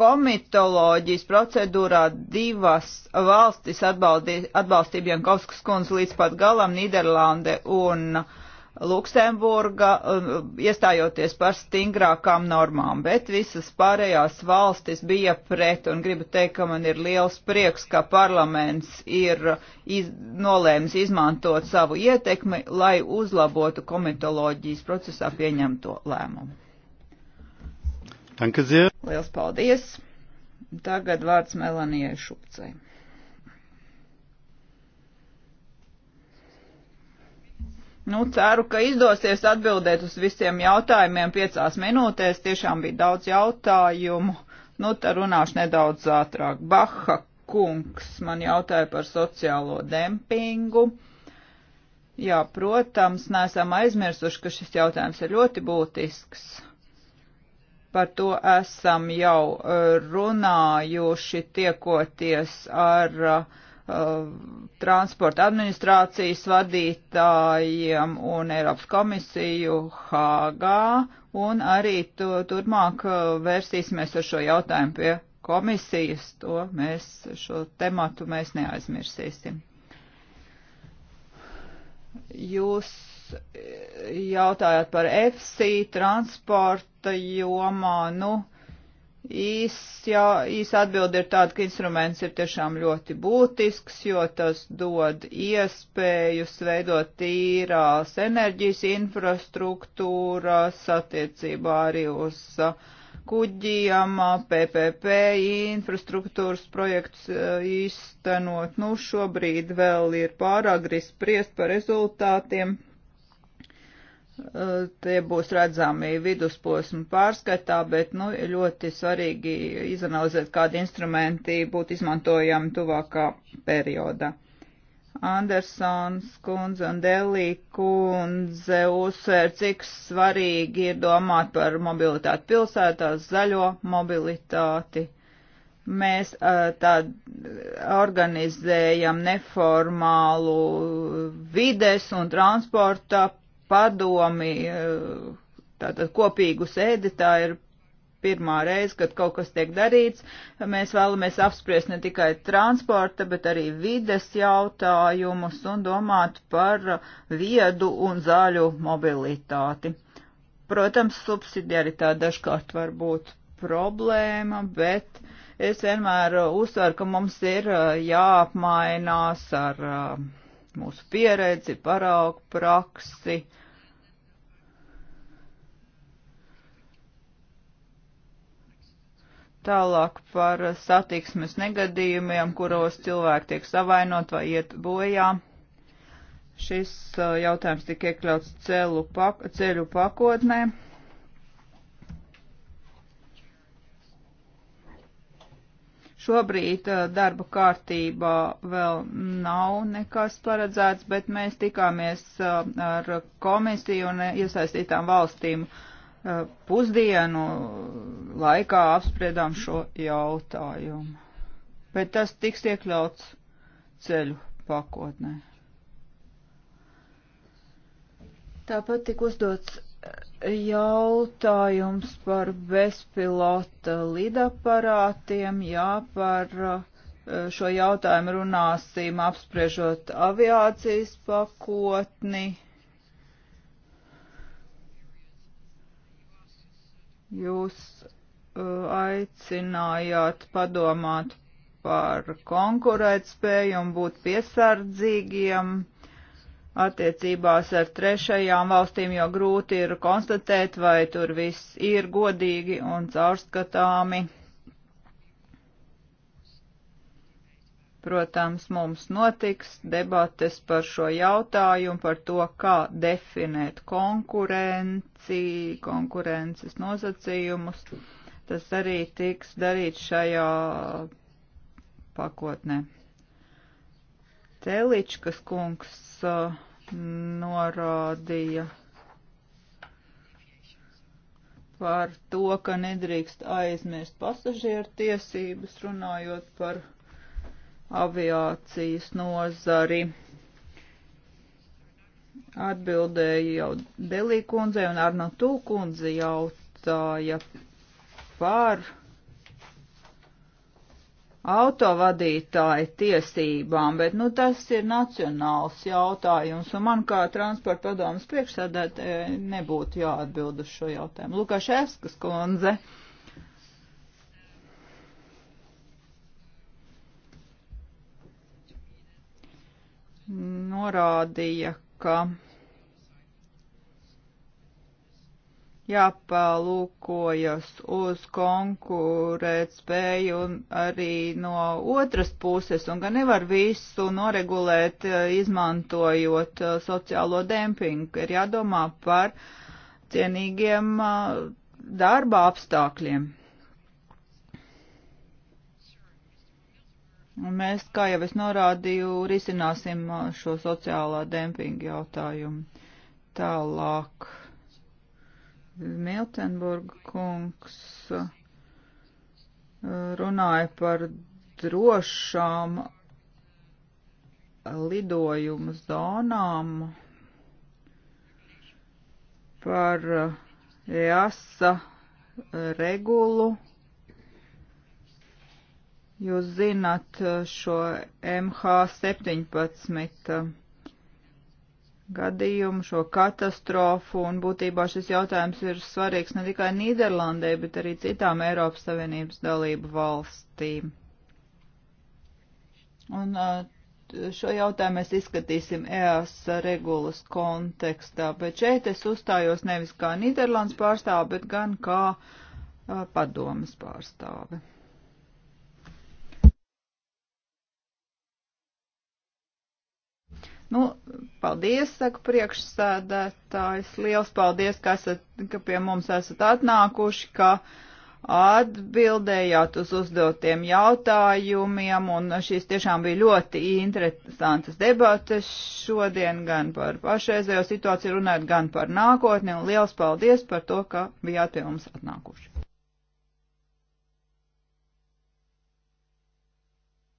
komitoloģijas procedūrā divas valstis atbalstīja Jankovskas kundze līdz pat galam - Nīderlande un uh, Luksemburga, um, iestājoties par stingrākām normām, bet visas pārējās valstis bija pret, un gribu teikt, ka man ir liels prieks, ka parlaments ir iz, nolēmis izmantot savu ietekmi, lai uzlabotu komitoloģijas procesā pieņemto lēmumu. Danke sehr. Liels paldies. Tagad vārds Melanijai Šupcei. Nu, ceru, ka izdosies atbildēt uz visiem jautājumiem piecās minūtēs. Tiešām bija daudz jautājumu. Nu, tā runāšu nedaudz ātrāk. Baha kungs man jautāja par sociālo dempingu. Jā, protams, nesam aizmirsuši, ka šis jautājums ir ļoti būtisks. Par to esam jau eh, runājuši tiekoties ar uh, transporta administrācijas vadītājiem un Eiropas komisiju Hāgā, un arī to, turpmāk uh, vērsīsimies ar šo jautājumu pie komisijas, to mēs, šo tematu mēs neaizmirsīsim. Jūs uh, jautājat par FC transporta jomā, nu, uh, Īsā īs atbilde ir tāda, ka instruments ir tiešām ļoti būtisks, jo tas dod iespējas veidot tīrās enerģijas infrastruktūras attiecībā arī uz kuģiem, PPP infrastruktūras projekts īstenot. Nu, šobrīd vēl ir pāragri spriest par rezultātiem Tie būs redzami vidusposma pārskatā, bet nu, ļoti svarīgi izanalizēt, kādi instrumenti būtu izmantojami tuvākā periodā. Andersons kundze un Delī kundze uzsver, cik svarīgi ir domāt par mobilitāti pilsētās, zaļo mobilitāti. Mēs tā organizējam neformālu vides un transporta padomi, eh, tātad kopīgu sēdi, tā ir pirmā reize, kad kaut kas tiek darīts. Mēs vēlamies apspriest ne tikai transporta, bet arī vides jautājumus un domāt par viedu un zaļu mobilitāti. Protams, subsidiaritāte dažkārt var būt problēma, bet es vienmēr uzsveru, ka mums ir eh, jāapmainās ar uh, mūsu pieredzi, paraugu praksi. Tālāk par satiksmes negadījumiem, kuros cilvēki tiek savainot vai iet bojā. Šis uh, jautājums tika iekļauts ceļu pakotnē. Šobrīd uh, darba kārtībā vēl nav nekas paredzēts, bet mēs tikāmies uh, ar komisiju un iesaistītām valstīm uh, pusdienu laikā apspriedām šo jautājumu. Bet tas tiks iekļauts ceļu pakotnē. Tāpat tika uzdots jautājums par bezpilota lidaparātiem, jā, par eh, šo jautājumu runāsim apspriežot aviācijas pakotni. Jūs eh, aicinājāt padomāt par konkurētspēju un būt piesardzīgiem attiecībās ar trešajām valstīm, jo grūti ir konstatēt, vai tur viss ir godīgi un caurskatāmi. Protams, mums notiks debates par šo jautājumu, par to, kā definēt konkurenci, konkurences nosacījumus. Tas arī tiks darīts šajā pakotnē. Teličkas kungs uh, norādīja par to, ka nedrīkst aizmirst pasažieru tiesības, runājot par aviācijas nozari. Atbildēja jau Delī kundze un Arnatū kundze jautāja par autovadītāju tiesībām, bet, nu, tas ir nacionāls jautājums, un man kā transporta padomas priekšsēdētāji nebūtu jāatbild uz šo jautājumu. Lukaševskas kundze. Norādīja, ka jāpalūkojas uz konkurēt spēju arī no otras puses, un ka nevar visu noregulēt, eh, izmantojot eh, sociālo dempingu, ir jādomā par cienīgiem eh, darba apstākļiem. Un mēs, kā jau es norādīju, risināsim šo sociālā dempinga jautājumu tālāk. Miltenburga kungs uh, runāja par drošām lidojumu zonām, par jāsa uh, regulu. Jūs zināt uh, šo MH17 gadījumu, šo katastrofu, un būtībā šis jautājums ir svarīgs ne tikai Nīderlandē, bet arī citām Eiropas Savienības dalību valstīm. Un šo jautājumu mēs izskatīsim EAS regulas kontekstā, bet šeit es uzstājos nevis kā Nīderlandes pārstāve, bet gan kā padomas pārstāve. Nu, paldies, saka priekšsēdētājs. Liels paldies, ka, esat, ka pie mums esat atnākuši, ka atbildējāt uz uzdotiem jautājumiem, un šīs tiešām bija ļoti interesantas debates šodien gan par pašreizējo situāciju runājot, gan par nākotni, un liels paldies par to, ka bijāt pie mums atnākuši.